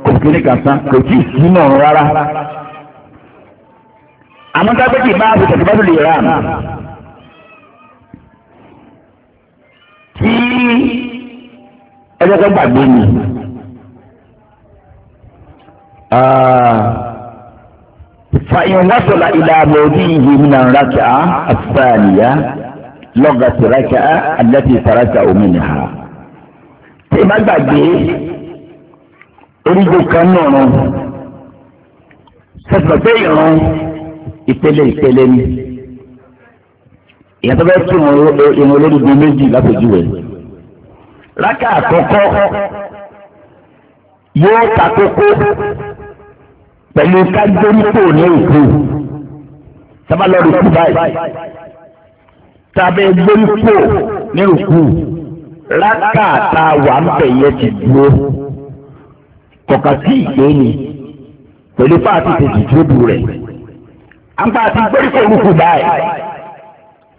kò kò tí ì sí ẹjọ́ tó gbàgbé ni. fàyìn wàsọ̀lá ìlà àbòdì yìí mi náà rákà á àfààníyá lọ́gàtì rákà á àdàtì sàrákà òmìnira. tí ìbá gbàgbé orígun kan náà rán sọ̀tọ̀ pé ìran ìpele ìpele ni ìyàtọ̀ bẹ́ẹ̀ kí ìrun olórí bíi méjì lápèjúwe rákà àkọ́kọ́ yóò ta kókó pẹ̀lú kágbóríkò ní òkú sábàlọ́ọ̀rì kú báyìí tàbí gbóríkò ní òkú rákà tá a wà ń bẹ̀ yẹ ti dúró kọ̀kàtì ìgbé ni pẹ̀lú pàtó tètè dúró rẹ̀ àǹfààní gbóríkò òkú báyìí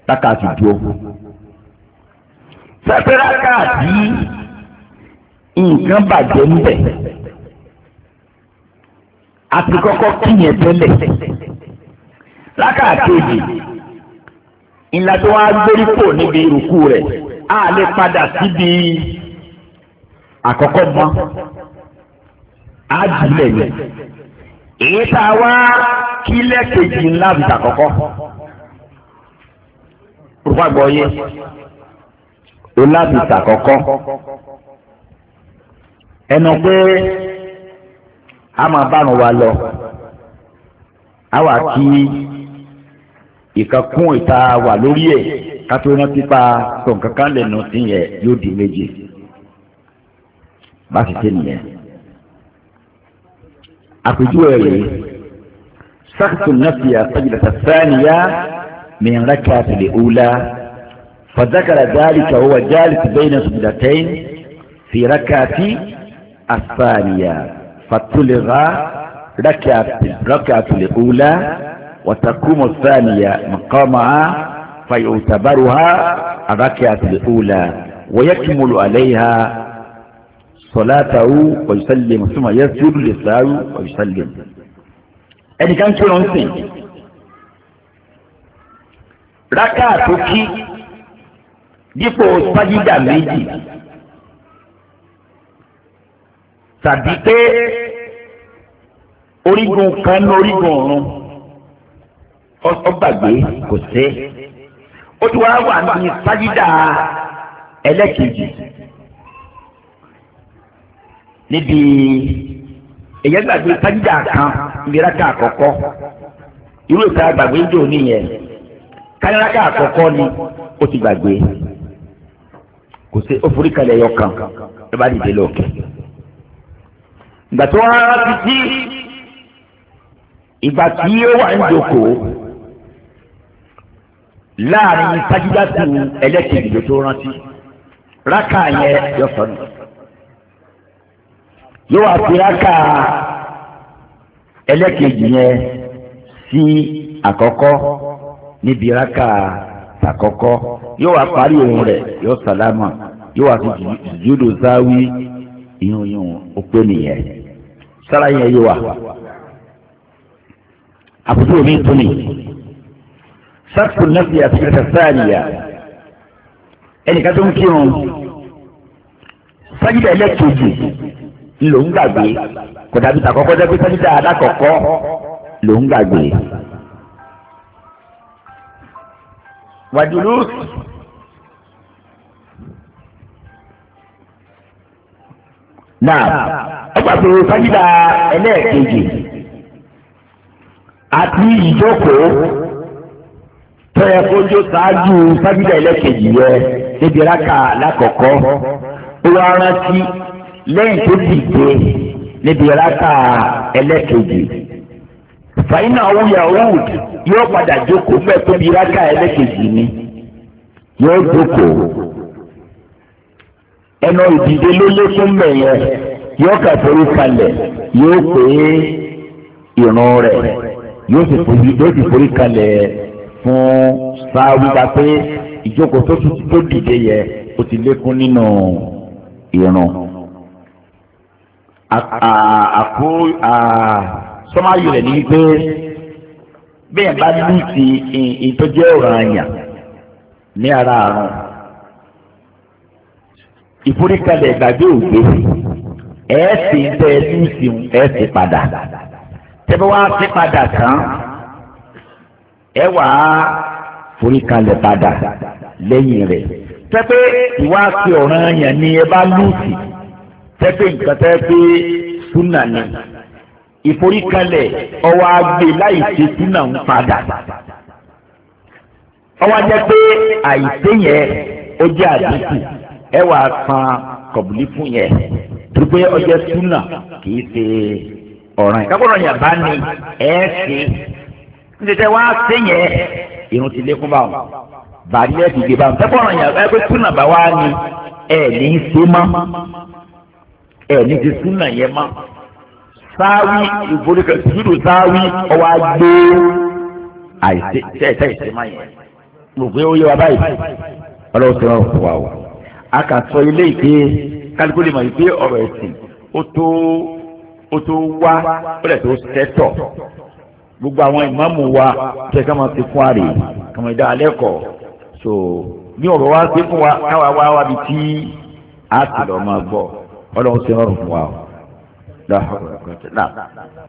rákà ti dúró sátẹ́ráka bí nǹkan bàjẹ́ ń bẹ̀ àti kọ́kọ́ kíyẹn tẹ́lẹ̀ lákàtúndì ìlà tó wá gbérí kò níbi ìrùkù rẹ̀ á lè padà síbi àkọ́kọ́ mọ́ á jùlẹ̀ yẹn èyí tá a wá kílẹ̀ kejì ńlá bìtà kọ́kọ́ rúbàgbọ́ yẹn o láti sàkọ́kọ́ ẹnu pé a máa bárun wa lọ a wà kí ìkankún ìta wà lórí ẹ̀ kátó rántí pa tòǹkankan lẹ́nu sí yẹn yóò di méje bá ti ṣe nìyẹn àpèjúwe rèé sákìtù náà fi àpèjìlẹ̀ sàfẹ́ nìyá mìíràn kí a tẹ̀lé òwúlá. فذكر ذلك هو جالس بين سجدتين في ركعة الثانية فتلغى ركعة الركعة الأولى وتقوم الثانية مقامها فيعتبرها الركعة الأولى ويكمل عليها صلاته ويسلم ثم يسجد للسهو ويسلم ẹnì كان kí ló rákà dípò sájídà méjì tàbí pé orígun kan ní orígun ọ̀run ọgbàgbé kò sí ó ti wá wà ní sájídà ẹlẹ́kejì níbi èyí gbàgbé kan ìgbéraká àkọ́kọ́ irú ìta gbàgbé ń dò níyẹn akọkọ àkọ́kọ́ ni ó ti gbàgbé. kò sí òfurufú kalẹ̀ yọ kan ẹ bá dìde lókè. ìgbà tó rárá ti dí ìgbà tí ó wà ń dòkó láàrin sájúdátù ẹlẹ́kẹ̀ẹ́ ìlú tó rántí rákà yẹn yọ sọnù yóò wá fi rákà ẹlẹ́kẹ̀ẹ́ yẹn sí àkọ́kọ́ níbi rákà tàkọ́kọ́ yóò wá parí ohun rẹ̀ yóò sàlámà yóò wá sí jùdù sáwí ìhun ìhun òpé nìyẹn sára yẹn yóò wá. àkùtù omi tún ni sàkùn nẹ́fì àti kẹ̀kẹ́ sáàyà ẹnìkan tó ń kírun sájídà ẹlẹ́kejì ló ń gbàgbé kò dàbí tàkọ́kọ́ jẹ́ pé sájídà alákọ̀ọ́kọ́ ló ń gbàgbé. wàjúlùs náà ọgbàgbé fájídà ẹlẹ́ẹ̀kejì àti ìjókòó tọ́yẹ kójó ṣáájú fájídà ẹlẹ́ẹ̀kejì yẹ níbi rákà lákọ̀ọ́kọ́ ó wá rántí lẹ́yìn tó dìde níbi rákà ẹlẹ́ẹ̀kejì fàyínà àwọn yahood yóò padà jókòó mbẹ tó bí raka ẹlẹ́kejì ni yóò jókòó ẹnu ìdìde ló lékún mbẹ yẹn yóò kà torí kalẹ̀ yóò pé ìrun rẹ̀ yóò sì forí yóò sì forí kalẹ̀ fún sáwí gba pé ìjókòó tó tó dìde yẹ o ti lékún nínú ìrun. Àkó àà sọmáyì rẹ̀ ní pé bẹ́ẹ̀ bá ní ti ìtọ́jú ọ̀ràn àyàn ní ara àrùn ìforíkalẹ̀ ìgbàgbé ògbé ẹ̀ẹ́sì ń tẹ́ lùsì ń ẹ̀ẹ́sì padà tẹ́bí wá sí padà tán ẹ wà á foríkalẹ̀ padà lẹ́yìn rẹ̀ tẹ́pẹ́ ìwá sí ọ̀ràn àyàn ni ẹ bá lùsì tẹ́pẹ́ nǹkan tẹ́pẹ́ súnà ni ìforíkalẹ̀ ọwọ́ agbe láì ṣe sínú àwọn padà ọwọ́ ajẹ́ pé àìsè yẹn ó jẹ́ àdínkù ẹ wà á san kọ̀bùlí fún yẹn dùgbẹ́ ọjọ́ súnà kìí ṣe ọ̀ràn yẹn kápọ̀rọ̀ yẹn bá ní ẹ ṣe nítorí wá ṣe yẹn irun ti lékún bá wọn bàálí ẹ ti bá wọn kápọ̀rọ̀ yẹn ẹ pé súnà bá wá ní ẹ ní í ṣe mọ́ ẹ ní ti súnà yẹn mọ́ sáwí ìforíkẹ sùúrù sáwí ọwọ́ agbé àìsè tẹ́ẹ̀tẹ́ ìsèmá yẹn gbogbo ó yẹ wa báyìí ọlọ́wọ́ sọ wọn wà wà. a kà sọ ilé ìpè kálukú lè mọ̀ ìpè ọ̀rọ̀ ẹ̀sìn ó tó ó tó wá ó lẹ̀ tó sẹ́tọ̀ gbogbo àwọn ìmáàmù wa tẹ̀ ká máa fi fún àrè ká máa dá alẹ́ kọ̀ so ní ọ̀rọ̀ wa pé fún wa káwa wá wá bi tí a ti lọ́ọ́ máa gbọ́ ọlọ́wọ́ sọ wọn fún wa láhùrù ẹ̀kọ́ tó náà.